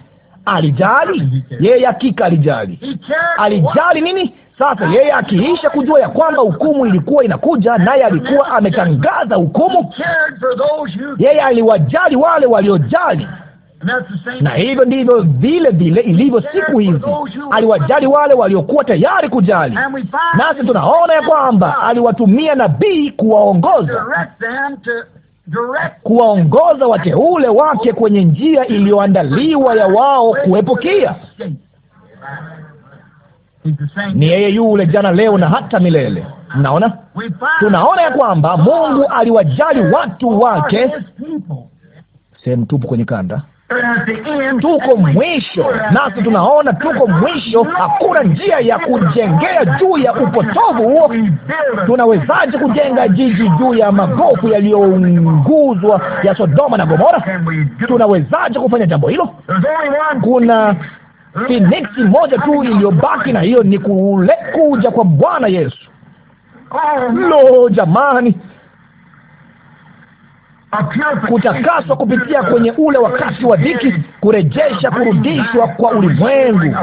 A: alijali yeye, hakika alijali. Alijali nini? Sasa yeye akiisha kujua ya kwamba hukumu ilikuwa inakuja, naye alikuwa ametangaza hukumu. Yeye aliwajali wale waliojali, na hivyo ndivyo vile vile ilivyo siku hizi. Aliwajali wale waliokuwa tayari kujali, nasi tunaona ya kwamba aliwatumia nabii kuwaongoza kuwaongoza wateule wake kwenye njia iliyoandaliwa ya wao kuepukia. Ni yeye yule jana, leo na hata milele. Mnaona, tunaona ya kwamba Mungu aliwajali watu wake. Sehemu tupu kwenye kanda Tuko mwisho, nasi tunaona tuko mwisho. Hakuna njia ya kujengea juu ya upotovu huo. Tunawezaje kujenga jiji juu ya magofu yaliyounguzwa ya Sodoma na Gomora? Tunawezaje kufanya jambo hilo? Kuna Finiksi moja tu iliyobaki, na hiyo ni kule kuja kwa Bwana Yesu. Lo, jamani! kutakaswa kupitia kwenye ule wakati wa dhiki, kurejesha kurudishwa kwa ulimwengu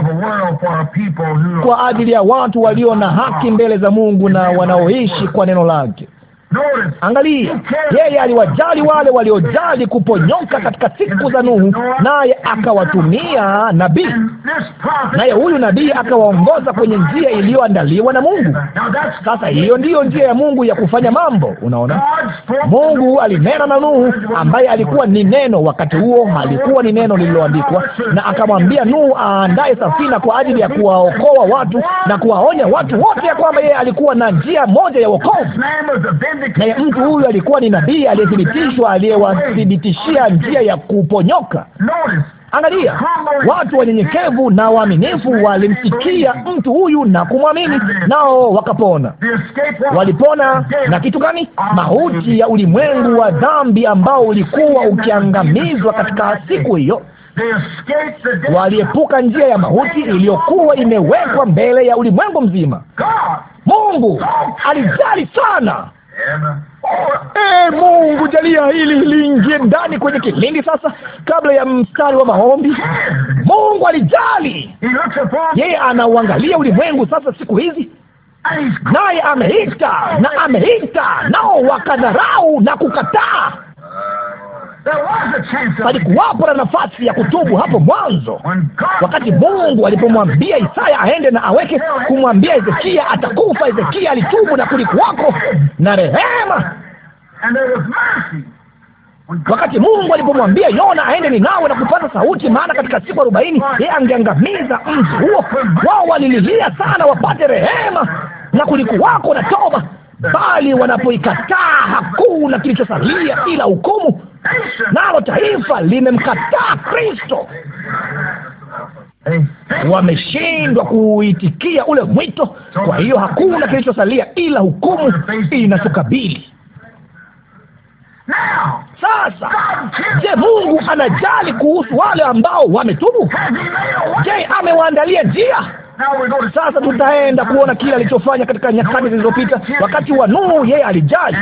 A: kwa ajili ya watu walio na haki mbele za Mungu na wanaoishi kwa neno lake. Angalia, yeye aliwajali wale waliojali kuponyoka katika siku za Nuhu, naye akawatumia nabii,
B: naye huyu nabii
A: akawaongoza kwenye njia iliyoandaliwa na Mungu. Sasa hiyo ndiyo njia ya Mungu ya kufanya mambo. Unaona, Mungu alinena na Nuhu ambaye alikuwa ni neno, wakati huo alikuwa ni neno lililoandikwa, na akamwambia Nuhu aandae safina kwa ajili ya kuwaokoa watu na kuwaonya watu wote ya kwamba yeye alikuwa na njia moja ya wokovu naye mtu huyu alikuwa ni nabii aliyethibitishwa, aliyewathibitishia njia ya kuponyoka. Angalia, watu wanyenyekevu na waaminifu walimsikia mtu huyu na kumwamini, nao wakapona.
B: Walipona
A: na kitu gani? Mauti ya ulimwengu wa dhambi ambao ulikuwa ukiangamizwa katika siku hiyo. Waliepuka njia ya mauti iliyokuwa imewekwa mbele ya ulimwengu mzima. Mungu alijali sana E, Mungu jalia hili liingie ndani kwenye kilindi sasa, kabla ya mstari wa maombi. Mungu alijali, yeye anauangalia ulimwengu sasa siku hizi, naye ameita na ameita, nao wakadharau na kukataa palikuwapo na nafasi ya kutubu hapo mwanzo, wakati Mungu alipomwambia Isaya aende na aweke kumwambia Hezekia atakufa. Hezekia alitubu na kulikuwako na rehema. Wakati Mungu alipomwambia Yona aende Ninawe na kupata sauti, maana katika siku arobaini yeye angeangamiza mji huo, wao walililia sana wapate rehema, na kulikuwako na toba, bali wanapoikataa hakuna kilichosalia ila hukumu nalo taifa limemkataa Kristo. Wameshindwa kuitikia ule mwito. Kwa hiyo hakuna kilichosalia ila hukumu inatukabili. Sasa je, Mungu anajali kuhusu wale ambao wametubu? Je, amewaandalia njia? Sasa tutaenda kuona kile alichofanya katika nyakati zilizopita. Wakati wa Nuhu, yeye alijali,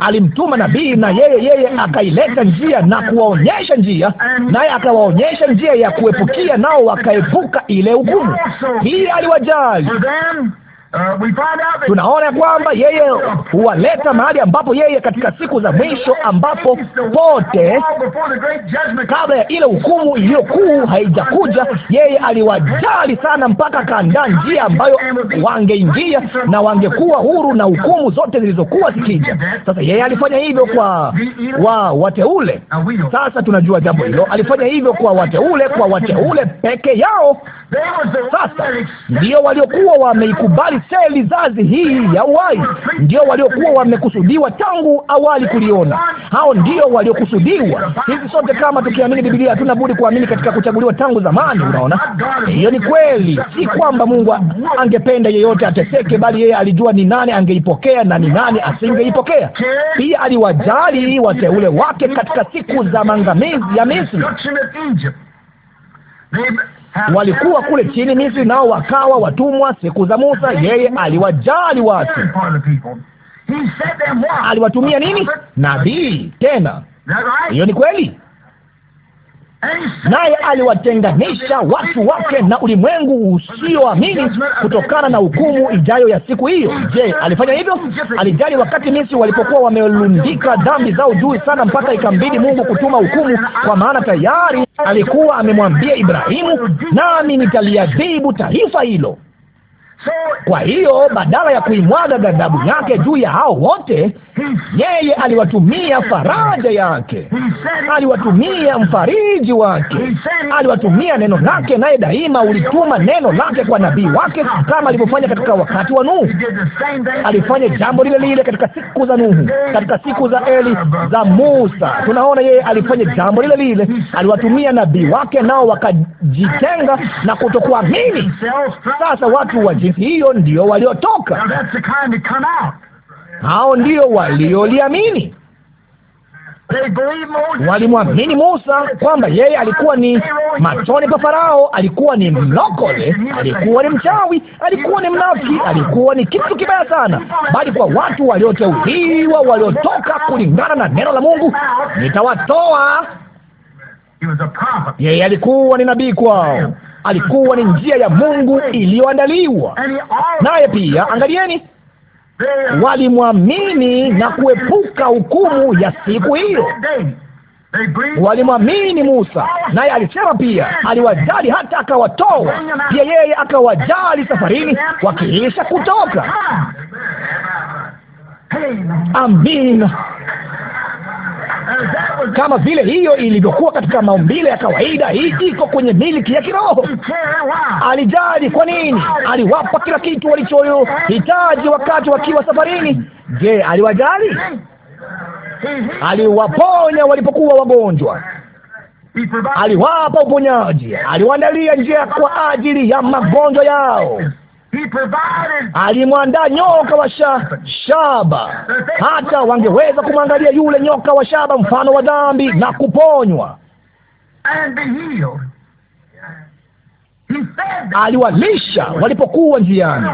A: alimtuma nabii na yeye yeye akaileta njia na kuwaonyesha njia, naye akawaonyesha njia ya kuepukia, nao wakaepuka ile hukumu. Hii aliwajali Uh,
B: tunaona kwamba yeye huwaleta mahali
A: ambapo yeye katika siku za mwisho, ambapo pote kabla ya ile hukumu iliyokuu haijakuja, yeye aliwajali sana mpaka akaandaa njia ambayo wangeingia na wangekuwa huru na hukumu zote zilizokuwa zikija. Sasa yeye alifanya hivyo kwa wa wateule. Sasa tunajua jambo hilo, alifanya hivyo kwa wateule, kwa wateule peke yao. Sasa ndio waliokuwa wameikubali seli vizazi hii ya uhai, ndio waliokuwa wamekusudiwa tangu awali kuliona. Hao ndio waliokusudiwa. Sisi sote kama tukiamini Biblia, hatuna budi kuamini katika kuchaguliwa tangu zamani. Unaona, hiyo ni kweli. Si kwamba Mungu angependa yeyote ateseke, bali yeye alijua ni nani angeipokea na ni nani asingeipokea. Pia aliwajali wateule wake katika siku za maangamizi ya Misri
B: walikuwa kule chini Misri, nao
A: wakawa watumwa siku za Musa. Yeye aliwajali watu, aliwatumia nini? Nabii. Tena hiyo ni kweli naye aliwatenganisha watu wake na ulimwengu usioamini kutokana na hukumu ijayo ya siku hiyo. Je, alifanya hivyo? Alijali wakati Misri walipokuwa wamelundika dhambi zao juu sana, mpaka ikambidi Mungu kutuma hukumu, kwa maana tayari alikuwa amemwambia Ibrahimu, nami nitaliadhibu taifa hilo. Kwa hiyo badala ya kuimwaga ghadhabu yake juu ya hao wote yeye aliwatumia faraja yake, aliwatumia mfariji wake, aliwatumia neno lake, naye daima ulituma neno lake kwa nabii wake, kama alivyofanya katika wakati wa Nuhu. Alifanya jambo lile lile katika siku za Nuhu, katika siku za Eli, za Musa. Tunaona yeye alifanya jambo lile lile, aliwatumia nabii wake, nao wakajitenga na kutokuamini. Sasa watu wa jinsi hiyo ndio waliotoka hao ndio walioliamini.
B: Walimwamini Musa kwamba yeye alikuwa ni machoni
A: pa Farao, alikuwa ni mlokole, alikuwa ni mchawi, alikuwa ni mnafiki, alikuwa ni kitu kibaya sana. Bali kwa watu walioteuliwa, waliotoka kulingana na neno la Mungu, nitawatoa yeye alikuwa ni nabii kwao, alikuwa ni njia ya Mungu iliyoandaliwa.
B: Naye pia angalieni,
A: walimwamini na kuepuka hukumu ya siku hiyo. Walimwamini Musa, naye alisema pia, aliwajali hata akawatoa pia, yeye akawajali safarini, wakiisha kutoka. Amina kama vile hiyo ilivyokuwa katika maumbile ya kawaida. Hii iko kwenye miliki ya kiroho. Alijali kwa nini? Aliwapa kila kitu walichohitaji wakati wakiwa safarini. Je, aliwajali? Aliwaponya walipokuwa wagonjwa, aliwapa uponyaji, aliwaandalia njia kwa ajili ya magonjwa yao alimwandaa nyoka wa sha, shaba hata wangeweza kumwangalia yule nyoka wa shaba, mfano wa dhambi na kuponywa. Aliwalisha walipokuwa njiani,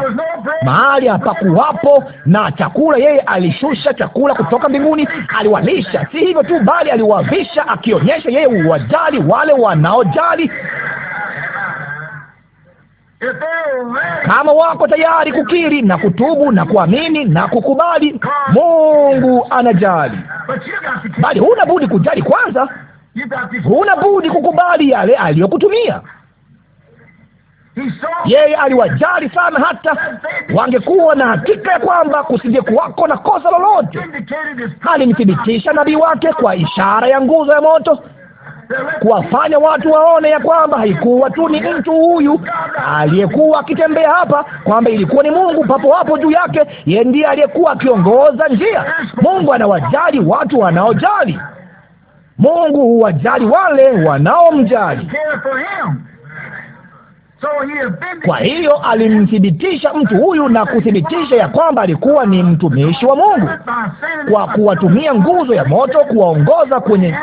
A: mahali hapakuwapo na chakula. Yeye alishusha chakula kutoka mbinguni, aliwalisha. Si hivyo tu, bali aliwavisha, akionyesha yeye uwajali wale wanaojali. Kama wako tayari kukiri na kutubu na kuamini na kukubali, Mungu anajali,
B: bali huna budi kujali kwanza. Huna budi
A: kukubali yale aliyokutumia yeye aliwajali sana, hata wangekuwa na hakika ya kwamba kusingekuwako na kosa lolote. Alimthibitisha nabii wake kwa ishara ya nguzo ya moto, kuwafanya watu waone ya kwamba haikuwa tu ni mtu huyu aliyekuwa akitembea hapa, kwamba ilikuwa ni Mungu papo hapo juu yake. Yeye ndiye aliyekuwa akiongoza njia. Mungu anawajali watu wanaojali. Mungu huwajali wale wanaomjali. Kwa hiyo alimthibitisha mtu huyu na kuthibitisha ya kwamba alikuwa ni mtumishi wa Mungu kwa kuwatumia nguzo ya moto kuwaongoza kwenye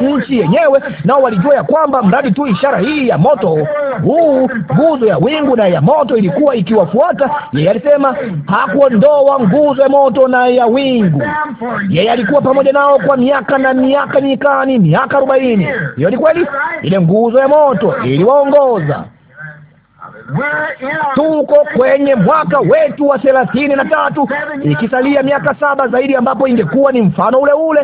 A: nchi yenyewe, nao walijua ya kwamba mradi tu ishara hii ya moto huu, nguzo ya wingu na ya moto ilikuwa ikiwafuata yeye. Alisema hakuondoa nguzo ya moto na ya wingu, yeye alikuwa pamoja nao kwa miaka na miaka nyikani, miaka arobaini. Hiyo ni kweli, ile nguzo ya moto iliwaongoza Tuko kwenye mwaka wetu wa thelathini na tatu, ikisalia miaka saba zaidi, ambapo ingekuwa ni mfano ule ule.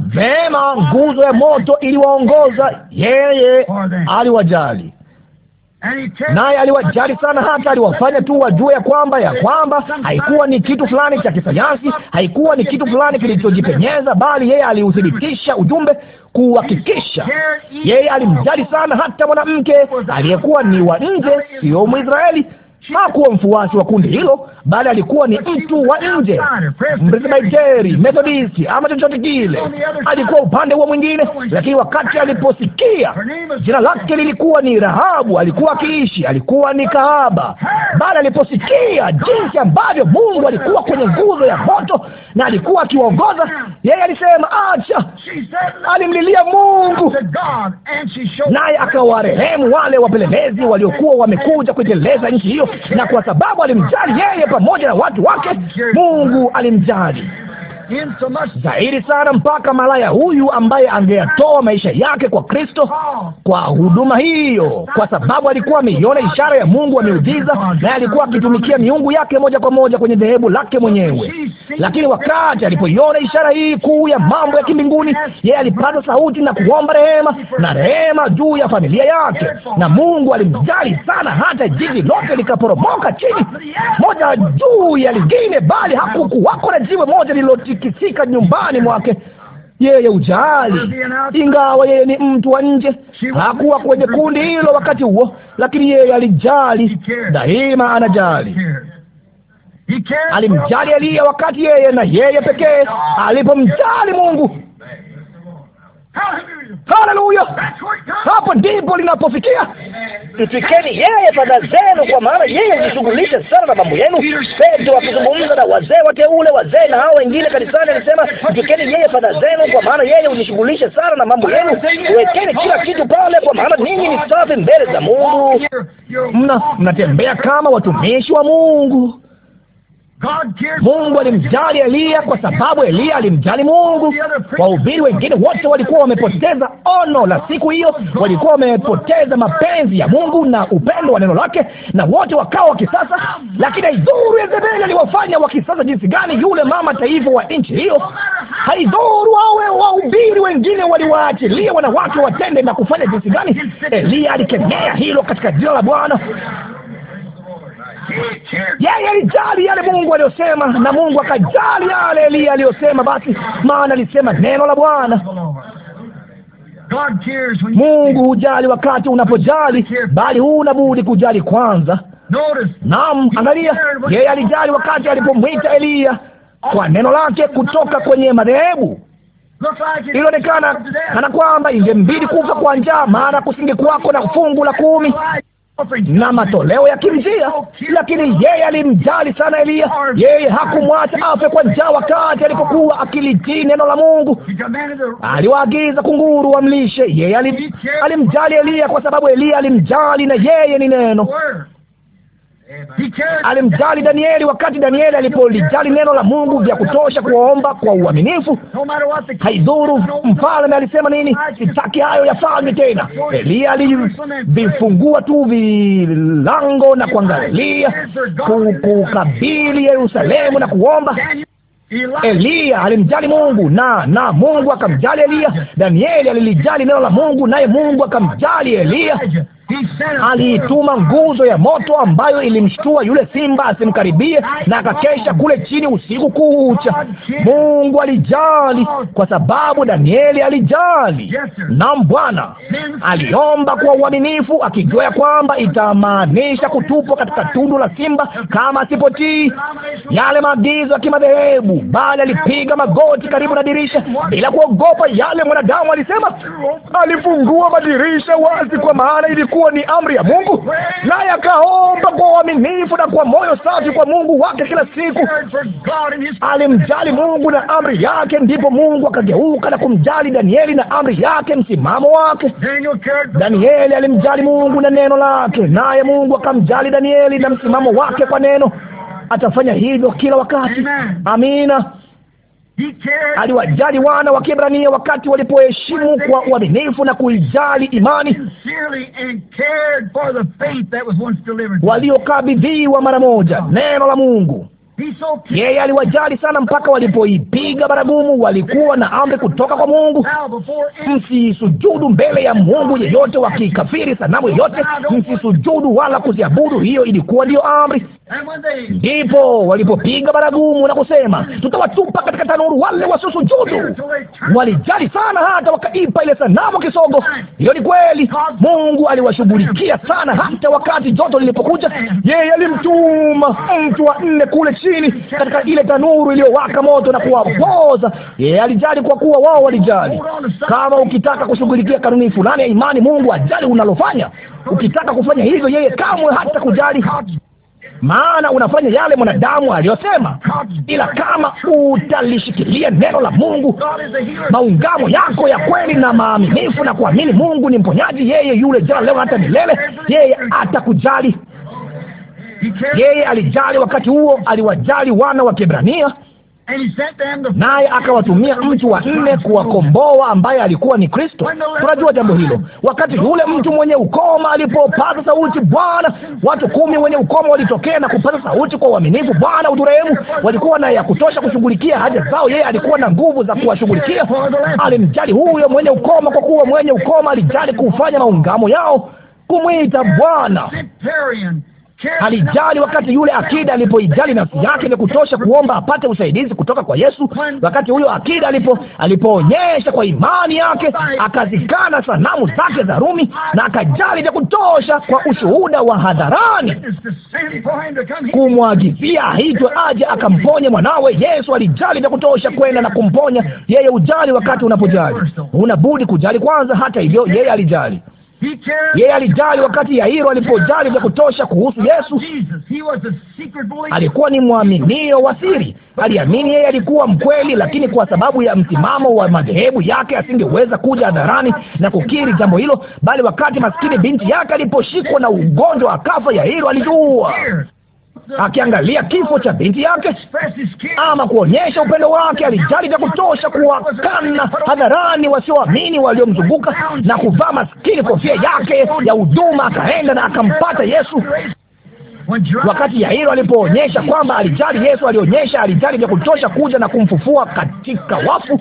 B: Vema,
A: nguzo ya moto iliwaongoza yeye, aliwajali naye aliwajali sana, hata aliwafanya tu wajue ya kwamba ya kwamba haikuwa ni kitu fulani cha kisayansi, haikuwa ni kitu fulani kilichojipenyeza, bali yeye aliuthibitisha ujumbe kuhakikisha yeye alimjali sana hata mwanamke aliyekuwa ni wa nje, sio Mwisraeli, hakuwa mfuasi wa kundi hilo, bali alikuwa ni mtu wa nje, Mpresbiteri, Methodisti ama chochote kile, alikuwa upande huo mwingine. Lakini wakati aliposikia jina lake lilikuwa ni Rahabu, alikuwa akiishi, alikuwa ni kahaba, bali aliposikia jinsi ambavyo Mungu alikuwa kwenye nguzo ya moto na alikuwa akiwaongoza, yeye alisema acha. Alimlilia Mungu, naye akawarehemu wale wapelelezi waliokuwa wamekuja kuiteleza nchi hiyo, na kwa sababu alimjali yeye pamoja na watu wake, Mungu alimjali dhahiri sana, mpaka malaya huyu ambaye angeyatoa maisha yake kwa Kristo kwa huduma hiyo, kwa sababu alikuwa ameiona ishara ya Mungu wa miujiza, naye alikuwa akitumikia miungu yake moja kwa moja kwenye dhehebu lake mwenyewe. Lakini wakati alipoiona ishara hii kuu ya mambo ya kimbinguni, yeye alipata sauti na kuomba rehema na rehema juu ya familia yake, na Mungu alimjali sana, hata jiji lote likaporomoka chini moja juu ya lingine, bali hakukuwako na jiwe moja lililoti anapotikisika nyumbani mwake yeye ujali, ingawa yeye ni mtu wa nje, hakuwa kwenye kundi hilo wakati huo, lakini yeye alijali daima, anajali. Alimjali Eliya wakati yeye na yeye pekee alipomjali Mungu.
B: Haleluya!
A: Hapo ndipo linapofikia. Mtwikeni yeye fadha zenu, kwa maana yeye hujishughulisha sana na mambo yenu. Petro akizungumza na wazee wateule, wazee na hao wengine kanisani, alisema mtwikeni yeye fadha zenu, kwa maana yeye hujishughulisha sana na mambo yenu. Wekeni kila kitu pale, kwa maana ninyi ni safi mbele za Mungu. Mna mnatembea kama watumishi wa Mungu. Mungu alimjali Eliya kwa sababu Eliya alimjali Mungu. Wahubiri wengine wote walikuwa wamepoteza ono la siku hiyo, walikuwa wamepoteza mapenzi ya Mungu na upendo wa neno lake, na wote wakawa wa kisasa. Lakini haidhuru Yezebeli aliwafanya wa kisasa jinsi gani, yule mama taifa wa nchi hiyo, haidhuru awe wahubiri wengine waliwaachilia wanawake watende na kufanya jinsi gani, Eliya alikemea hilo katika jina la Bwana. Yeye alijali yale Mungu aliyosema, na Mungu akajali yale Eliya aliyosema. Basi maana alisema neno la Bwana. Mungu hujali wakati unapojali, bali huu unabudi kujali kwanza. Naam, angalia, yeye alijali wakati alipomwita Eliya kwa neno lake kutoka kwenye madhehebu. Ilionekana kana kwamba ingembidi kufa kwa njaa, maana kusingekuwako na fungu la kumi na matoleo ya kimjia, lakini yeye alimjali sana Eliya. Yeye hakumwacha afe kwa njaa wakati alipokuwa akilitii neno la Mungu. Aliwaagiza kunguru wamlishe. Yeye alimjali Eliya kwa sababu Eliya alimjali, na yeye ni neno Alimjali Danieli wakati Danieli alipolijali neno la Mungu vya kutosha kuomba kwa uaminifu. Haidhuru mfalme alisema nini, sitaki hayo yafanywe tena. Eliya alivifungua tu vilango na kuangalia kukabili Yerusalemu na kuomba.
B: Eliya
A: alimjali Mungu na na Mungu akamjali Eliya. Danieli alilijali neno la Mungu naye Mungu akamjali Eliya aliituma nguzo ya moto ambayo ilimshtua yule simba asimkaribie, na akakesha kule chini usiku kucha. Mungu alijali, kwa sababu Danieli alijali. Naam, Bwana aliomba kwa uaminifu, akijua ya kwamba itamaanisha kutupwa katika tundu la simba kama asipotii yale maagizo ya kimadhehebu, bali alipiga magoti karibu na dirisha bila kuogopa yale mwanadamu alisema. Alifungua madirisha wazi, kwa maana ilikuwa kuwa ni amri ya Mungu, naye akaomba kwa uaminifu na kwa moyo safi kwa Mungu wake kila siku. Alimjali Mungu na amri yake, ndipo Mungu akageuka na kumjali Danieli na amri yake, msimamo wake. Danieli alimjali Mungu na neno lake, naye Mungu akamjali Danieli na msimamo wake kwa neno. Atafanya hivyo kila wakati. Amina aliwajali wana wa Kiebrania wakati walipoheshimu kwa uaminifu na kuijali imani
B: waliokabidhiwa
A: mara moja neno la Mungu. Yeye aliwajali sana mpaka walipoipiga baragumu, walikuwa na amri kutoka kwa Mungu, msisujudu mbele ya Mungu yeyote, wakikafiri sanamu yeyote msisujudu wala kuziabudu. Hiyo ilikuwa ndiyo amri. Ndipo walipopiga baragumu na kusema, tutawatupa katika tanuru wale wasusujudu. Walijali sana hata wakaipa ile sanamu kisogo. Hiyo ni kweli, Mungu aliwashughulikia sana, hata wakati joto lilipokuja, yeye alimtuma mtu wa nne kule chini chini katika ile tanuru iliyowaka moto na kuwapoza. Yeye alijali kwa kuwa wao walijali. Kama ukitaka kushughulikia kanuni fulani ya imani, Mungu ajali unalofanya. Ukitaka kufanya hivyo, yeye kamwe hata kujali maana unafanya yale mwanadamu aliyosema, ila kama utalishikilia neno la Mungu, maungamo yako ya kweli na maaminifu, na kuamini Mungu ni mponyaji, yeye yule jana, leo hata milele, yeye atakujali. Yeye alijali wakati huo, aliwajali wana wa Kiebrania, naye akawatumia mtu wa nne kuwakomboa ambaye alikuwa ni Kristo. Tunajua jambo hilo. Wakati yule mtu mwenye ukoma alipopaza sauti, Bwana, watu kumi wenye ukoma walitokea na kupaza sauti kwa uaminifu, Bwana uturehemu. Walikuwa na ya kutosha kushughulikia haja zao, yeye alikuwa na nguvu za kuwashughulikia. Alimjali huyo mwenye ukoma, kwa kuwa mwenye ukoma alijali kufanya maungamo yao, kumwita Bwana Halijali wakati yule akida alipoijali nafsi yake vya kutosha kuomba apate usaidizi kutoka kwa Yesu, wakati huyo akida alipo alipoonyesha kwa imani yake akazikana sanamu zake za Rumi na akajali vya kutosha kwa ushuhuda wa hadharani
B: kumwagizia aitwe
A: aje akamponye mwanawe. Yesu alijali vya kutosha kwenda na kumponya yeye. Ujali wakati unapojali, unabudi kujali kwanza. Hata hivyo, yeye alijali yeye alijali wakati Yairo alipojali vya kutosha kuhusu Yesu. Alikuwa ni mwaminio wa siri, aliamini yeye alikuwa mkweli, lakini kwa sababu ya msimamo wa madhehebu yake asingeweza kuja hadharani na kukiri jambo hilo. Bali wakati maskini binti yake aliposhikwa na ugonjwa akafa, Yairo alijua akiangalia kifo cha binti yake, ama kuonyesha upendo wake. Alijali vya kutosha kuwakana hadharani wasioamini waliomzunguka, na kuvaa maskini kofia yake ya huduma, akaenda na akampata Yesu. Wakati Yairo alipoonyesha kwamba alijali Yesu, alionyesha alijali vya kutosha kuja na kumfufua katika wafu.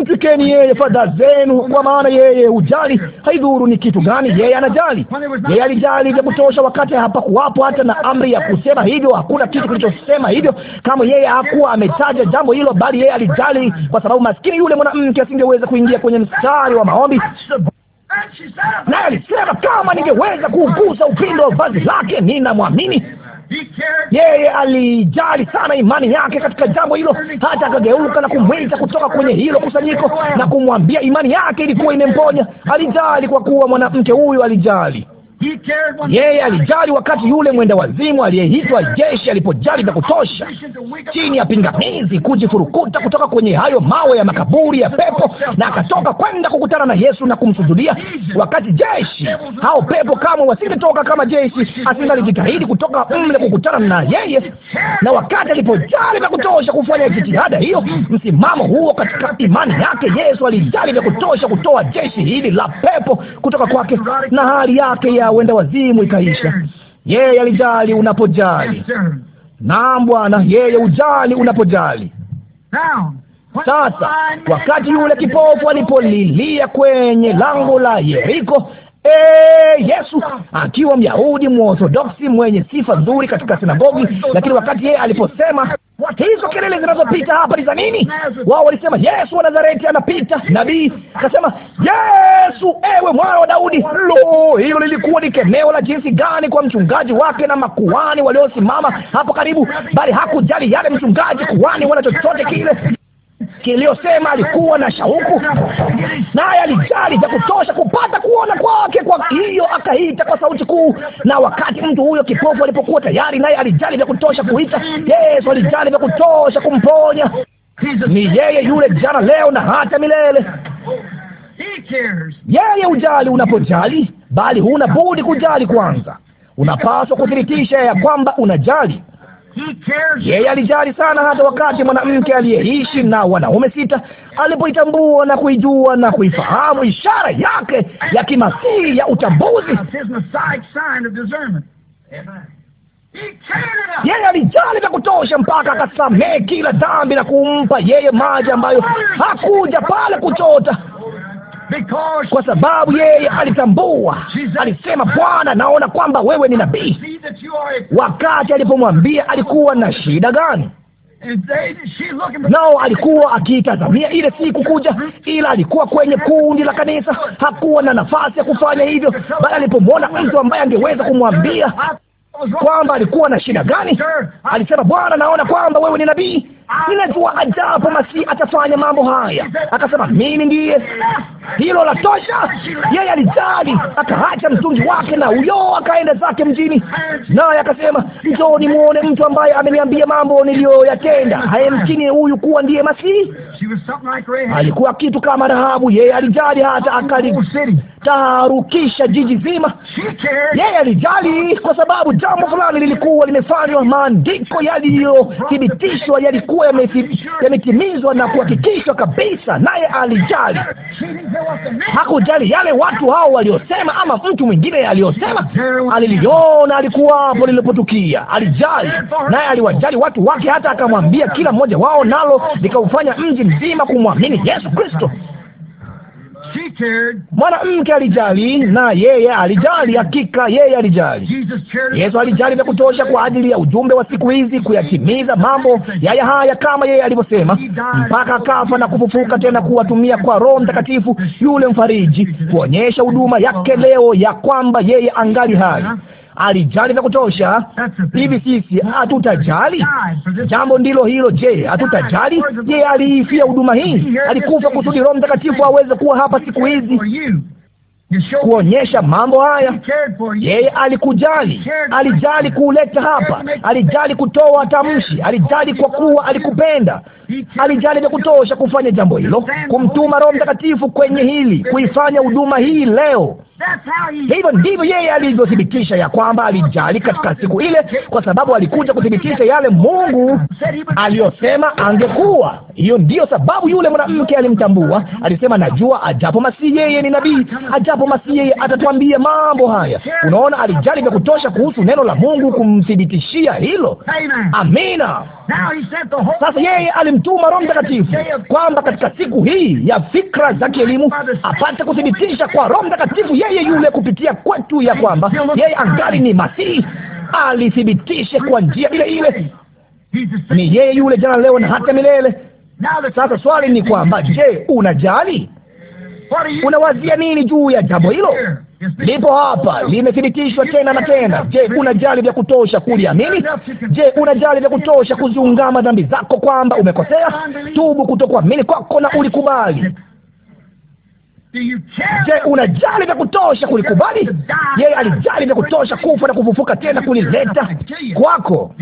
A: Mtwikeni yeye fadha zenu, kwa maana yeye hujali. Haidhuru ni kitu gani, yeye anajali. Yeye alijali vya kutosha wakati hapakuwapo hata na amri ya kusema hivyo. Hakuna kitu kilichosema hivyo kama, yeye hakuwa ametaja jambo hilo, bali yeye alijali, kwa sababu maskini yule mwanamke asingeweza kuingia kwenye mstari wa maombi
B: na alisema kama
A: ningeweza kuugusa upindo wa vazi lake, ninamwamini yeye. Alijali sana imani yake katika jambo hilo, hata akageuka na kumwita kutoka kwenye hilo kusanyiko na kumwambia imani yake ilikuwa imemponya. Alijali kwa kuwa mwanamke huyu alijali. Yeye alijali wakati yule mwenda wazimu aliyehitwa jeshi alipojali vya kutosha, chini ya pingamizi, kujifurukuta kutoka kwenye hayo mawe ya makaburi ya pepo, na akatoka kwenda kukutana na Yesu na kumsujudia. Wakati jeshi hao pepo kamwe wasingetoka, kama jeshi asingalijitahidi kutoka mle kukutana na yeye, na wakati alipojali vya kutosha kufanya jitihada hiyo, msimamo huo katika imani yake, Yesu alijali vya kutosha kutoa jeshi hili la pepo kutoka kwake na hali yake ya huenda wazimu ikaisha. Yeye alijali unapojali. Naam Bwana, yeye ujali unapojali. Sasa wakati yule kipofu alipolilia kwenye lango la Yeriko, Ee Yesu akiwa Myahudi mwaorthodoksi mwenye sifa nzuri katika sinagogi, lakini wakati yeye aliposema hizo kelele zinazopita hapa ni za nini? Wao walisema Yesu wa Nazareti anapita. Nabii akasema Yesu, ewe mwana wa Daudi. Lo, hilo lilikuwa ni kemeo la jinsi gani kwa mchungaji wake na makuhani waliosimama hapo karibu, bali hakujali yale mchungaji, kuhani, wala chochote kile kiliyosema alikuwa na shauku naye alijali vya kutosha kupata kuona kwake. Kwa hiyo akaita kwa sauti kuu, na wakati mtu huyo kipofu alipokuwa tayari, naye alijali vya kutosha kuita. Yesu alijali vya kutosha kumponya. Ni yeye yule jana, leo na hata milele. Yeye ujali unapojali, bali huna budi kujali kwanza. Unapaswa kuthibitisha ya kwamba unajali. Yeye alijali sana, hata wakati mwanamke aliyeishi na wanaume sita alipoitambua na kuijua na kuifahamu ishara yake ya kimasihi ya utambuzi yeye alijali vya kutosha mpaka akasamehe kila dhambi na kumpa yeye maji ambayo hakuja pale kuchota kwa sababu yeye alitambua, alisema, Bwana, naona kwamba wewe ni nabii. Wakati alipomwambia alikuwa na shida gani? Nao alikuwa akiitazamia ile siku kuja, ila alikuwa kwenye kundi la kanisa, hakuwa na nafasi ya kufanya hivyo, bali alipomwona mtu ambaye angeweza kumwambia kwamba alikuwa na shida gani, alisema, Bwana, naona kwamba wewe ni nabii ninajua ajapo Masihi atafanya mambo haya. Akasema mimi ndiye, hilo la tosha. Yeye alijali, akaacha mtungi wake na huyo akaenda zake mjini, naye akasema njoni muone mtu ambaye ameniambia mambo niliyoyatenda. Hayemkini huyu kuwa ndiye Masihi. Alikuwa kitu kama Rahabu, yeye alijali hata akali taarukisha jiji zima. Yeye alijali kwa sababu jambo fulani lilikuwa limefanywa, maandiko yaliyothibitishwa yalikuwa yametimizwa na kuhakikishwa kabisa, naye alijali.
B: Hakujali
A: yale watu hao waliosema ama mtu mwingine aliyosema, aliliona, alikuwa hapo lilipotukia, alijali, naye aliwajali watu wake, hata akamwambia kila mmoja wao, nalo likaufanya mji mzima kumwamini Yesu Kristo. Mwanamke alijali na yeye alijali, hakika yeye alijali. Yesu alijali vya kutosha kwa ajili ya ujumbe wa siku hizi, kuyatimiza mambo yaya haya kama yeye alivyosema, mpaka akafa na kufufuka tena, kuwatumia kwa Roho Mtakatifu yule mfariji, kuonyesha huduma yake leo ya kwamba yeye angali hai alijali vya kutosha. Hivi sisi hatutajali? Jambo ndilo hilo. Je, hatutajali? Yeye aliifia huduma hii, alikufa kusudi Roho Mtakatifu aweze kuwa hapa siku hizi kuonyesha mambo haya. Yeye alikujali, alijali kuuleta hapa, alijali kutoa tamshi, alijali kwa kuwa alikupenda, alijali vya kutosha kufanya jambo hilo, kumtuma Roho Mtakatifu kwenye hili, kuifanya huduma hii leo. Hivyo ndivyo yeye alivyothibitisha ya kwamba alijali katika siku ile, kwa sababu alikuja kuthibitisha yale Mungu aliyosema angekuwa. Hiyo ndiyo sababu yule mwanamke alimtambua. Alisema, najua ajapo Masihi, yeye ni nabii, ajapo Masihi, yeye atatwambia mambo haya. Unaona, alijali vya kutosha kuhusu neno la Mungu kumthibitishia hilo. Amina. Sasa yeye alimtuma Roho Mtakatifu kwamba katika siku hii ya fikra za kielimu apate kuthibitisha kwa Roho Mtakatifu yeye yule kupitia kwetu ya kwamba yeye angali ni Masihi, alithibitishe kwa njia ile ile. Ni yeye yule jana, leo na hata milele. Sasa swali ni kwamba, je, unajali? Unawazia nini juu ya jambo hilo? lipo hapa, limethibitishwa tena na tena. Je, una jali vya kutosha kuliamini? Je, una jali vya kutosha kuziungama dhambi zako kwamba umekosea? Tubu kutokuamini kwako na ulikubali Je, unajali vya kutosha kulikubali? Yeye alijali vya kutosha kufa na kufufuka tena kulileta kwako.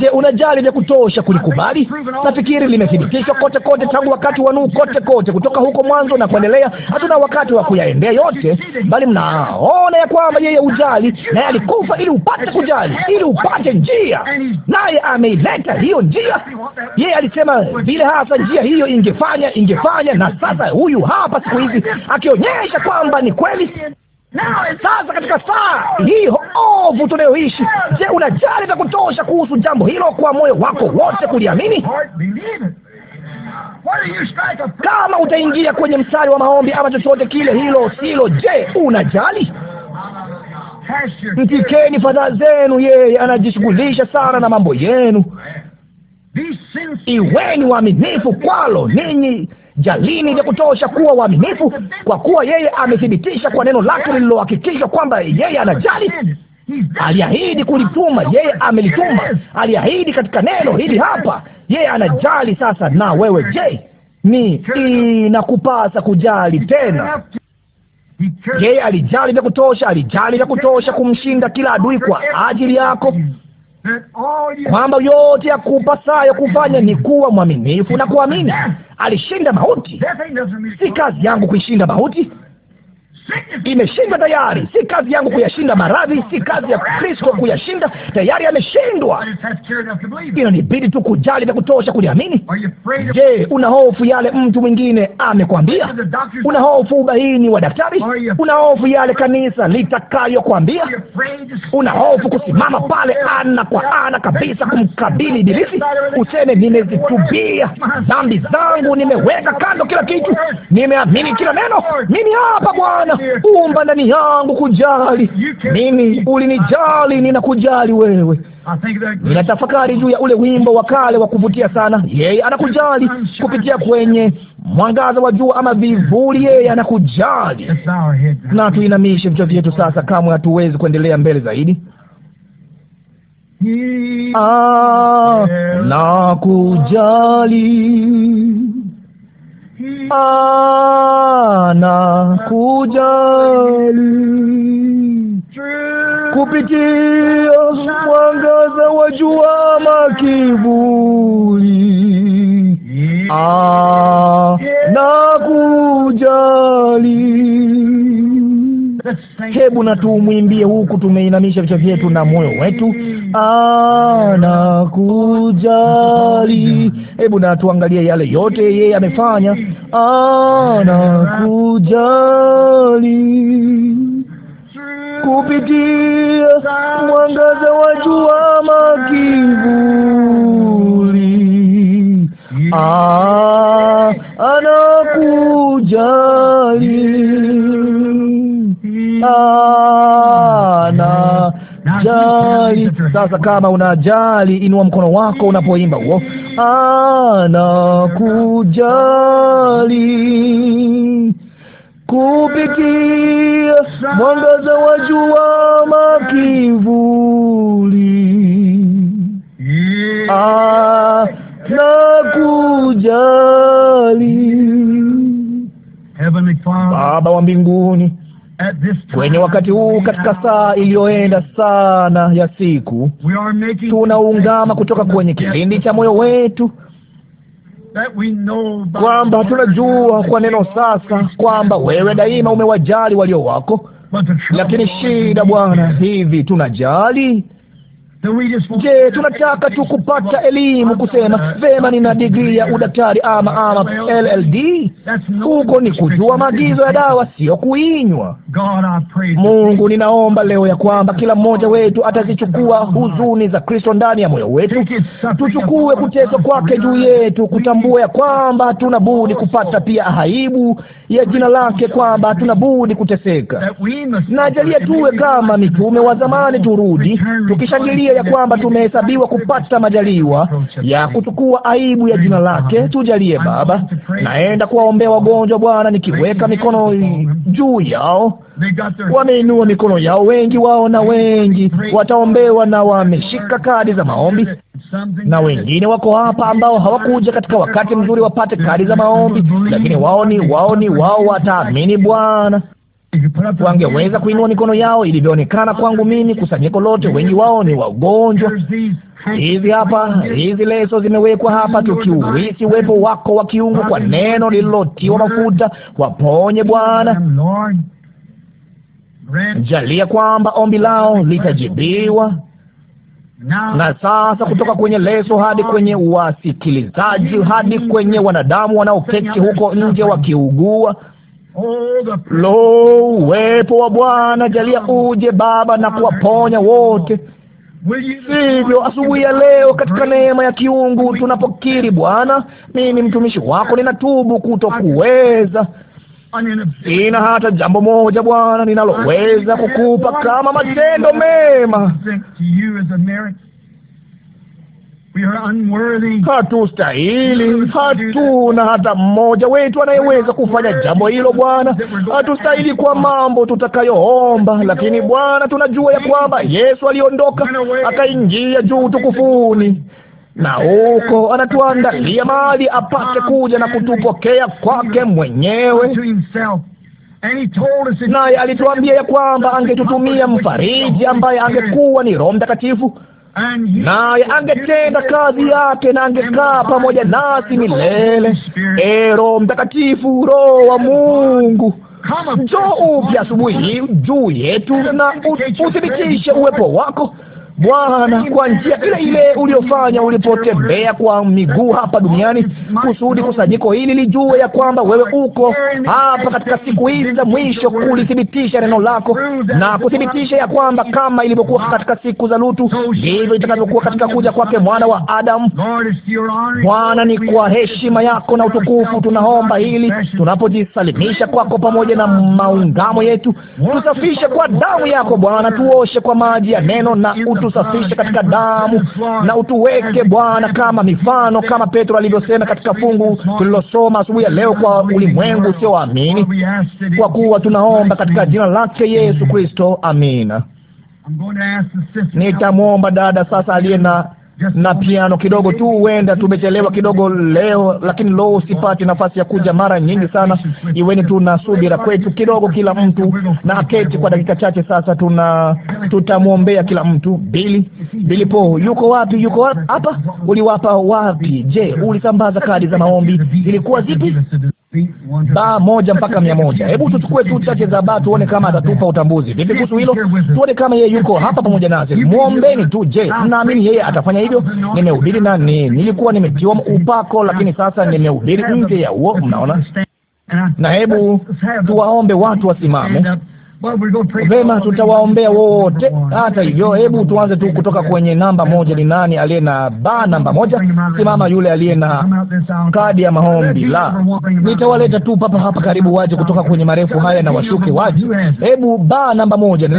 A: Je, unajali vya kutosha kulikubali? Nafikiri limethibitishwa kote kote tangu wakati wa Nuhu, kote kote kutoka huko mwanzo na kuendelea. Hatuna wakati wa kuyaendea yote, bali mnaona ya kwamba yeye ujali, naye alikufa ili upate kujali, ili upate njia, naye ameileta hiyo njia. Yeye alisema vile hasa njia hiyo ingefanya ingefanya, na sasa huyu hapa siku hizi akionyesha kwamba ni kweli. Sasa katika saa hii ovu tunayoishi, je, unajali vya kutosha kuhusu jambo hilo kwa moyo wako wote kuliamini?
B: Kama utaingia kwenye mstari
A: wa maombi ama chochote kile hilo silo, je, unajali?
B: Mtikeni fadha
A: zenu, yeye anajishughulisha sana na mambo yenu. Iweni waaminifu kwalo ninyi Jalini vya kutosha kuwa waaminifu, kwa kuwa yeye amethibitisha kwa neno lake lililohakikishwa kwamba yeye anajali. Aliahidi kulituma, yeye amelituma. Aliahidi katika neno hili hapa, yeye anajali. Sasa na wewe je, ni inakupasa kujali tena? Yeye alijali vya kutosha, alijali vya kutosha kumshinda kila adui kwa ajili yako kwamba yote ya kupasayo kufanya ni kuwa mwaminifu na kuamini. Alishinda mauti, si kazi yangu kuishinda mauti imeshindwa tayari. Si kazi yangu kuyashinda maradhi, si kazi ya Kristo kuyashinda, tayari ameshindwa. Inanibidi tu kujali vya kutosha kuliamini. Je, una hofu yale mtu mwingine amekwambia? Una hofu ubaini wa daktari? Una hofu yale kanisa litakayokwambia? Una hofu kusimama pale ana kwa ana kabisa kumkabili Ibilisi, useme nimezitubia dhambi zangu, nimeweka kando kila kitu, nimeamini kila neno, mimi hapa Bwana umba ndani yangu kujali mimi, ulinijali, ninakujali wewe. Ninatafakari juu ya ule wimbo wa kale wa kuvutia sana. Yeye anakujali kupitia kwenye mwangaza wa jua ama vivuli, yeye anakujali. Na tuinamishe vichwa vyetu sasa, kamwe hatuwezi kuendelea mbele zaidi. Ah, nakujali ana kujali kupitia
B: mwangaza wa jua ama
A: ana ah, kujali Hebu na tuumwimbie huku tumeinamisha vichwa vyetu na moyo wetu. Anakujali. Hebu na tuangalie yale yote yeye amefanya. Anakujali kupitia
B: mwangaza wa jua makivuli. Ah, anakujali
A: sana jali. Sasa kama unajali, inua mkono wako unapoimba huo, anakujali
B: kupitia mwangaza wa jua makivuli, anakujali
A: Baba wa mbinguni kwenye wakati huu katika saa iliyoenda sana ya siku, tunaungama kutoka kwenye kilindi cha moyo wetu kwamba tunajua kwa neno sasa kwamba wewe daima umewajali walio wako, lakini shida Bwana, hivi tunajali? Je, tunataka tu kupata elimu kusema vema, nina digrii ya udaktari ama ama LLD? Huko ni kujua maagizo ya dawa, sio kuinywa. Mungu, ninaomba leo ya kwamba kila mmoja wetu atazichukua huzuni za Kristo ndani ya moyo wetu, tuchukue kuteswa kwake juu yetu, kutambua ya kwamba hatuna budi kupata pia aibu ya jina lake kwamba hatuna budi kuteseka. najalia tuwe kama mitume wa zamani, turudi tukishangilia ya kwamba tumehesabiwa kupata majaliwa ya kuchukua aibu ya jina lake. Tujalie Baba, naenda kuwaombea wagonjwa Bwana, nikiweka mikono juu yao wameinua mikono yao, wengi wao, na wengi wataombewa, na wameshika kadi za maombi, na wengine wako hapa ambao hawakuja katika wakati mzuri wapate kadi za maombi, lakini wao ni wao ni wao wataamini Bwana. Wangeweza kuinua mikono yao ilivyoonekana kwangu mimi, kusanyiko lote, wengi wao ni wagonjwa. Hizi hapa, hizi leso zimewekwa hapa, tukiuhisi uwepo wako wa kiungu kwa neno lililotiwa mafuta. Waponye Bwana, jalia kwamba ombi lao litajibiwa na sasa kutoka kwenye leso hadi kwenye wasikilizaji hadi kwenye wanadamu wanaoketi huko nje wakiugua. Lo, uwepo wa Bwana jalia uje Baba na kuwaponya wote, sivyo? Asubuhi ya leo katika neema ya kiungu tunapokiri, Bwana, mimi mtumishi wako ninatubu kutokuweza Nina hata jambo moja Bwana ninaloweza kukupa kama matendo mema. Hatustahili, hatuna hata mmoja wetu anayeweza kufanya jambo hilo Bwana. Hatustahili kwa mambo tutakayoomba, lakini Bwana, tunajua ya kwamba Yesu aliondoka akaingia juu tukufuni, na huko anatuandalia mahali apate kuja na kutupokea kwake mwenyewe. Naye alituambia ya kwamba angetutumia mfariji ambaye angekuwa ni Roho Mtakatifu, naye angetenda kazi yake na angekaa pamoja nasi milele. E Roho Mtakatifu, Roho wa Mungu, njoo upya asubuhi juu yetu na uthibitishe uwepo wako Bwana, kwa njia ile ile uliyofanya ulipotembea kwa miguu hapa duniani, kusudi kusanyiko hili lijue ya kwamba wewe uko hapa katika siku hizi za mwisho, kulithibitisha neno lako na kuthibitisha ya kwamba kama ilivyokuwa katika siku za Lutu, ndivyo itakavyokuwa katika kuja kwake mwana wa Adamu. Bwana, ni kwa heshima yako na utukufu tunaomba hili, tunapojisalimisha kwako pamoja na maungamo yetu, tusafishe kwa damu yako Bwana, tuoshe kwa maji ya neno na utu utusafishe katika damu na utuweke Bwana kama mifano, kama Petro alivyosema katika fungu tulilosoma asubuhi ya leo, kwa ulimwengu usioamini, kwa kuwa tunaomba katika jina lake Yesu Kristo, amina. Nitamwomba dada sasa aliye na na piano kidogo tu. Huenda tumechelewa kidogo leo, lakini lo, sipati nafasi ya kuja mara nyingi sana. Iweni tu na subira kwetu kidogo, kila mtu na aketi kwa dakika chache. Sasa tuna tutamwombea kila mtu. Bili Bili po yuko wapi? Yuko hapa. Uliwapa wapi? Je, ulisambaza kadi za maombi Ilikuwa zipi? Baa moja mpaka mia moja. Hebu tuchukue tu chache za baa, tuone kama atatupa utambuzi. Vipi kuhusu hilo? Tuone kama yeye yuko hapa pamoja nasi. Muombeni tu. Je, mnaamini yeye atafanya hivyo nimehubiri na ni, nilikuwa nimetiwa upako, lakini sasa nimehubiri nje ya huo, mnaona. Na hebu tuwaombe watu wasimame. Vema, tutawaombea wote. Hata hivyo, hebu tuanze tu kutoka kwenye namba moja. Ni nani aliye na ba namba moja? Simama yule aliye na kadi ya maombi. La, nitawaleta tu papa hapa karibu, waje kutoka kwenye marefu haya na washuke waje. Hebu ba namba moja, ni,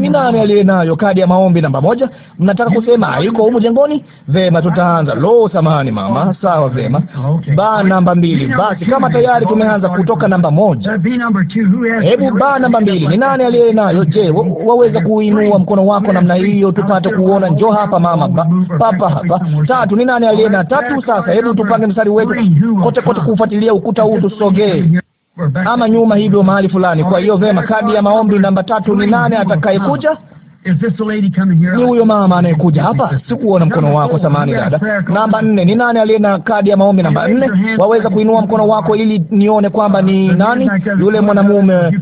A: ni nani aliye nayo kadi ya maombi namba moja? Mnataka kusema hayuko humu jengoni? Vema, tutaanza. Lo, samahani mama. Sawa, vema. Ba namba mbili. Basi kama tayari tumeanza kutoka namba moja, hebu ba namba mbili ni nani aliye nayo? Je, waweza kuinua mkono wako namna hiyo tupate kuona? Njoo hapa mama, papa hapa. Tatu, ni nani aliye na tatu? Sasa hebu tupange mstari wetu kote kote, kufuatilia ukuta huu, tusogee ama nyuma hivyo mahali fulani. Kwa hiyo vema, kadi ya maombi namba tatu, ni nani atakayekuja? ni huyo mama anayekuja hapa. Sikuona mkono wako samani, dada. Namba nne ni nani aliye na kadi ya maombi namba nne? Waweza kuinua mkono wako ili nione kwamba ni nani yule mwanamume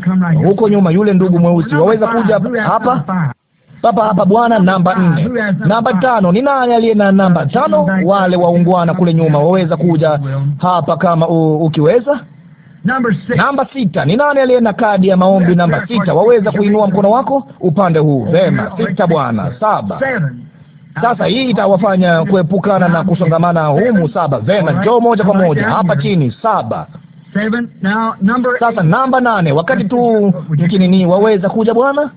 A: huko nyuma, yule ndugu mweusi. Waweza kuja hapa Papa hapa bwana, namba nne. Namba tano ni nani aliye na namba tano? Wale waungwana kule nyuma, waweza kuja hapa kama u, ukiweza Namba sita, ni nani aliye na kadi ya maombi namba sita? Waweza kuinua mkono wako upande huu. Vema, sita Bwana. Saba. Sasa hii itawafanya kuepukana na kusongamana humu. Saba. Vema, njoo moja kwa moja hapa chini. Saba. Sasa namba nane, wakati tu mkinini, waweza kuja Bwana.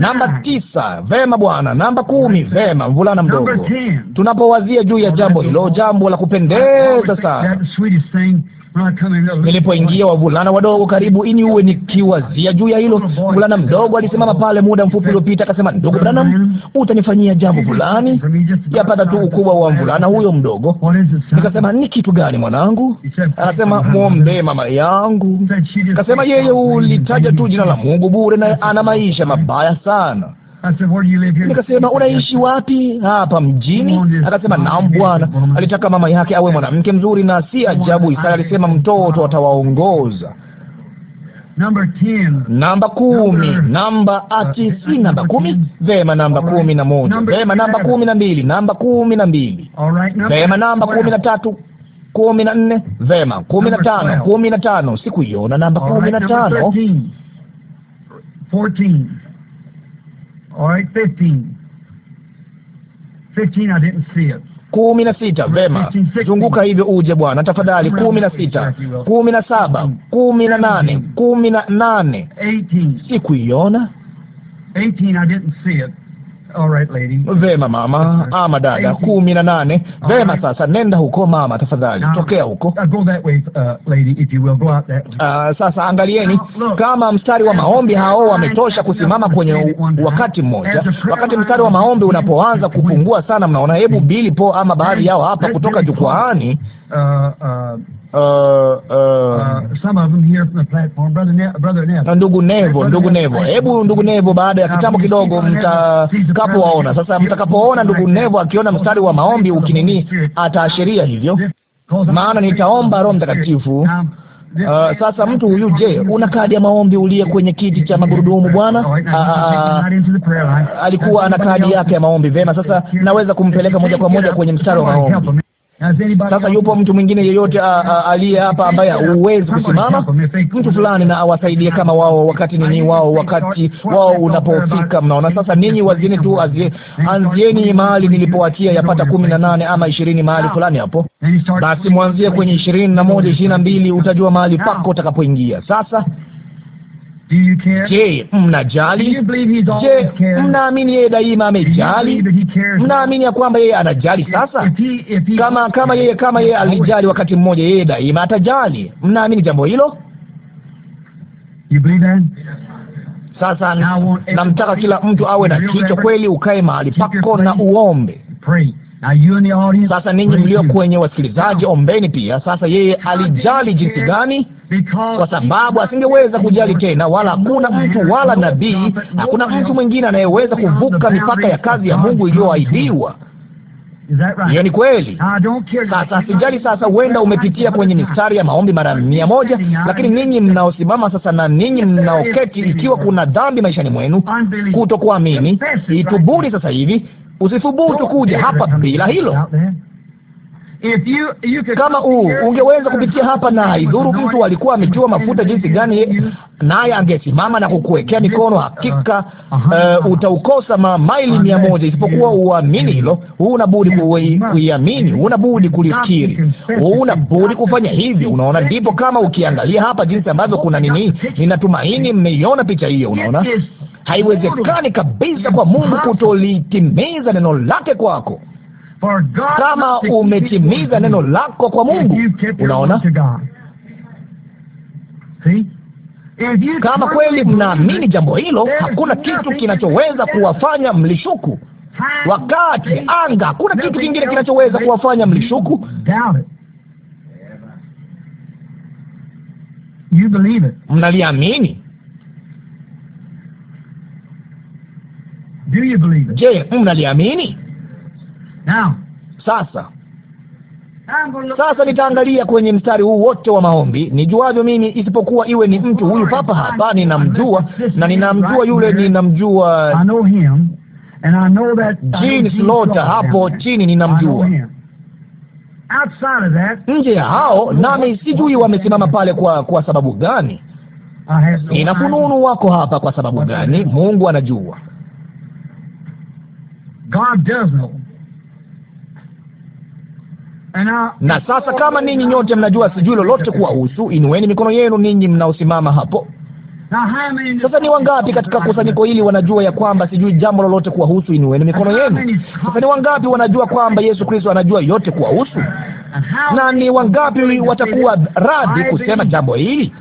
A: Namba tisa, vema Bwana. Namba kumi, vema mvulana mdogo. Tunapowazia juu ya jambo hilo, jambo la kupendeza sana Nilipoingia wavulana wadogo karibu ini uwe nikiwazia juu ya hilo, mvulana mdogo alisimama pale muda mfupi uliopita, akasema, ndugu Branham, utanifanyia jambo fulani, yapata tu ukubwa wa mvulana huyo mdogo. Nikasema, ni kitu gani mwanangu? Anasema, mwombee mama yangu. Akasema, yeye ulitaja tu jina la Mungu bure, na ana maisha mabaya sana. Nikasema, unaishi wapi? Hapa mjini? Akasema, naam bwana. Alitaka mama yake awe mwanamke mzuri, na si ajabu Isaya alisema mtoto atawaongoza. Namba kumi, namba uh, ati uh, si namba kumi? Vema, namba kumi na moja. Vema, namba kumi na mbili. Namba kumi na mbili.
B: Vema, namba kumi na
A: tatu kumi na nne. Vema, kumi na tano. Kumi na tano, sikuiona namba kumi na tano kumi na sita. Vema, zunguka hivyo uje Bwana tafadhali. kumi na sita, kumi na saba, kumi na nane, kumi na nane. Sikuiona Vema mama ama dada, kumi na nane. Vema, sasa nenda huko mama, tafadhali tokea huko. sasa angalieni kama mstari wa maombi hao wametosha kusimama kwenye wakati mmoja. Wakati mstari wa maombi unapoanza kupungua sana, mnaona, hebu Bili po ama baadhi yao hapa kutoka jukwaani
B: Uh, uh, uh,
A: ndugu Nevo, ndugu Nevo, hebu ndugu Nevo, baada ya kitambo kidogo, mtakapowaona sasa, mtakapoona ndugu Nevo akiona mstari wa maombi ukinini, ataashiria hivyo, maana nitaomba Roho Mtakatifu. Uh, sasa mtu huyu, je, una kadi ya maombi uliye kwenye kiti cha magurudumu bwana? Ah, ah, alikuwa ana kadi yake ya maombi. Vema, sasa naweza kumpeleka moja kwa moja kwenye mstari wa maombi. Sasa yupo mtu mwingine yeyote aliye hapa ambaye huwezi kusimama, mtu fulani, na awasaidie kama wao, wakati nini wao, wakati wao unapofika. Mnaona sasa, ninyi wazieni tu, anzieni mahali nilipoachia, yapata kumi na nane ama ishirini mahali fulani hapo. Basi mwanzie kwenye ishirini na moja, ishirini na mbili, utajua mahali pako utakapoingia sasa. Je, mnajali? Je, mnaamini yeye daima amejali? Mnaamini ya kwamba yeye anajali sasa? Kama kama yeye kama yeye alijali wakati mmoja, yeye daima atajali. Mnaamini jambo hilo? Sasa namtaka kila mtu awe na kicho kweli, ukae mahali pako na uombe. Sasa ninyi mlio kwenye wasikilizaji, ombeni pia. Sasa yeye alijali jinsi gani? kwa sababu asingeweza kujali tena, wala hakuna mtu wala nabii, hakuna mtu mwingine anayeweza kuvuka mipaka ya kazi ya Mungu iliyoahidiwa. Hiyo ni kweli. Sasa sijali. Sasa huenda umepitia kwenye mistari ya maombi mara mia moja, lakini ninyi mnaosimama sasa na ninyi mnaoketi, ikiwa kuna dhambi maishani mwenu, kutokuamini, itubuni sasa hivi. Usithubutu kuja hapa bila hilo kama u ungeweza kupitia hapa na haidhuru mtu alikuwa ametiwa mafuta jinsi gani, naye angesimama na kukuwekea mikono, hakika uh, uh utaukosa maili mia moja isipokuwa uamini hilo. Huna budi kuiamini, huna budi kulikiri, huna budi kufanya hivyo. Unaona, ndipo kama ukiangalia hapa jinsi ambavyo kuna nini, ninatumaini mmeiona picha hiyo. Unaona, haiwezekani kabisa kwa Mungu kutolitimiza neno lake kwako kama umetimiza neno lako kwa Mungu. Unaona, kama kweli mnaamini jambo hilo, hakuna kitu kinachoweza kuwafanya mlishuku wakati anga, hakuna kitu kingine kinachoweza kuwafanya mlishuku. Mnaliamini? Je, mnaliamini? Sasa sasa nitaangalia kwenye mstari huu wote wa maombi nijuavyo mimi, isipokuwa iwe ni mtu huyu papa hapa, ninamjua na ninamjua yule, ninamjua Gene Slaughter hapo chini, ninamjua nje ya hao, nami sijui wamesimama pale kwa kwa sababu gani. Inafununu wako hapa kwa sababu gani? Mungu anajua. God does know. Na sasa kama ninyi nyote mnajua sijui lolote kuwahusu, inueni mikono yenu ninyi mnaosimama hapo. Sasa ni wangapi katika kusanyiko hili wanajua ya kwamba sijui jambo lolote kuwahusu? Inueni mikono yenu. Sasa ni wangapi wanajua kwamba Yesu Kristo anajua yote kuwahusu? Na ni wangapi watakuwa radhi kusema jambo hili?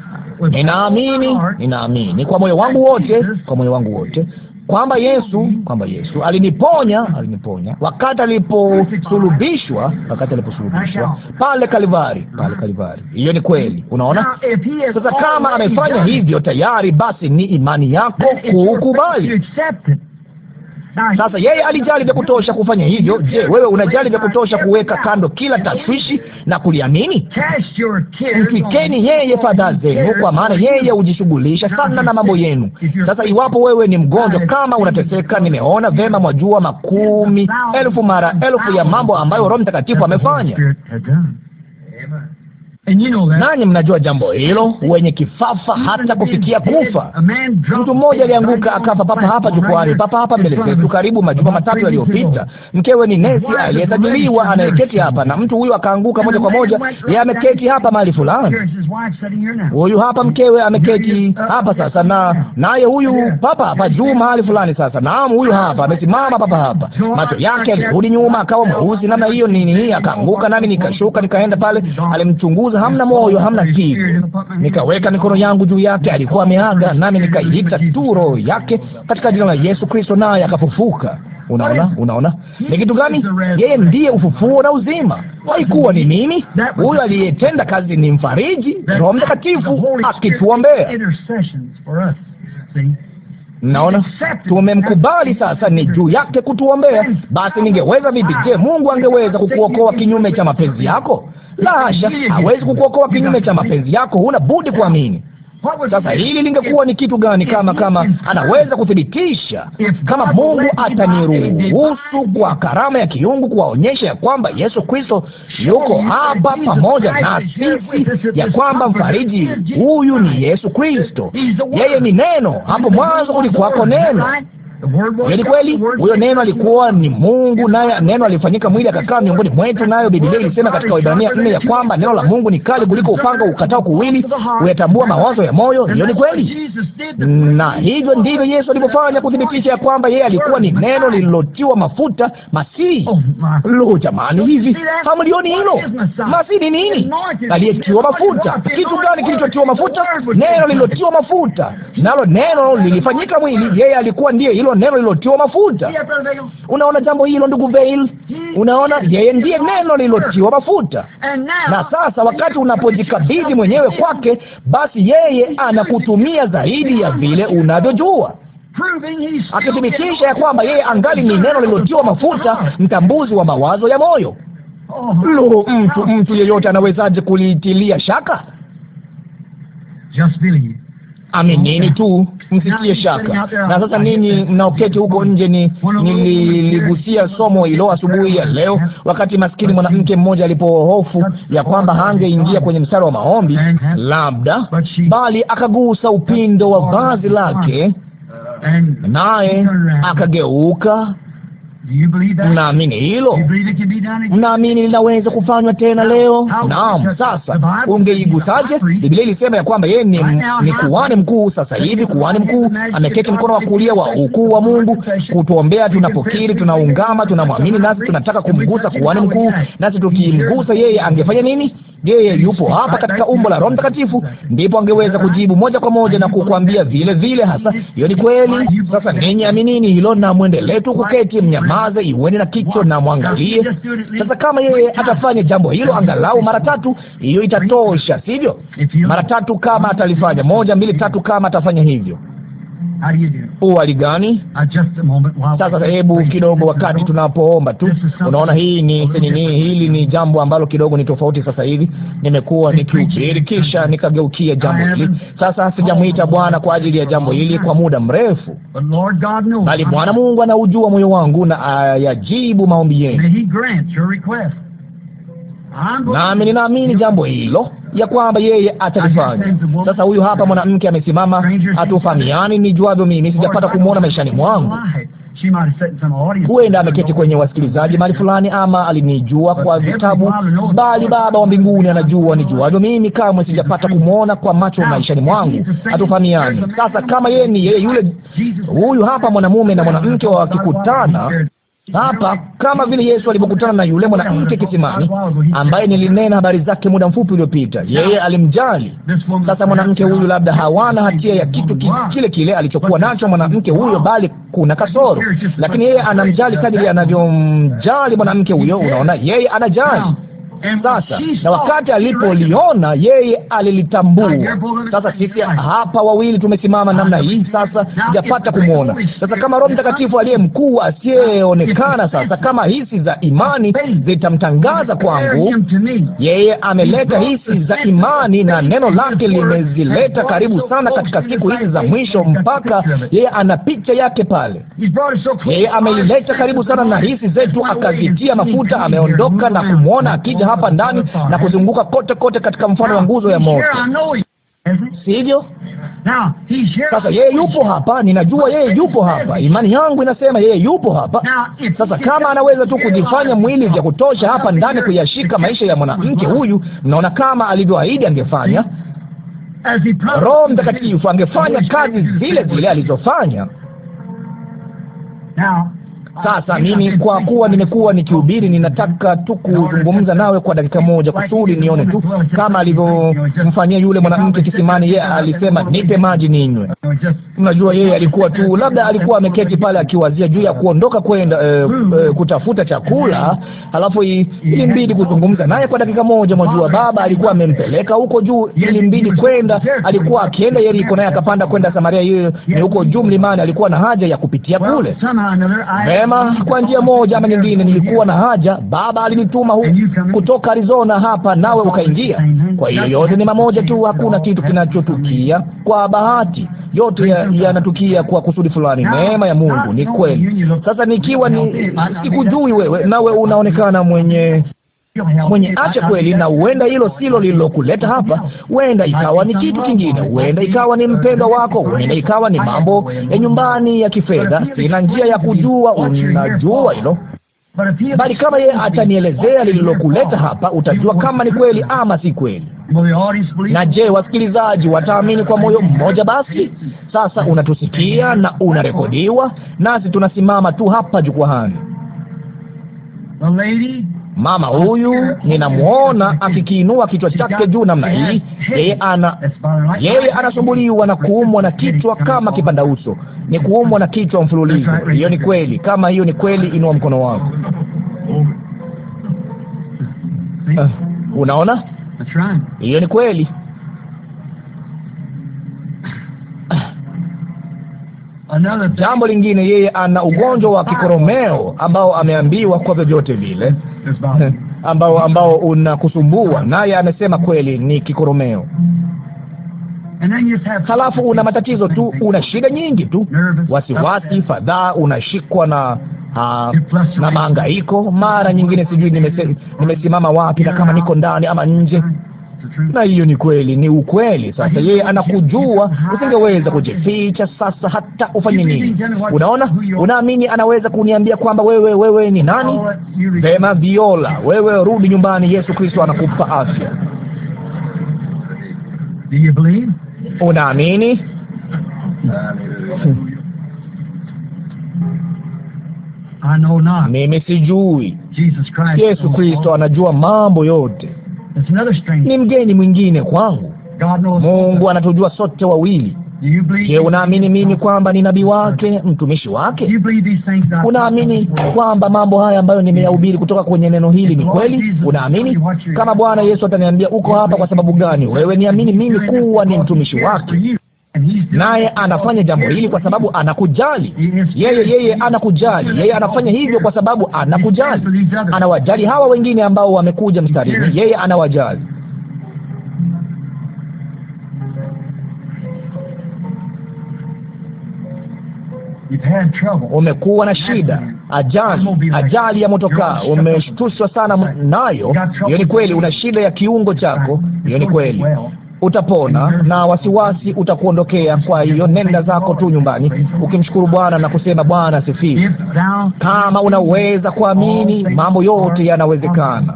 A: Ninaamini, ninaamini kwa moyo wangu wote, kwa moyo wangu wote kwamba Yesu kwamba Yesu aliniponya aliniponya wakati aliposulubishwa wakati aliposulubishwa pale Kalivari pale Kalivari. Hiyo ni kweli, unaona. Sasa kama amefanya hivyo tayari, basi ni imani yako kuukubali sasa yeye alijali vya kutosha kufanya hivyo. Je, wewe unajali vya kutosha kuweka kando kila tashwishi na kuliamini? Mtwikeni yeye fadhaa zenu, kwa maana yeye hujishughulisha sana na mambo yenu. Sasa iwapo wewe ni mgonjwa, kama unateseka, nimeona vema, mwajua makumi elfu mara elfu ya mambo ambayo Roho Mtakatifu amefanya. Eh, Nanyi mnajua jambo hilo, wenye kifafa hata kufikia kufa. Mtu mmoja alianguka akafa papa hapa jukwani, papa hapa mbele zetu, karibu majuma matatu yaliyopita. Mkewe ni nesi aliyesajiliwa anayeketi hapa, na mtu huyu akaanguka moja kwa moja. Yeye ameketi hapa mahali fulani,
B: huyu hapa mkewe
A: ameketi uh, hapa sasa, na naye huyu papa hapa juu mahali fulani sasa. Naam, huyu hapa amesimama papa hapa, macho yake alirudi nyuma, akawa mweusi namna hiyo nini, akaanguka. Nami nikashuka nikaenda pale, alimchunguza kwanza, hamna moyo, hamna kitu. Nikaweka mikono yangu juu yake, alikuwa ameaga, nami nikaiita tu roho yake katika jina la Yesu Kristo, naye akafufuka. Unaona, unaona ni kitu gani? Yeye ndiye ufufuo na uzima. Haikuwa ni mimi. Huyo aliyetenda kazi ni mfariji, Roho Mtakatifu akituombea. Naona tumemkubali sasa, ni juu yake kutuombea. Basi ningeweza vipi? Je, Mungu angeweza kukuokoa kinyume cha mapenzi yako? La hasha, hawezi kukuokoa kinyume cha mapenzi yako, huna budi kuamini. Sasa hili lingekuwa ni kitu gani kama kama anaweza kuthibitisha, kama Mungu ataniruhusu kwa karama ya kiungu kuwaonyesha ya kwamba Yesu Kristo yuko hapa pamoja na sisi, ya kwamba mfariji huyu ni Yesu Kristo, yeye ni Neno. Hapo mwanzo kulikuwako Neno,
B: ni kweli huyo neno
A: alikuwa ni Mungu, naye neno alifanyika mwili akakaa miongoni mwetu, nayo Biblia ilisema katika Waebrania nne ya kwamba neno la Mungu ni kali kuliko upanga ukatao kuwili, huyatambua mawazo ya moyo. Hiyo ni kweli, na hivyo ndivyo Yesu alivyofanya kuthibitisha ya kwamba yeye alikuwa ni neno lililotiwa mafuta, Masihi. Lo, oh jamani, hivi hamlioni hilo? Masihi ni nini? Aliyetiwa mafuta. Kitu gani kilichotiwa mafuta? Neno lililotiwa mafuta, nalo neno lilifanyika mwili. Yeye alikuwa ndiye hilo neno lilotiwa mafuta. Unaona jambo hilo, ndugu Veil? Hmm. Unaona, yeye ndiye neno lilotiwa mafuta. Na sasa wakati unapojikabidhi mwenyewe kwake, basi yeye anakutumia zaidi ya vile unavyojua akithibitisha ya kwamba yeye angali ni neno lilotiwa mafuta, mtambuzi wa mawazo ya moyo. Oh. Lo, mtu mtu yeyote anawezaje kulitilia shaka? Aminini tu, msitie shaka. Na sasa ninyi mnaoketi huko nje, ni nililigusia somo hilo asubuhi ya leo, wakati maskini mwanamke mmoja alipohofu ya kwamba hangeingia kwenye mstari wa maombi labda, bali akagusa upindo wa vazi lake, naye akageuka Mnaamini hilo? Mnaamini linaweza kufanywa tena leo? Naam. Sasa ungeigusaje? Biblia ilisema ya kwamba yeye ni, ni kuhani mkuu. Sasa hivi kuhani mkuu ameketi mkono wa kulia wa ukuu wa Mungu kutuombea tunapokiri, tunaungama, tunamwamini, nasi tunataka kumgusa kuhani mkuu. Nasi tukimgusa yeye angefanya nini? yeye yupo hapa katika umbo la Roho Mtakatifu, ndipo angeweza kujibu moja kwa moja na kukwambia vile vile hasa. Hiyo ni kweli. Sasa ninyi aminini hilo na mwendelee tu kuketi, mnyamaze, iweni na kichwa na mwangalie. Sasa kama yeye atafanya jambo hilo angalau mara tatu, hiyo itatosha, sivyo? Mara tatu, kama atalifanya moja, mbili, tatu, kama atafanya hivyo huu hali gani? Uh, sasa hebu kidogo, wakati tunapoomba tu, unaona hii ni nini? Hili ni jambo ambalo kidogo ni tofauti. Sasa hivi nimekuwa nikihubiri, kisha nikageukia jambo hili. Sasa sijamwita Bwana kwa ajili ya jambo hili kwa muda mrefu, bali Bwana Mungu anaujua moyo wangu na ayajibu maombi yenu nami ninaamini jambo hilo ya kwamba yeye atalifanya. Sasa huyu hapa mwanamke amesimama, hatufahamiani. Nijuavyo mimi, sijapata kumwona maishani mwangu. Huenda ameketi kwenye wasikilizaji mahali fulani, ama alinijua kwa vitabu, bali Baba wa mbinguni anajua nijuavyo mimi. Kamwe sijapata kumwona kwa macho maishani mwangu, hatufahamiani. Sasa kama yeye ni yeye yule, huyu hapa mwanamume na mwanamke wakikutana hapa kama vile Yesu alivyokutana na yule mwanamke kisimani, ambaye nilinena habari zake muda mfupi uliopita. Yeye alimjali. Sasa mwanamke huyu labda hawana hatia ya kitu kile kile alichokuwa nacho mwanamke huyo, bali kuna kasoro, lakini yeye anamjali kadiri anavyomjali mwanamke huyo. Unaona, yeye anajali sasa, na wakati alipoliona yeye alilitambua. Sasa sisi hapa wawili tumesimama namna hii, sasa sijapata kumwona. Sasa kama Roho Mtakatifu aliye mkuu asiyeonekana, sasa kama hisi za imani zitamtangaza kwangu, yeye ameleta hisi za imani na neno lake limezileta karibu sana katika siku hizi za mwisho, mpaka yeye ana picha yake pale. Yeye amelileta karibu sana na hisi zetu, akazitia mafuta, ameondoka na kumwona akija kuja hapa ndani na kuzunguka kote kote katika mfano wa nguzo ya moto, sivyo? Sasa yeye yupo hapa, ninajua yeye yupo hapa, imani yangu inasema yeye yupo hapa. Sasa kama anaweza tu kujifanya mwili vya kutosha hapa ndani kuyashika maisha ya mwanamke huyu, naona kama alivyoahidi angefanya Roho Mtakatifu angefanya kazi zile zile alizofanya. Sasa mimi kwa kuwa nimekuwa nikihubiri, ninataka tu kuzungumza nawe kwa dakika moja kusudi nione tu kama alivyomfanyia yule mwanamke kisimani. Yeye alisema nipe maji ninywe. Unajua, yeye alikuwa tu labda alikuwa ameketi pale akiwazia juu ya kuondoka kwenda e, e, kutafuta chakula, halafu ilimbidi kuzungumza naye kwa dakika moja. Mwajua, baba alikuwa amempeleka huko juu, ilimbidi kwenda, alikuwa akienda Yeriko, naye akapanda kwenda Samaria. Yeye ni huko juu mlimani, alikuwa na haja ya kupitia kule.
B: Vema, kwa njia
A: moja ama nyingine nilikuwa na haja. Baba alinituma huku kutoka Arizona hapa, nawe ukaingia. Kwa hiyo yote ni mamoja tu, hakuna kitu kinachotukia kwa bahati, yote yanatukia ya kwa kusudi fulani. Neema ya Mungu ni kweli. Sasa nikiwa ni sikujui wewe, nawe unaonekana mwenye mwenye acha kweli, na huenda hilo silo lililokuleta hapa. Huenda ikawa ni kitu kingine, huenda ikawa ni mpendwa wako, huenda ikawa ni mambo ya nyumbani ya kifedha. Sina njia ya kujua, unajua hilo bali kama yeye atanielezea lililokuleta hapa, utajua kama ni kweli ama si kweli. Na je, wasikilizaji wataamini kwa moyo mmoja? Basi sasa unatusikia na unarekodiwa, nasi tunasimama tu hapa jukwaani. Mama huyu ninamwona akikiinua kichwa chake juu namna hii, yeye ana yeye anasumbuliwa na kuumwa na kichwa kama kipanda uso, ni kuumwa na kichwa mfululizo. Hiyo ni kweli. Kama hiyo ni kweli, inua mkono wako. Uh, unaona hiyo ni kweli. Jambo lingine, yeye ana ugonjwa wa kikoromeo ambao ameambiwa kwa vyovyote vile ambao ambao unakusumbua, naye amesema kweli ni kikoromeo. Halafu una matatizo tu, una shida nyingi tu, wasiwasi, fadhaa, unashikwa na Ha, na mahangaiko mara nyingine, sijui nimesimama wapi na kama niko ndani ama nje na hiyo ni kweli, ni ukweli. Sasa yeye anakujua, usingeweza kujificha. Sasa hata ufanye nini, unaona, unaamini anaweza kuniambia kwamba wewe wewe ni nani? Vema, Viola, wewe rudi nyumbani, Yesu Kristo anakupa afya. Unaamini? Mimi sijui. Yesu Kristo anajua mambo yote ni mgeni mwingine kwangu. Mungu anatujua sote wawili. Je, unaamini mimi kwamba ni nabii wake, mtumishi wake? Unaamini kwamba mambo haya ambayo nimeyahubiri kutoka kwenye neno hili ni kweli? Unaamini kama Bwana Yesu ataniambia uko hapa kwa sababu gani? Wewe niamini mimi kuwa ni mtumishi wake naye anafanya jambo hili kwa sababu anakujali yeye. Yeye anakujali yeye, anafanya hivyo kwa sababu anakujali, anawajali hawa wengine ambao wamekuja mstarini, yeye anawajali. Umekuwa na shida, ajali, ajali ya motokaa, umeshtushwa sana nayo. Hiyo ni kweli, una shida ya kiungo chako, hiyo ni kweli utapona na wasiwasi utakuondokea. Kwa hiyo nenda zako tu nyumbani ukimshukuru Bwana na kusema Bwana sifi. Kama unaweza kuamini, mambo yote yanawezekana.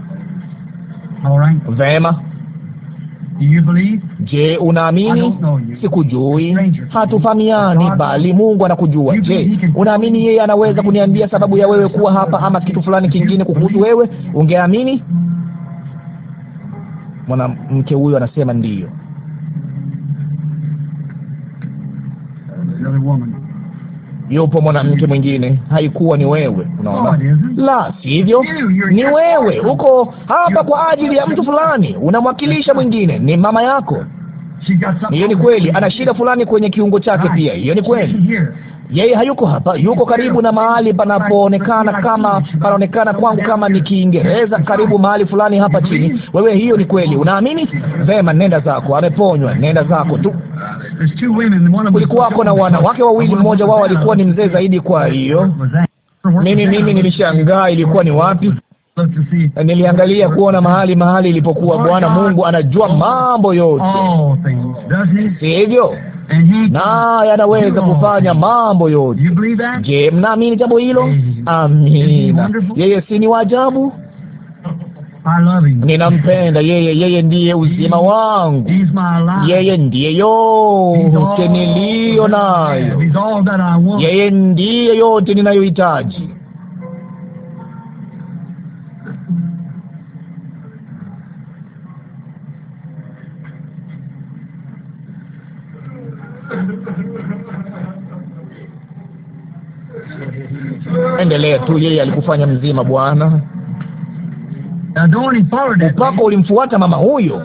A: Vema. Je, unaamini? Sikujui, hatufahamiani, bali Mungu anakujua. Je, unaamini yeye anaweza kuniambia sababu ya wewe kuwa hapa ama kitu fulani kingine kuhusu wewe? Ungeamini? Mwanamke huyo anasema ndiyo. Yupo mwanamke hmm. mwingine, haikuwa ni wewe. Unaona, oh, la sivyo, ni wewe. Uko hapa kwa ajili ya mtu fulani, unamwakilisha mwingine. Ni mama yako. Hiyo ni kweli, ana shida fulani kwenye kiungo chake pia. Hiyo ni kweli. Yeye hayuko hapa, yuko karibu na mahali panapoonekana kama panaonekana kwangu kama ni Kiingereza, karibu mahali fulani hapa chini. Wewe, hiyo ni kweli, unaamini? Vema, nenda zako. Ameponywa, nenda zako tu ako na wanawake wawili, mmoja wao alikuwa ni mzee zaidi. Kwa hiyo mimi mimi nilishangaa ilikuwa ni wapi. Niliangalia kuona mahali mahali ilipokuwa. Bwana Mungu anajua mambo yote, sivyo? naye anaweza kufanya mambo yote. Je, mnaamini jambo hilo? Amina. Yeye si ni wa ajabu? Ninampenda yeye, yeye ndiye uzima wangu, yeye ndiye yote niliyo nayo, yeye ndiye yote ninayohitaji.
B: Endelea tu, yeye alikufanya
A: mzima Bwana upako ulimfuata mama huyo.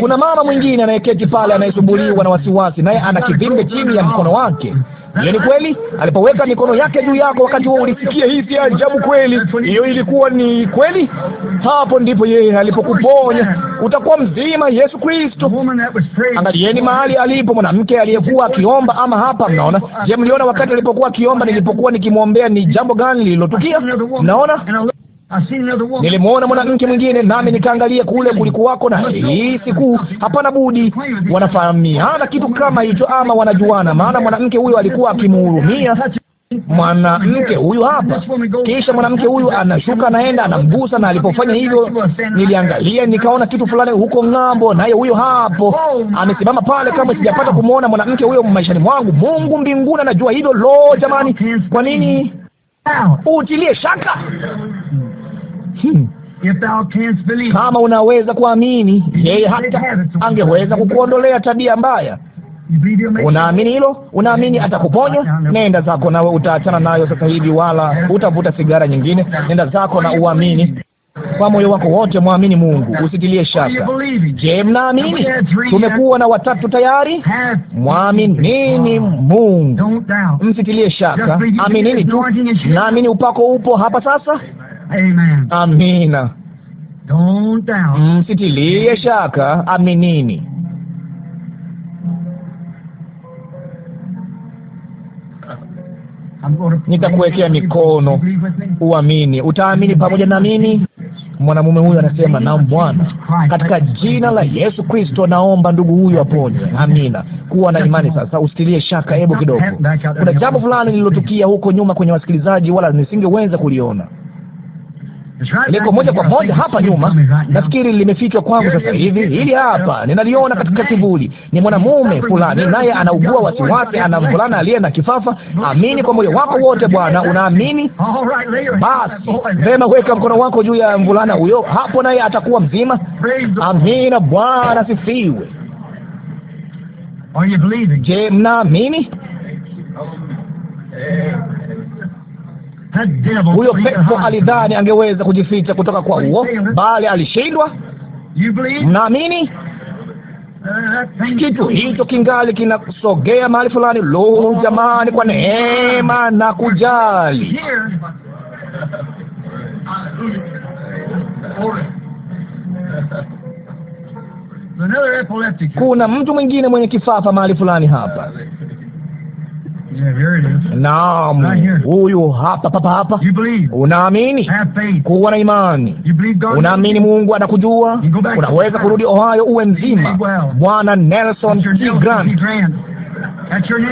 B: Kuna mama mwingine
A: anayeketi pale, anayesumbuliwa na wasiwasi, naye ana kivimbe chini ya mkono wake. Hiyo ni kweli. Alipoweka mikono yake juu yako, wakati huo ulisikia hivi ajabu kweli. Hiyo ilikuwa ni kweli. Hapo ndipo yeye alipokuponya, utakuwa mzima, Yesu Kristo. Angalieni mahali alipo mwanamke aliyekuwa akiomba. Ama hapa mnaona. Je, mliona wakati alipokuwa akiomba, nilipokuwa nikimwombea, ni jambo gani lililotukia? Mnaona Nilimwona mwanamke mwingine nami nikaangalia kule kulikuwako na hii siku. Hapana budi wanafahamiana kitu kama hicho, ama wanajuana, maana mwanamke huyo alikuwa akimhurumia mwanamke huyu hapa. Kisha mwanamke huyu anashuka, anaenda anamgusa, na alipofanya hivyo, niliangalia nikaona kitu fulani huko ng'ambo, naye huyo hapo oh, amesimama pale. Kama sijapata kumwona mwanamke huyo maishani mwangu, Mungu mbinguni anajua hivyo. Lo, jamani, kwa nini utilie shaka? Hmm. Kama unaweza kuamini yeye, hata angeweza kukuondolea tabia mbaya. Unaamini hilo? Unaamini atakuponya? Nenda zako nawe, utaachana nayo sasa hivi, wala utavuta sigara nyingine. Nenda zako na uamini kwa moyo wako wote, mwamini Mungu, usitilie shaka. Je, mnaamini? Tumekuwa na watatu tayari. Mwaminini Mungu, msitilie shaka, aminini tu. Naamini upako upo hapa sasa. Amina. Msitilie mm, shaka, aminini. Nitakuwekea mikono, uamini. Utaamini pamoja na mimi. Mwanamume huyu anasema, naam Bwana, katika jina la Yesu Kristo naomba ndugu huyu aponye Amina. Kuwa na imani sasa, usitilie shaka. Hebu kidogo, kuna jambo fulani lililotukia huko nyuma kwenye wasikilizaji, wala nisingeweza kuliona
B: liko moja kwa moja hapa nyuma.
A: Nafikiri limefichwa kwangu sasa hivi, hili hapa ninaliona katika kivuli. Ni mwanamume fulani, naye anaugua wasiwasi, ana mvulana aliye na kifafa. Amini kwa moyo wako wote, Bwana. Unaamini? Basi vema, weka mkono wako juu ya mvulana huyo hapo, naye atakuwa mzima. Amina. Bwana sifiwe. Je, mnaamini? Huyo pepo alidhani angeweza kujificha kutoka kwa huo, bali alishindwa. Mnaamini kitu hicho kingali kinasogea mahali fulani. Lo, jamani, kwa neema na kujali kuna mtu mwingine mwenye kifafa mahali fulani hapa. Naam, huyu hapa papa hapa. Unaamini kuwa na imani, unaamini Mungu anakujua. Unaweza kurudi Ohio uwe mzima. Bwana Nelson T. Grant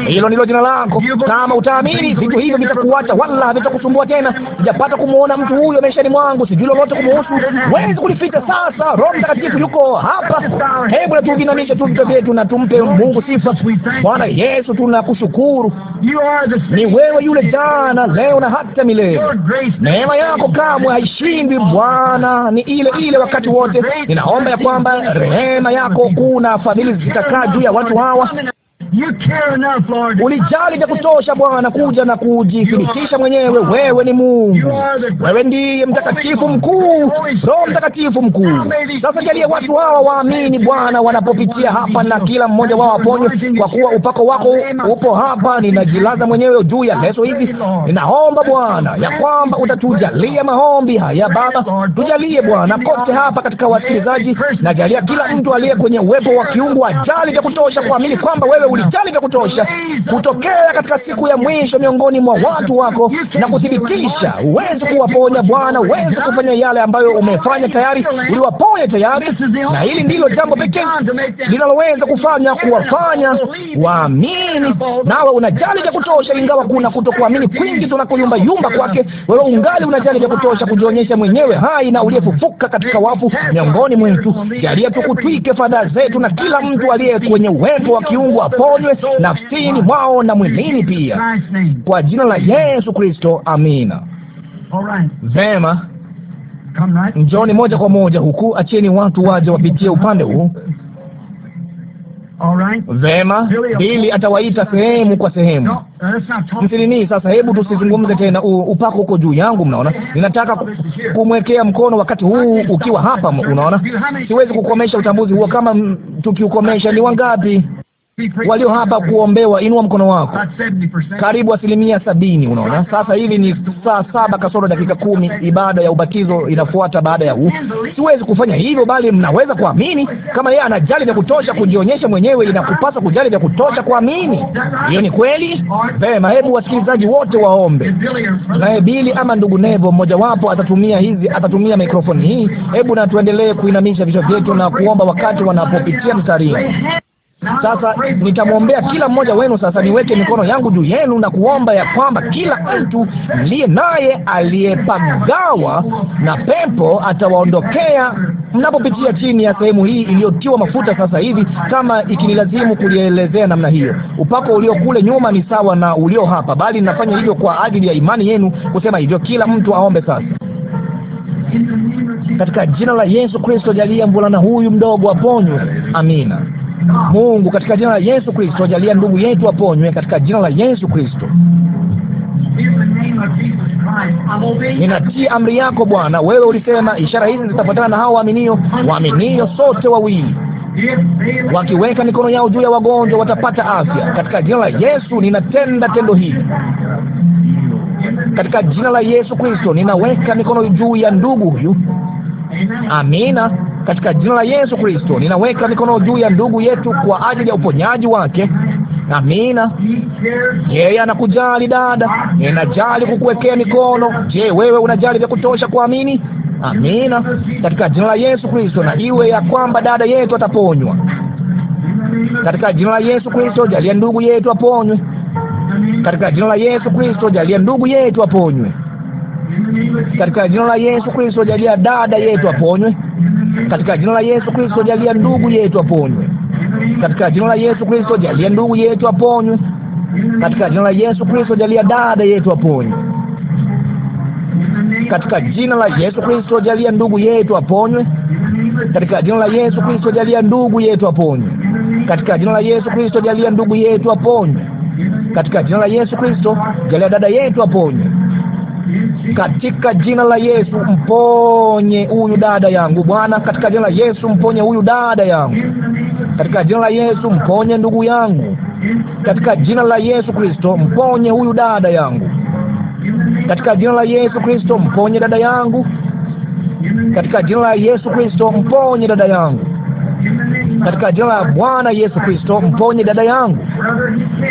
A: hilo ndilo jina lako. Kama utaamini vitu hivyo vitakuacha, wala vitakusumbua tena. Sijapata kumwona mtu huyo maishani mwangu, sijui lolote kumuhusu, wezi kulificha. Sasa Roho Mtakatifu yuko hapa. Hebu natuvinamisha tu vitu vyetu na tumpe Mungu sifa. Bwana Yesu, tunakushukuru, ni wewe yule jana, leo na hata milele. Neema yako kamwe haishindwi, Bwana, ni ile ile wakati wote. Ninaomba ya kwamba rehema yako kuna fadhili zitakaa juu ya watu hawa Ulijali vya kutosha Bwana kuja na kujithibitisha mwenyewe. Wewe ni Mungu, wewe ndiye mtakatifu mkuu, Roho Mtakatifu mkuu. Sasa jalie watu hawa waamini Bwana wanapopitia hapa, na kila mmoja wao aponywe, kwa kuwa upako wako upo hapa. Ninajilaza mwenyewe juu ya leso hivi ninaomba Bwana ya kwamba utatujalia maombi haya. Baba, tujalie Bwana kote hapa katika wasikilizaji, najalia kila mtu aliye kwenye uwepo wa kiungu ajali vya kutosha kuamini kwamba wewe uli vitali vya kutosha kutokea katika siku ya mwisho miongoni mwa watu wako na kuthibitisha. Huwezi kuwaponya Bwana, huwezi kufanya yale ambayo umefanya tayari, uliwaponya tayari, na hili ndilo jambo pekee linaloweza kufanya kuwafanya waamini. Nawe unajali vya kutosha, ingawa kuna kutokuamini kwingi tunakoyumba yumba kwake, wewe ungali unajali vya kutosha kujionyesha mwenyewe hai na uliyefufuka katika wafu miongoni mwetu. Jalia tukutwike fadhaa zetu na kila mtu aliye kwenye uwepo wa kiungu hapo waponywe nafsini mwao na mwilini pia, kwa jina la Yesu Kristo, amina. Vema, njoni moja kwa moja huku, acheni watu waje wapitie upande huu. Vema, Bili atawaita sehemu kwa sehemu. Msinini sasa, hebu tusizungumze tena. Upako huko juu yangu, mnaona. Ninataka kumwekea mkono wakati huu ukiwa hapa, unaona. Siwezi kukomesha utambuzi huo. Kama tukiukomesha, ni wangapi walio hapa kuombewa, inua mkono wako. Karibu asilimia sabini. Unaona, sasa hivi ni saa saba kasoro dakika kumi. Ibada ya ubatizo inafuata baada ya u. Siwezi kufanya hivyo, bali mnaweza kuamini. Kama yeye anajali vya kutosha kujionyesha mwenyewe, inakupasa kujali vya kutosha kuamini. Hiyo ni kweli. Vema, hebu wasikilizaji wote waombe, naye Bili ama ndugu Nevo mmojawapo atatumia hizi, atatumia mikrofoni hii. Hebu na tuendelee kuinamisha vichwa vyetu na kuomba wakati wanapopitia mstarini. Sasa nitamwombea kila mmoja wenu. Sasa niweke mikono yangu juu yenu na kuomba ya kwamba kila mtu mliye naye aliyepagawa na pepo atawaondokea mnapopitia chini ya sehemu hii iliyotiwa mafuta sasa hivi, kama ikinilazimu kulielezea namna hiyo. Upako ulio kule nyuma ni sawa na ulio hapa, bali ninafanya hivyo kwa ajili ya imani yenu, kusema hivyo. Kila mtu aombe sasa. Katika jina la Yesu Kristo, jalia mvulana huyu mdogo aponywe. Amina. Mungu, katika jina la Yesu Kristo, ajalia ndugu yetu aponywe katika jina la Yesu Kristo. Ninatii amri yako Bwana. Wewe ulisema ishara hizi zitafuatana na hao waaminio, waaminio sote wawili wakiweka mikono yao juu ya wagonjwa watapata afya. Katika jina la Yesu ninatenda tendo hili. Katika jina la Yesu Kristo ninaweka mikono juu ya ndugu huyu. Amina katika jina la Yesu Kristo, ninaweka mikono juu ya ndugu yetu kwa ajili ya uponyaji wake. Amina. Yeye anakujali dada, ninajali kukuwekea mikono. Je, wewe unajali vya kutosha kuamini? Amina, katika jina la Yesu Kristo, na iwe ya kwamba dada yetu ataponywa katika jina la Yesu Kristo. Jalia ndugu yetu aponywe katika jina la Yesu Kristo. Jalia ndugu yetu aponywe. Katika jina la Yesu Kristo, jalia dada yetu aponywe. Katika jina la Yesu Kristo, jalia ndugu yetu aponywe. Katika jina la Yesu Kristo, jalia ndugu yetu aponywe. Katika jina la Yesu Kristo, jalia dada yetu aponywe. Katika jina la Yesu Kristo, jalia ndugu yetu aponywe. Katika jina la Yesu Kristo, jalia ndugu yetu aponywe. Katika jina la Yesu Kristo, jalia ndugu yetu aponywe. Katika jina la Yesu Kristo, jalia dada yetu aponywe katika jina la Yesu, mponye huyu dada yangu Bwana, katika jina la Yesu, mponye huyu dada yangu, katika jina la Yesu, mponye ndugu yangu, katika jina la Yesu Kristo, mponye huyu dada yangu, katika jina la Yesu Kristo, mponye dada yangu, katika jina la Yesu Kristo, mponye dada yangu
B: katika jina la Bwana Yesu Kristo,
A: mponye dada yangu.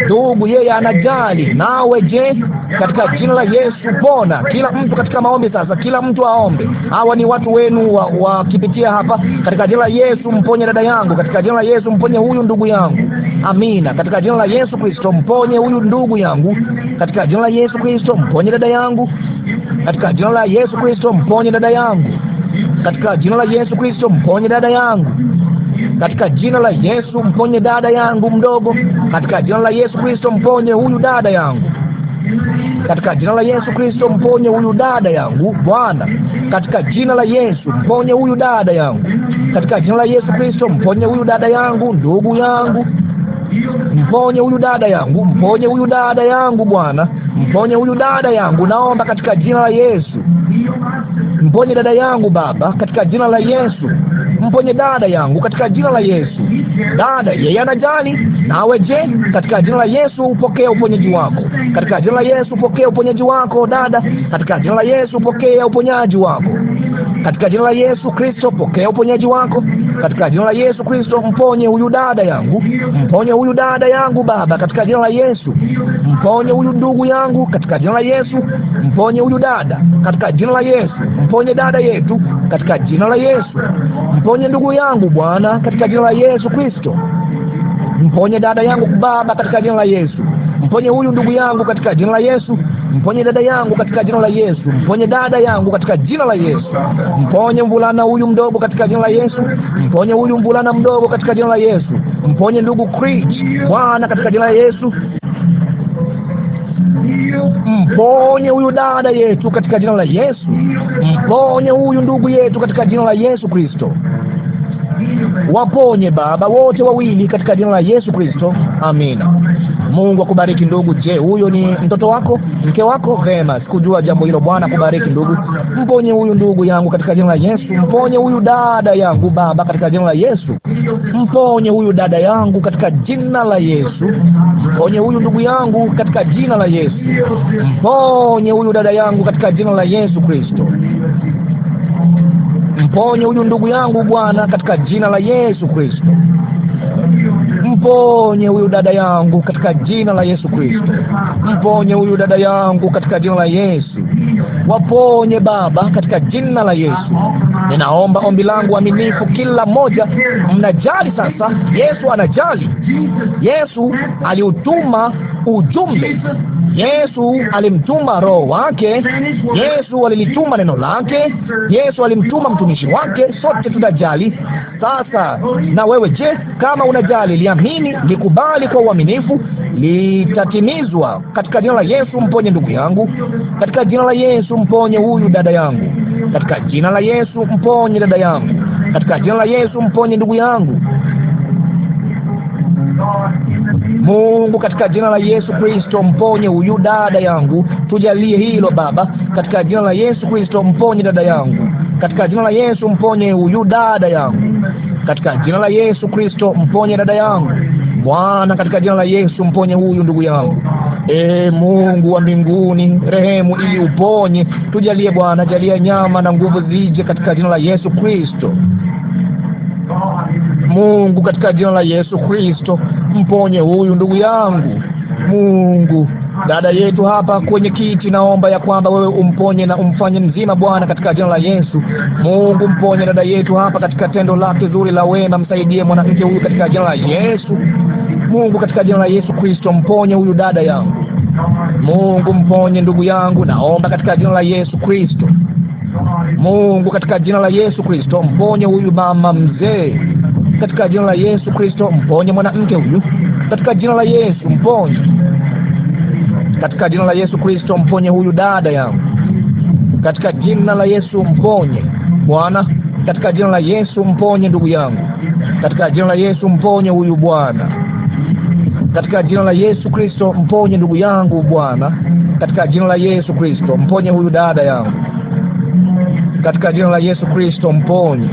B: Ndugu, yeye anajali nawe. Je, katika jina la Yesu pona kila mtu katika
A: maombi. Sasa kila mtu aombe. Hawa ni watu wenu wakipitia wa hapa. Katika jina la Yesu mponye dada yangu, katika jina la Yesu mponye huyu ndugu yangu. Amina, katika jina la Yesu Kristo mponye huyu ndugu yangu, katika jina la Yesu Kristo mponye dada yangu, katika jina la Yesu Kristo mponye dada yangu, katika jina la Yesu Kristo mponye dada yangu katika jina la Yesu, mponye dada yangu mdogo, katika jina la Yesu Kristo, mponye huyu dada yangu katika jina la Yesu Kristo mponye huyu dada yangu Bwana, katika jina la Yesu mponye huyu dada yangu, katika jina la Yesu Kristo mponye huyu dada yangu, ndugu yangu, mponye huyu dada yangu, mponye huyu dada yangu Bwana, mponye huyu dada yangu, naomba katika jina la Yesu mponye dada yangu Baba, katika jina la Yesu. Mponye dada yangu katika jina la Yesu. Dada yeye anajali nawe, je, katika jina la Yesu upokee uponyaji wako, katika jina la Yesu upokee uponyaji wako dada, katika jina la Yesu upokee uponyaji wako. Katika jina la Yesu Kristo, pokea uponyaji wako. Katika jina la Yesu Kristo, mponye huyu dada yangu, mponye huyu dada yangu Baba, katika jina la Yesu. Mponye huyu ndugu yangu, katika jina la Yesu. Mponye huyu dada, katika jina la Yesu. Mponye dada yetu, katika jina la Yesu. Mponye ndugu yangu Bwana, katika jina la Yesu Kristo. Mponye dada yangu Baba, katika jina la Yesu mponye huyu ndugu yangu katika jina la Yesu, mponye dada yangu katika jina la Yesu, mponye dada yangu katika jina la Yesu, mponye mvulana huyu mdogo katika jina la Yesu, mponye huyu mvulana mdogo katika jina la Yesu, mponye ndugu Creech Bwana katika jina la Yesu, mponye huyu dada yetu katika jina la Yesu, mponye huyu ndugu yetu katika jina la Yesu Kristo. Waponye Baba wote wawili katika jina la Yesu Kristo, amina. Mungu akubariki ndugu. Je, huyo ni mtoto wako, mke wako? Vema, sikujua jambo hilo. Bwana akubariki ndugu. Mponye huyu ndugu yangu katika jina la Yesu. Mponye huyu dada yangu Baba katika jina la Yesu. Mponye huyu dada yangu katika jina la Yesu. Mponye huyu ndugu yangu katika jina la Yesu. Mponye huyu dada yangu katika jina la Yesu Kristo. Mponye huyu ndugu yangu Bwana, katika jina la Yesu Kristo. Mponye huyu dada yangu katika jina la Yesu Kristo. Mponye huyu dada yangu katika jina la Yesu. Waponye Baba, katika jina la Yesu. Ninaomba ombi langu aminifu, kila mmoja. Mnajali sasa, Yesu anajali. Yesu aliutuma ujumbe, Yesu alimtuma Roho wake, Yesu alilituma neno lake, Yesu alimtuma mtumishi wake. Sote tunajali sasa. Na wewe je, kama unajali, liamini, likubali kwa uaminifu, litatimizwa katika jina la Yesu. Mponye ndugu yangu katika jina la Yesu. Yesu, mponye huyu dada yangu. Katika jina la Yesu, mponye dada yangu. Katika jina la Yesu, mponye ndugu yangu.
B: Mungu, katika jina la Yesu Kristo,
A: mponye huyu dada yangu. Tujalie hilo Baba, katika jina la Yesu Kristo, mponye dada yangu. Katika jina la Yesu, mponye huyu dada yangu. Katika jina la Yesu Kristo, mponye dada yangu. Bwana, katika jina la Yesu, mponye huyu ndugu yangu. E, Mungu wa mbinguni, rehemu ili uponye. Tujalie Bwana, jalia nyama na nguvu zije katika jina la Yesu Kristo. Mungu, katika jina la Yesu Kristo, mponye huyu ndugu yangu. Mungu, dada yetu hapa kwenye kiti, naomba ya kwamba wewe umponye na umfanye mzima Bwana, katika jina la Yesu. Mungu, mponye dada yetu hapa katika tendo lake zuri la wema, msaidie mwanamke huyu katika jina la Yesu. Mungu, katika jina la Yesu Kristo, mponye huyu dada yangu. Mungu, mponye ndugu yangu, naomba katika jina la Yesu Kristo. Mungu, katika jina la Yesu Kristo, mponye huyu mama mzee. Katika jina la Yesu Kristo, mponye mwanamke huyu. Katika jina la Yesu, mponye. Katika jina la Yesu Kristo, mponye huyu dada yangu. Katika jina la Yesu, mponye Bwana. Katika jina la Yesu, mponye ndugu yangu. Katika jina la Yesu, mponye huyu Bwana. Katika jina la Yesu Kristo, mponye ndugu yangu Bwana. Katika jina la Yesu Kristo, mponye huyu dada yangu. Katika jina la Yesu Kristo, mponye.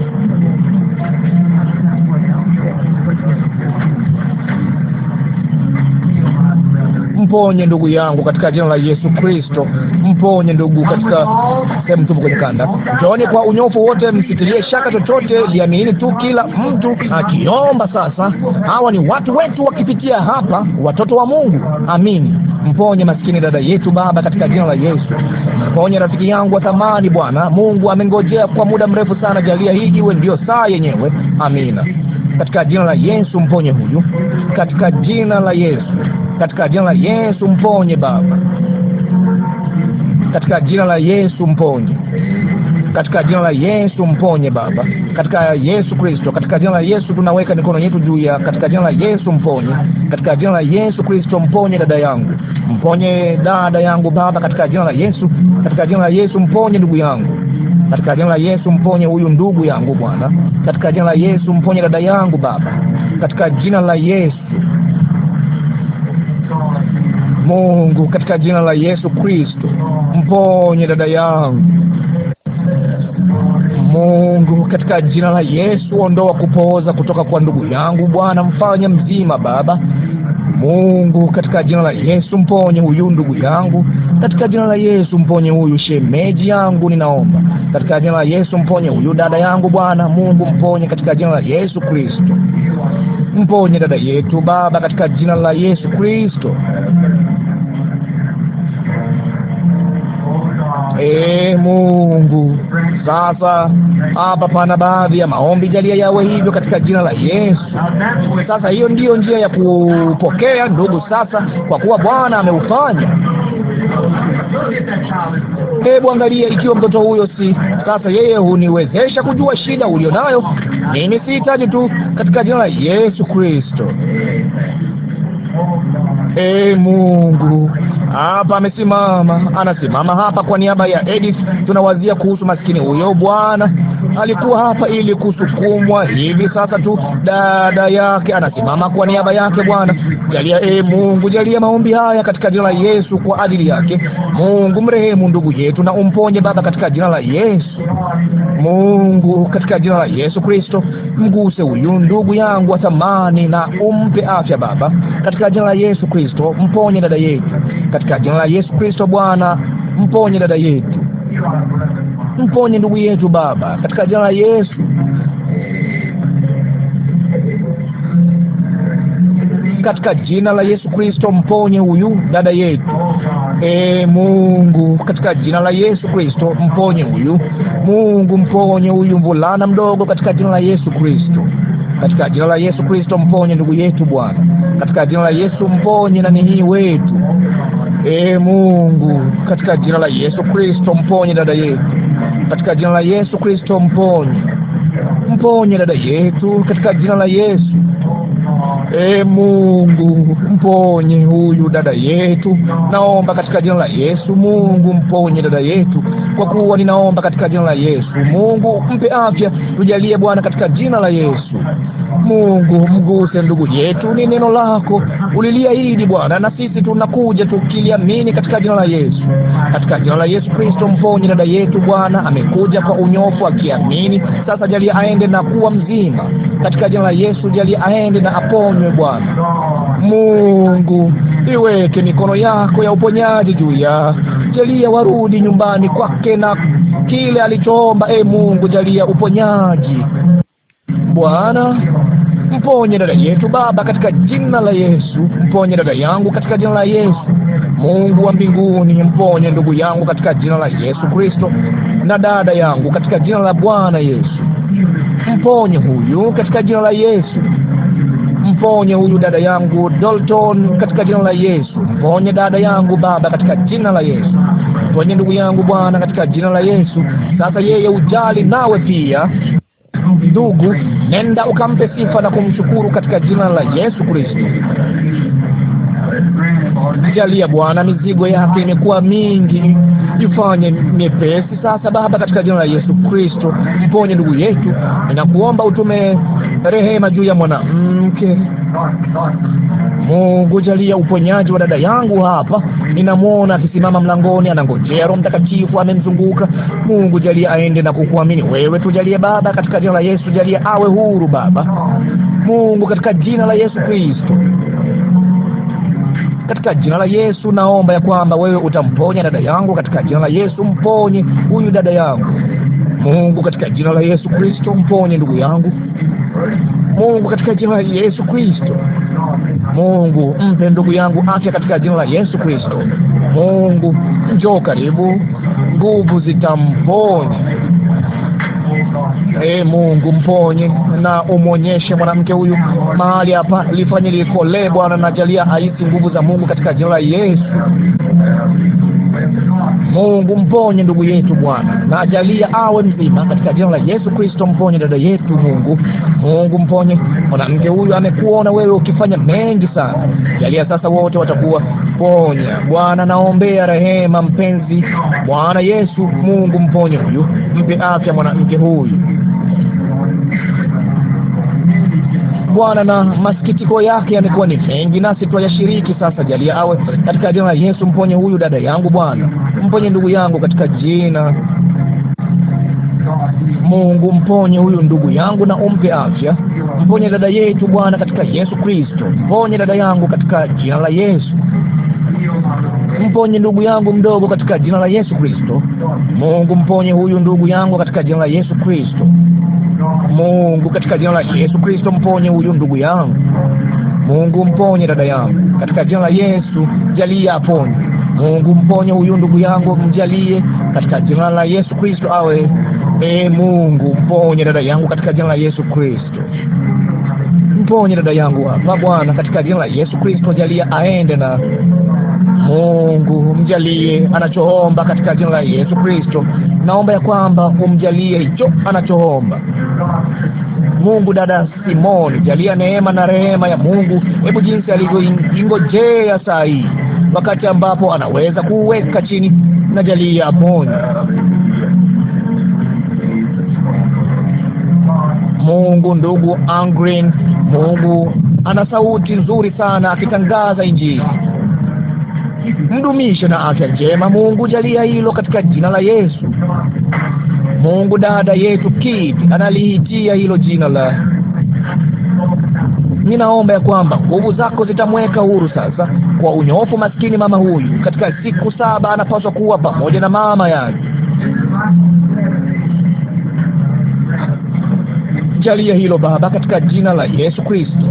A: mponye ndugu yangu katika jina la Yesu Kristo, mponye ndugu katika sehemu tupu kwenye kanda. Njooni kwa unyofu wote, msitilie shaka chochote, liamini tu kila mtu akiomba. Sasa hawa ni watu wetu wakipitia hapa, watoto wa Mungu. Amini, mponye maskini dada yetu Baba, katika jina la Yesu. Mponye rafiki yangu wa thamani Bwana Mungu, amengojea kwa muda mrefu sana. Jalia hii iwe ndiyo saa yenyewe. Amina, katika jina la Yesu, mponye huyu katika jina la Yesu katika jina la Yesu mponye Baba, katika jina la Yesu mponye, katika jina la Yesu mponye Baba, katika Yesu Kristo, katika jina la Yesu tunaweka mikono yetu juu ya, katika jina la Yesu mponye, katika jina la Yesu Kristo mponye dada yangu, mponye dada yangu Baba, katika jina la Yesu, katika jina la Yesu mponye ndugu yangu katika jina la Yesu mponye huyu ndugu yangu Bwana, katika jina la Yesu mponye dada yangu Baba, katika jina la Yesu Mungu, katika jina la Yesu Kristo, mponye dada yangu. Mungu, katika jina la Yesu, ondoa kupooza kutoka kwa ndugu yangu. Bwana, mfanye mzima, Baba. Mungu, katika jina la Yesu, mponye huyu ndugu yangu. Katika jina la Yesu, mponye huyu shemeji yangu, ninaomba. Katika jina la Yesu, mponye huyu dada yangu, Bwana Mungu, mponye katika jina la Yesu Kristo. Mponye dada yetu, Baba, katika jina la Yesu Kristo. E Mungu, sasa hapa pana baadhi ya maombi, jalia yawe hivyo katika jina la Yesu. Sasa hiyo ndiyo njia ya kupokea, ndugu, sasa kwa kuwa Bwana ameufanya. Hebu angalia ikiwa mtoto huyo si sasa, yeye huniwezesha kujua shida ulionayo. Mimi sihitaji tu katika jina la Yesu Kristo. Ee Mungu, hapa amesimama, anasimama hapa kwa niaba ya Edith. Tunawazia kuhusu maskini huyo. Bwana alikuwa hapa ili kusukumwa hivi sasa tu, dada yake anasimama kwa niaba yake. Bwana jalia, ee Mungu, jalia maombi haya katika jina la Yesu kwa ajili yake. Mungu mrehemu ndugu yetu na umponye Baba, katika jina la Yesu. Mungu katika jina la Yesu Kristo, mguse huyu ndugu yangu atamani na umpe afya Baba, katika jina la Yesu Kristo, mponye dada yetu, katika jina la Yesu Kristo. Bwana, mponye dada yetu, mponye ndugu yetu Baba, katika jina la Yesu. Katika jina la Yesu Kristo, mponye huyu dada yetu. E Mungu, katika jina la Yesu Kristo, mponye huyu. Mungu, mponye huyu mvulana mdogo, katika jina la Yesu Kristo. Katika jina la Yesu Kristo, mponye ndugu yetu Bwana. Katika jina la Yesu, mponye nanihii wetu. E Mungu, katika jina la Yesu Kristo, mponye dada yetu. Katika jina la Yesu Kristo, mponye mponye dada yetu, katika jina la Yesu E Mungu, mponye huyu dada yetu, naomba katika jina la Yesu. Mungu, mponye dada yetu, kwa kuwa ninaomba katika jina la Yesu. Mungu, mpe afya, tujalie Bwana, katika jina la Yesu. Mungu, mguse ndugu yetu, ni neno lako. Uliliahidi Bwana, na sisi tunakuja tukiliamini katika jina la Yesu, katika jina la Yesu Kristo. Mponye dada yetu Bwana, amekuja kwa unyofu akiamini. Sasa jalia aende na kuwa mzima, katika jina la Yesu. Jalia aende na aponywe Bwana Mungu, iweke mikono yako ya uponyaji juu ya jalia, warudi nyumbani kwake na kile alichoomba. E Mungu, jalia uponyaji Bwana Mponye dada yetu Baba, katika jina la Yesu. Mponye dada yangu katika jina la Yesu. Mungu wa mbinguni, mponye ndugu yangu katika jina la Yesu Kristo, na dada yangu katika jina la Bwana Yesu. Mponye huyu katika jina la Yesu. Mponye huyu dada yangu Dalton katika jina la Yesu. Mponye dada yangu Baba katika jina la Yesu. Mponye ndugu yangu Bwana katika jina la Yesu. Sasa yeye ujali nawe pia ndugu, nenda ukampe sifa na kumshukuru katika jina la Yesu Kristo. Jalia Bwana, mizigo yake imekuwa mingi, ifanye mepesi sasa Baba, katika jina la Yesu Kristo. iponye ndugu yetu, ninakuomba utume rehema juu ya mwanamke. Mungu jalia uponyaji wa dada yangu hapa. Ninamwona akisimama mlangoni, anangojea. Roho Mtakatifu amemzunguka. Mungu jalia aende na kukuamini wewe. Tujalie Baba, katika jina la Yesu, jalia awe huru Baba Mungu, katika jina la Yesu Kristo. Katika jina la Yesu naomba ya kwamba wewe utamponya dada yangu, katika jina la Yesu mponye huyu dada yangu. Mungu, katika jina la Yesu Kristo, mponye ndugu yangu. Mungu, katika jina la Yesu Kristo. Mungu, mpe ndugu yangu afya katika jina la Yesu Kristo. Mungu, njoo karibu, nguvu zitamponye Ee Mungu, mponye na umwonyeshe mwanamke huyu mahali hapa, lifanye liko le Bwana, najalia aisi nguvu za Mungu katika jina la Yesu. Mungu mponye ndugu yetu Bwana, na ajalia awe mzima katika jina la Yesu Kristo. Mponye dada yetu Mungu, Mungu mponye mwanamke huyu, amekuona wewe ukifanya mengi sana, jalia sasa wote watakuwa ponya. Bwana, naombea rehema mpenzi Bwana Yesu. Mungu mponye huyu, mpe afya mwanamke huyu. Bwana, na masikitiko yake yamekuwa ni mengi, nasi twayashiriki sasa. Jalia awe katika jina la Yesu. Mponye huyu dada yangu Bwana, mponye ndugu yangu katika jina Mungu mponye huyu ndugu yangu na umpe afya. Mponye dada yetu Bwana, katika Yesu Kristo. Mponye dada yangu katika jina la Yesu. Mponye ndugu yangu mdogo katika jina la Yesu Kristo. Mungu mponye huyu ndugu yangu katika jina la Yesu Kristo. Mungu, katika jina la Yesu Kristo, mponye huyu ndugu yangu. Mungu, mponye dada yangu, katika jina la Yesu, jalia aponye. Mungu, mponye huyu ndugu yangu, mjalie katika jina la Yesu Kristo awe. E Mungu, mponye dada yangu, katika jina la Yesu Kristo. Mponye dada yangu hapa Bwana, katika jina la Yesu Kristo, jalia aende na Mungu mjalie anachoomba katika jina la Yesu Kristo. Naomba ya kwamba umjalie hicho anachoomba. Mungu dada Simoni, jalia neema na rehema ya Mungu. Hebu jinsi alivyoingojea saa hii, wakati ambapo anaweza kuweka chini na jalia aponye. Mungu, ndugu Angrin, Mungu ana sauti nzuri sana akitangaza Injili mdumishe na afya njema. Mungu jalia hilo katika jina la Yesu. Mungu dada yetu Kiti analihitia hilo jina la ninaomba ya kwamba nguvu zako zitamweka huru sasa kwa unyofu. Maskini mama huyu katika siku saba anapaswa kuwa pamoja na mama yake. Jalia hilo Baba, katika jina la Yesu Kristo.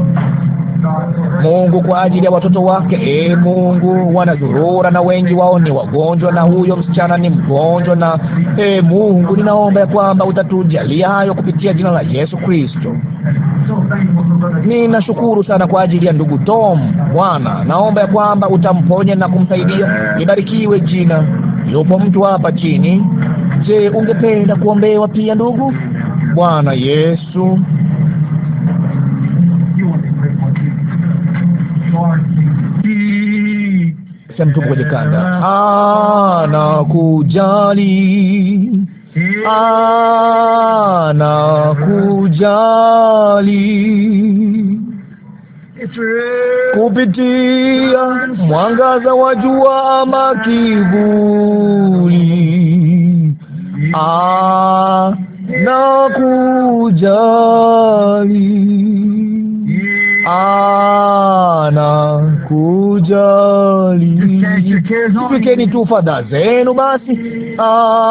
A: Mungu kwa ajili ya watoto wake. E Mungu, wanadhurura na wengi wao ni wagonjwa, na huyo msichana ni mgonjwa. Na e Mungu, ninaomba ya kwamba utatujalia hayo kupitia jina la Yesu Kristo. Ninashukuru sana kwa ajili ya ndugu Tom. Bwana, naomba ya kwamba utamponya na kumsaidia. ibarikiwe jina. Yupo mtu hapa chini. Je, ungependa kuombewa pia ndugu? Bwana Yesu
B: ya mtu kwenye kanda, hana kujali, kujali kupitia mwangaza wa jua ama kivuli, kujali anakujali. Zipikeni tu fadhaa zenu basi, anakujali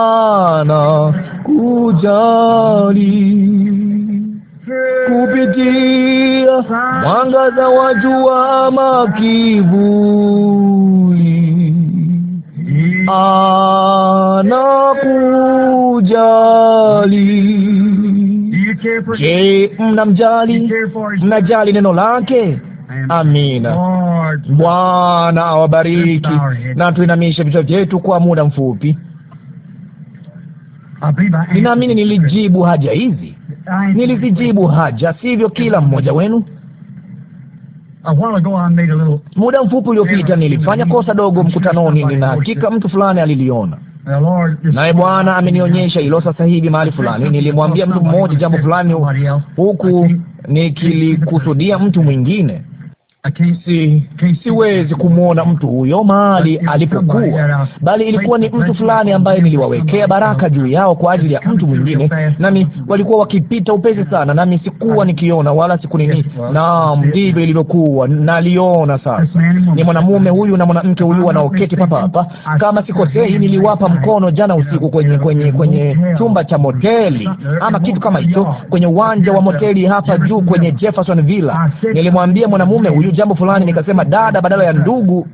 B: kupitia mwangaza wa jua ama kivuli, anakujali
A: Je, mnamjali? Mnajali neno lake? Amina. Bwana awabariki. Na tuinamishe vichwa vyetu kwa muda mfupi. Ninaamini nilijibu haja hizi, nilizijibu haja, sivyo? Kila mmoja wenu. Muda mfupi uliopita nilifanya kosa dogo mkutanoni, nina hakika mtu fulani aliliona naye Bwana amenionyesha hilo sasa hivi mahali fulani. Nilimwambia mtu mmoja jambo fulani huku nikilikusudia mtu mwingine Si, siwezi kumwona mtu huyo mahali alipokuwa, bali ilikuwa ni mtu fulani ambaye niliwawekea baraka juu yao kwa ajili ya mtu mwingine, nami walikuwa wakipita upesi sana, nami sikuwa nikiona wala sikunini. Naam, ndivyo ilivyokuwa, naliona sasa. Ni mwanamume huyu na mwanamke huyu wanaoketi papa hapa, kama sikosei, niliwapa mkono jana usiku kwenye kwenye kwenye chumba cha moteli ama kitu kama hicho, kwenye uwanja wa moteli hapa juu kwenye Jefferson Villa. Nilimwambia mwanamume huyu jambo fulani, nikasema dada badala ya ndugu.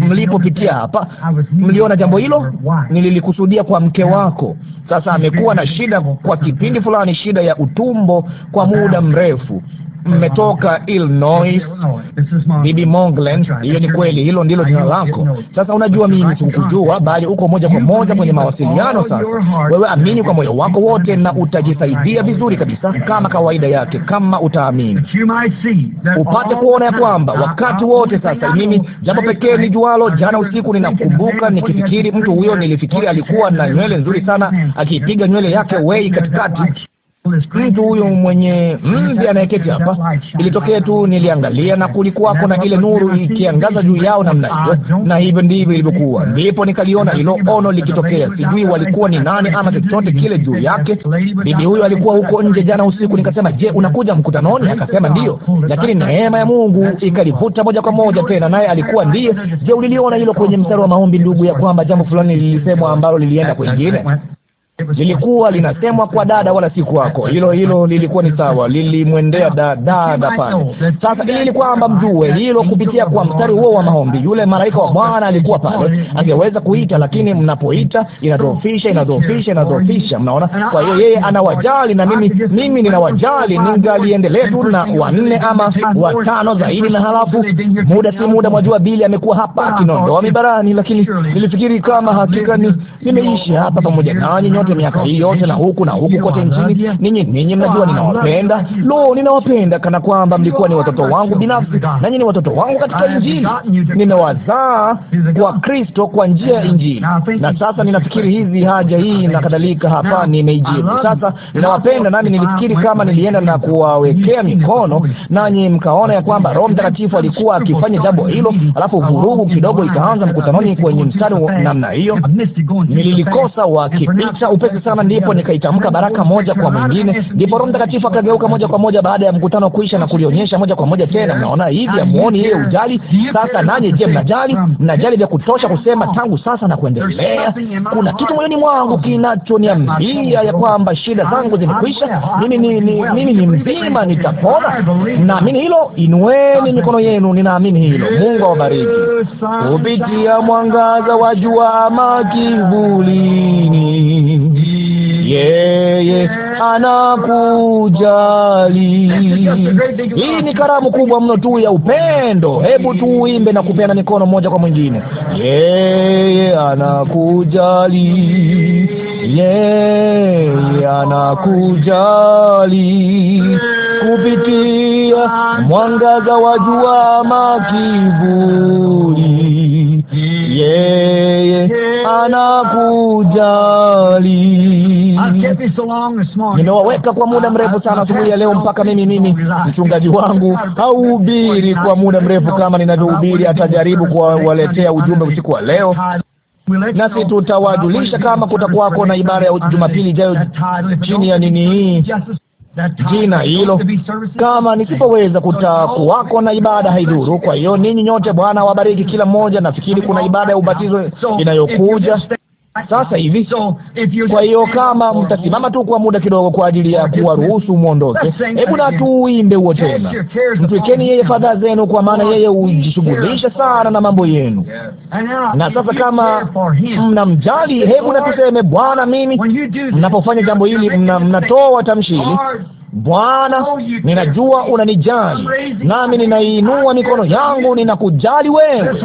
A: Mlipopitia hapa,
B: mliona jambo hilo,
A: nililikusudia kwa mke wako. Sasa amekuwa na shida kwa kipindi fulani, shida ya utumbo kwa muda mrefu mmetoka Illinois, bibi Monglen. Hiyo ni kweli, hilo ndilo jina lako. Sasa unajua mimi sikukujua, bali uko moja kwa moja kwenye mawasiliano. Sasa wewe amini kwa moyo wako wote, na utajisaidia vizuri kabisa, kama kawaida yake, kama utaamini, upate kuona ya kwamba wakati wote. Sasa mimi jambo pekee ni jualo, jana usiku ninakumbuka nikifikiri mtu huyo, nilifikiri alikuwa na nywele nzuri sana, akiipiga nywele yake wei katikati mtu huyu mwenye mvi anayeketi hapa, ilitokea tu niliangalia, na kulikuwako na ile nuru ikiangaza juu yao namna hiyo, na hivyo ndivyo ilivyokuwa. Ndipo nikaliona ilo ono likitokea, sijui walikuwa ni nani ama chochote kile juu yake. Bibi huyu alikuwa huko nje jana usiku, nikasema, je, unakuja mkutanoni? Akasema ndiyo, lakini neema ya Mungu ikalivuta moja kwa moja tena, naye alikuwa ndiye. Je, uliliona hilo kwenye mstari wa maombi, ndugu, ya kwamba jambo fulani lilisemwa ambalo lilienda kwingine? lilikuwa linasemwa kwa dada wala si kwako. Hilo hilo lilikuwa ni sawa, lilimwendea da, dada pale. Sasa ili kwamba mjue hilo kupitia kwa mstari huo wa maombi, yule malaika wa Bwana alikuwa pale, angeweza kuita, lakini mnapoita inadhoofisha, inadhoofisha, inadhoofisha. Mnaona? Kwa hiyo yeye anawajali na mimi, mimi ninawajali. Ningaliendelea tu na wanne ama watano zaidi, na halafu muda si muda, mwajua Bili amekuwa hapa akinondoa mibarani, lakini nilifikiri kama hakika ni nimeishi hapa pamoja nanyi wake miaka hii yote na huku na huku kote nchini. Ninyi ninyi mnajua ninawapenda, lo, ninawapenda kana kwamba mlikuwa ni watoto wangu binafsi, nanyi ni watoto wangu katika Injili. Nimewazaa kwa Kristo kwa njia ya Injili, na sasa ninafikiri hizi haja hii na kadhalika. Hapa nimeijibu sasa, ninawapenda nami nilifikiri kama nilienda na kuwawekea mikono, nanyi mkaona ya kwamba Roho Mtakatifu alikuwa akifanya jambo hilo, alafu vurugu kidogo ikaanza mkutanoni kwenye mstari namna hiyo, nililikosa wakipita upesi sana, ndipo nikaitamka baraka moja kwa mwingine, ndipo Roho Mtakatifu akageuka moja kwa moja baada ya mkutano kuisha na kulionyesha moja kwa moja tena. Mnaona hivi, amuoni yeye ujali. Sasa nanyi je, mnajali? Mnajali vya kutosha kusema tangu sasa na kuendelea, kuna kitu moyoni mwangu kinachoniambia ya kwamba shida zangu zimekwisha, mimi ni, ni, mimi ni mzima, nitapona. Naamini hilo, inueni mikono yenu, ninaamini hilo. Mungu awabariki kupitia mwangaza wa jua ama kivulini
B: yeye
A: anakujali. Hii ni karamu kubwa mno tu ya upendo. Hebu tuimbe na kupeana mikono moja kwa mwingine. Yeye anakujali,
B: yeye anakujali kupitia mwangaza wa jua makivuli
A: yeye anakujali. Nimewaweka kwa muda mrefu sana asubuhi ya leo, mpaka mimi mimi mchungaji wangu hauhubiri kwa muda mrefu kama ninavyohubiri, atajaribu kuwaletea ujumbe usiku wa leo nasi tutawajulisha kama kutakuwako na ibada ya Jumapili ijayo chini ya nini hii jina hilo, kama nisipoweza kutakuwako na ibada haidhuru. Kwa hiyo ninyi nyote, Bwana wabariki kila mmoja. Nafikiri kuna ibada ya ubatizo inayokuja sasa hivi. Kwa hiyo kama mtasimama tu kwa muda kidogo kwa ajili ya kuwaruhusu mwondoke, hebu na tuuimbe huo tena. Mtwikeni yeye fadhaa zenu, kwa maana yeye hujishughulisha sana na mambo yenu.
B: Na sasa kama
A: mnamjali, hebu na tuseme, Bwana, mimi mnapofanya jambo hili, mnatoa mna tamshi hili Bwana, oh, ninajua unanijali, nami ninaiinua mikono yangu, ninakujali wewe.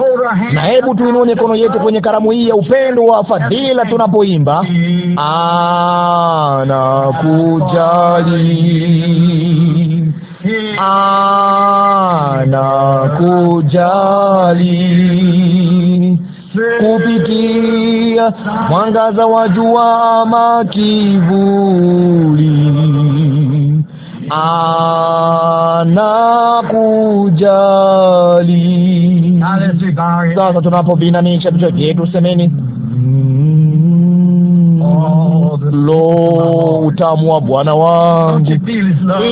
A: Na hebu tuinue mikono yetu kwenye karamu hii ya upendo wa fadhila, tunapoimba anakujali, anakujali
B: kupitia mwangaza wa jua ama kivuli,
A: anakujali. Sasa tunapobinanisha vichwa vyetu, semeni Lo, utamu wa Bwana wangu!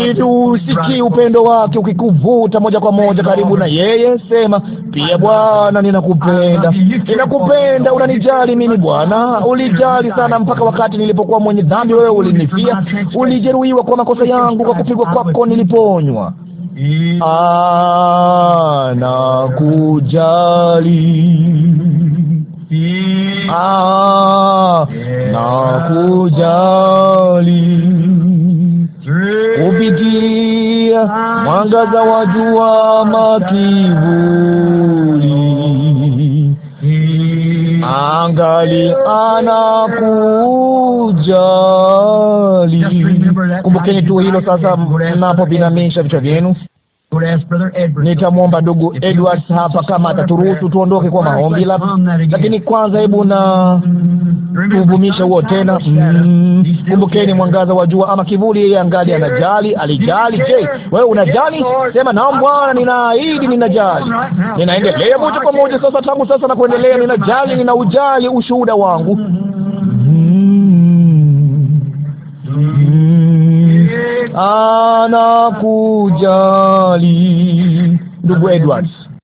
A: Ili usikie upendo wake ukikuvuta moja kwa moja karibu na yeye. Sema pia Bwana, ninakupenda, ninakupenda, unanijali mimi. Bwana, ulijali sana mpaka wakati nilipokuwa mwenye dhambi, wewe ulinifia. Ulijeruhiwa kwa makosa yangu, kwa kupigwa kwako niliponywa.
B: Anakujali. Ah, ah, na kujali kupitia mwangaza wa jua makivuli,
A: angali anakujali. Kumbukeni tu hilo sasa, mnapo vinamisha vichwa vyenu. Nitamwomba ndugu Edwards hapa kama ataturuhusu tuondoke kwa maombi la, lakini kwanza, hebu na mm. tuvumishe huo tena. Mm. Kumbukeni, mwangaza wa jua ama kivuli, yeye angali anajali. Alijali. Je, wewe unajali? Sema naam, Bwana, ninaahidi ninajali. Ninaendelea moja kwa moja sasa, tangu sasa na kuendelea, ninajali, ninaujali ushuhuda wangu. Mm-hmm.
B: mm. Mm. anakujali. Ndugu Edwards